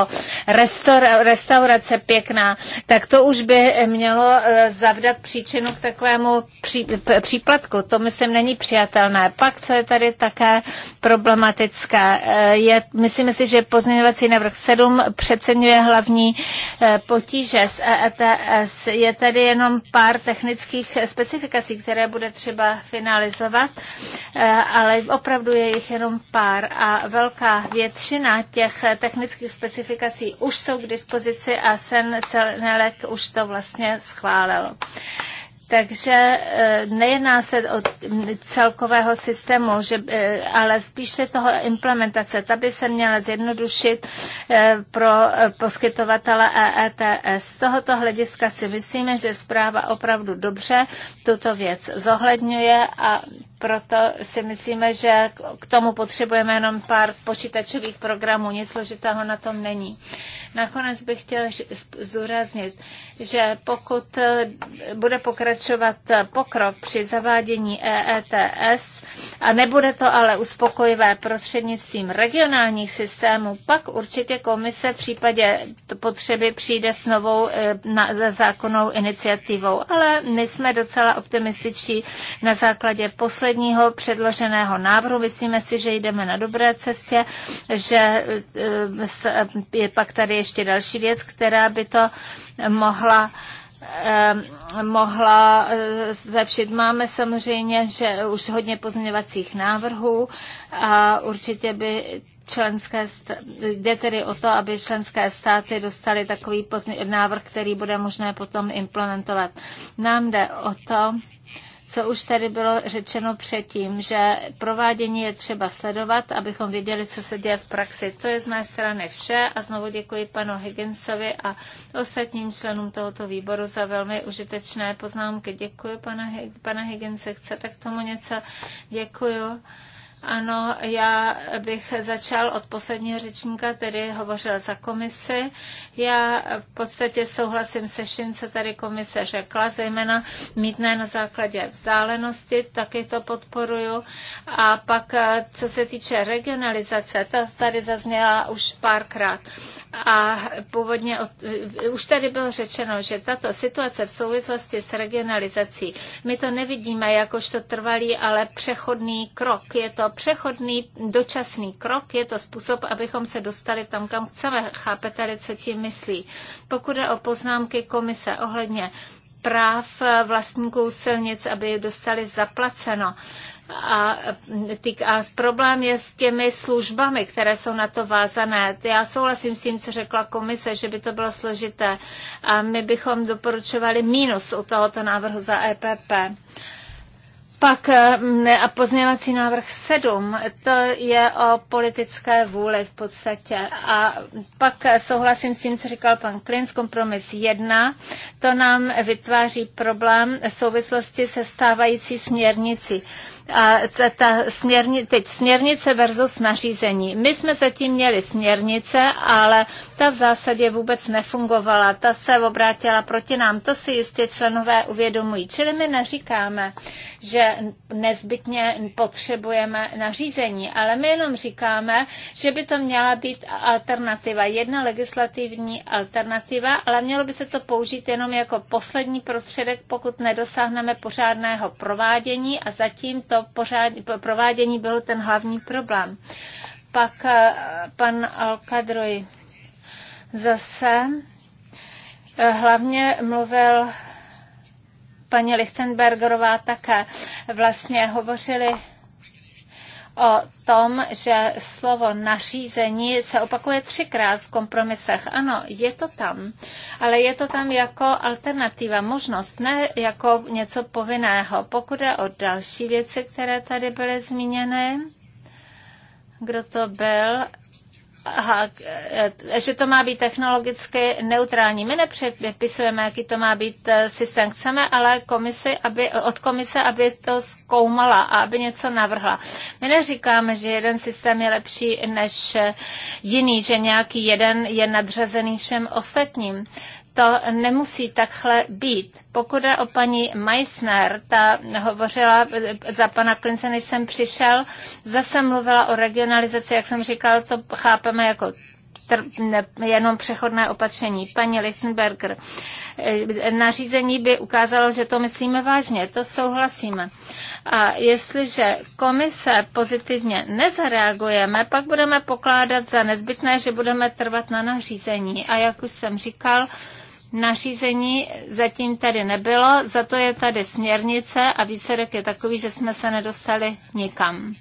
restaura, restaurace pěkná, tak to už by mělo eh, zavdat příčinu k takovému pří, příplatku. To myslím není přijatelné. Pak, co je tady také problematické, eh, je, myslím si, že pozměňovací návrh 7 přeceňuje hlavní eh, potíže z EETS. Je tady jenom pár technických specifikací, které bude třeba finalizovat Eh, ale opravdu je jich jenom pár a velká většina těch technických specifikací už jsou k dispozici a Sen Selnelek už to vlastně schválil. Takže eh, nejedná se o celkového systému, že, eh, ale spíše toho implementace. Ta by se měla zjednodušit pro poskytovatele EETS. Z tohoto hlediska si myslíme, že zpráva opravdu dobře tuto věc zohledňuje a proto si myslíme, že k tomu potřebujeme jenom pár počítačových programů, nic složitého na tom není. Nakonec bych chtěl zúraznit, že pokud eh, bude pokračovat pokrok při zavádění EETS a nebude to ale uspokojivé prostřednictvím regionálních systémů, pak určitě komise v případě potřeby přijde s novou eh, na, za zákonnou iniciativou. Ale my jsme docela optimističtí na základě poslední posledního předloženého návrhu. Myslíme si, že jdeme na dobré cestě, že eh, eh, je pak tady ještě další věc, která by to mohla eh, mohla zlepšit. Máme samozřejmě, že už hodně pozměňovacích návrhů a určitě by členské, státy, jde tedy o to, aby členské státy dostaly takový návrh, který bude možné potom implementovat. Nám jde o to, co už tady bylo řečeno předtím, že provádění je třeba sledovat, abychom věděli, co se děje v praxi. To je z mé strany vše a znovu děkuji panu Higginsovi a ostatním členům tohoto výboru za velmi užitečné poznámky. Děkuji, pana, pana Higginse. Chce tak tomu něco? Děkuji. Ano, já bych začal od posledního řečníka, který hovořil za komisi. Já v podstatě souhlasím se vším, co tady komise řekla, zejména mítné na základě vzdálenosti, taky to podporuju. A pak, eh, co se týče regionalizace, ta tady zazněla už párkrát. A původně eh, už tady bylo řečeno, že tato situace v souvislosti s regionalizací, my to nevidíme jakožto trvalý, ale přechodný krok. Je to přechodný dočasný krok, je to způsob, abychom se dostali tam, kam chceme. chápete co tím myslí? Pokud je o poznámky komise ohledně práv vlastníků silnic, aby je dostali zaplaceno. A, a problém je s těmi službami, které jsou na to vázané. Já souhlasím s tím, co řekla komise, že by to bylo složité. A my bychom doporučovali mínus u tohoto návrhu za EPP. Pak eh, a pozměňovací návrh 7, to je o politické vůli v podstatě. A pak eh, souhlasím s tím, co říkal pan Klins, kompromis 1, to nám vytváří problém v souvislosti se stávající směrnici a ta, ta směrni, teď směrnice versus nařízení. My jsme zatím měli směrnice, ale ta v zásadě vůbec nefungovala. Ta se obrátila proti nám. To si jistě členové uvědomují. Čili my neříkáme, že nezbytně potřebujeme nařízení, ale my jenom říkáme, že by to měla být alternativa, jedna legislativní alternativa, ale mělo by se to použít jenom jako poslední prostředek, pokud nedosáhneme pořádného provádění a zatím to pořád, provádění bylo ten hlavní problém. Pak eh, pan Alkadroj zase eh, hlavně mluvil paní Lichtenbergerová také vlastně hovořili o tom, že slovo nařízení se opakuje třikrát v kompromisech. Ano, je to tam, ale je to tam jako alternativa, možnost, ne jako něco povinného. Pokud je o další věci, které tady byly zmíněny, kdo to byl, Aha, eh, že to má být technologicky neutrální. My nepředpisujeme, jaký to má být eh, systém. Chceme ale komisi, aby, od komise, aby to zkoumala a aby něco navrhla. My neříkáme, že jeden systém je lepší než eh, jiný, že nějaký jeden je nadřazený všem ostatním. To nemusí takhle být. Pokud je o paní Meissner, ta hovořila za pana Klince, než jsem přišel, zase mluvila o regionalizaci, jak jsem říkal, to chápeme jako ne, jenom přechodné opatření. Paní Lichtenberger, eh, nařízení by ukázalo, že to myslíme vážně, to souhlasíme. A jestliže komise pozitivně nezareagujeme, pak budeme pokládat za nezbytné, že budeme trvat na nařízení. A jak už jsem říkal, Nařízení zatím tady nebylo, za to je tady směrnice a výsledek je takový, že jsme se nedostali nikam.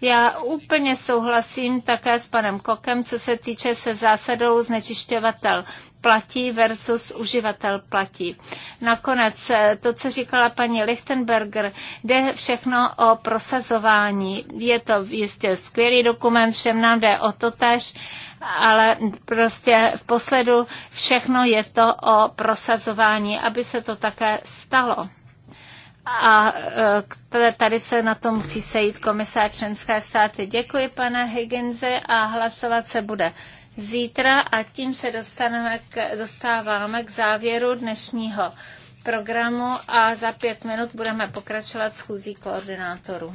Já úplně souhlasím také s panem Kokem, co se týče se zásadou znečišťovatel platí versus uživatel platí. Nakonec eh, to, co říkala paní Lichtenberger, jde všechno o prosazování. Je to jistě skvělý dokument, všem nám jde o to tež ale prostě v posledu všechno je to o prosazování, aby se to také stalo. A e, tady se na to musí sejít komisá členské státy. Děkuji, pane Higginsi, a hlasovat se bude zítra a tím se dostaneme k, dostáváme k závěru dnešního programu a za pět minut budeme pokračovat schůzí koordinátorů.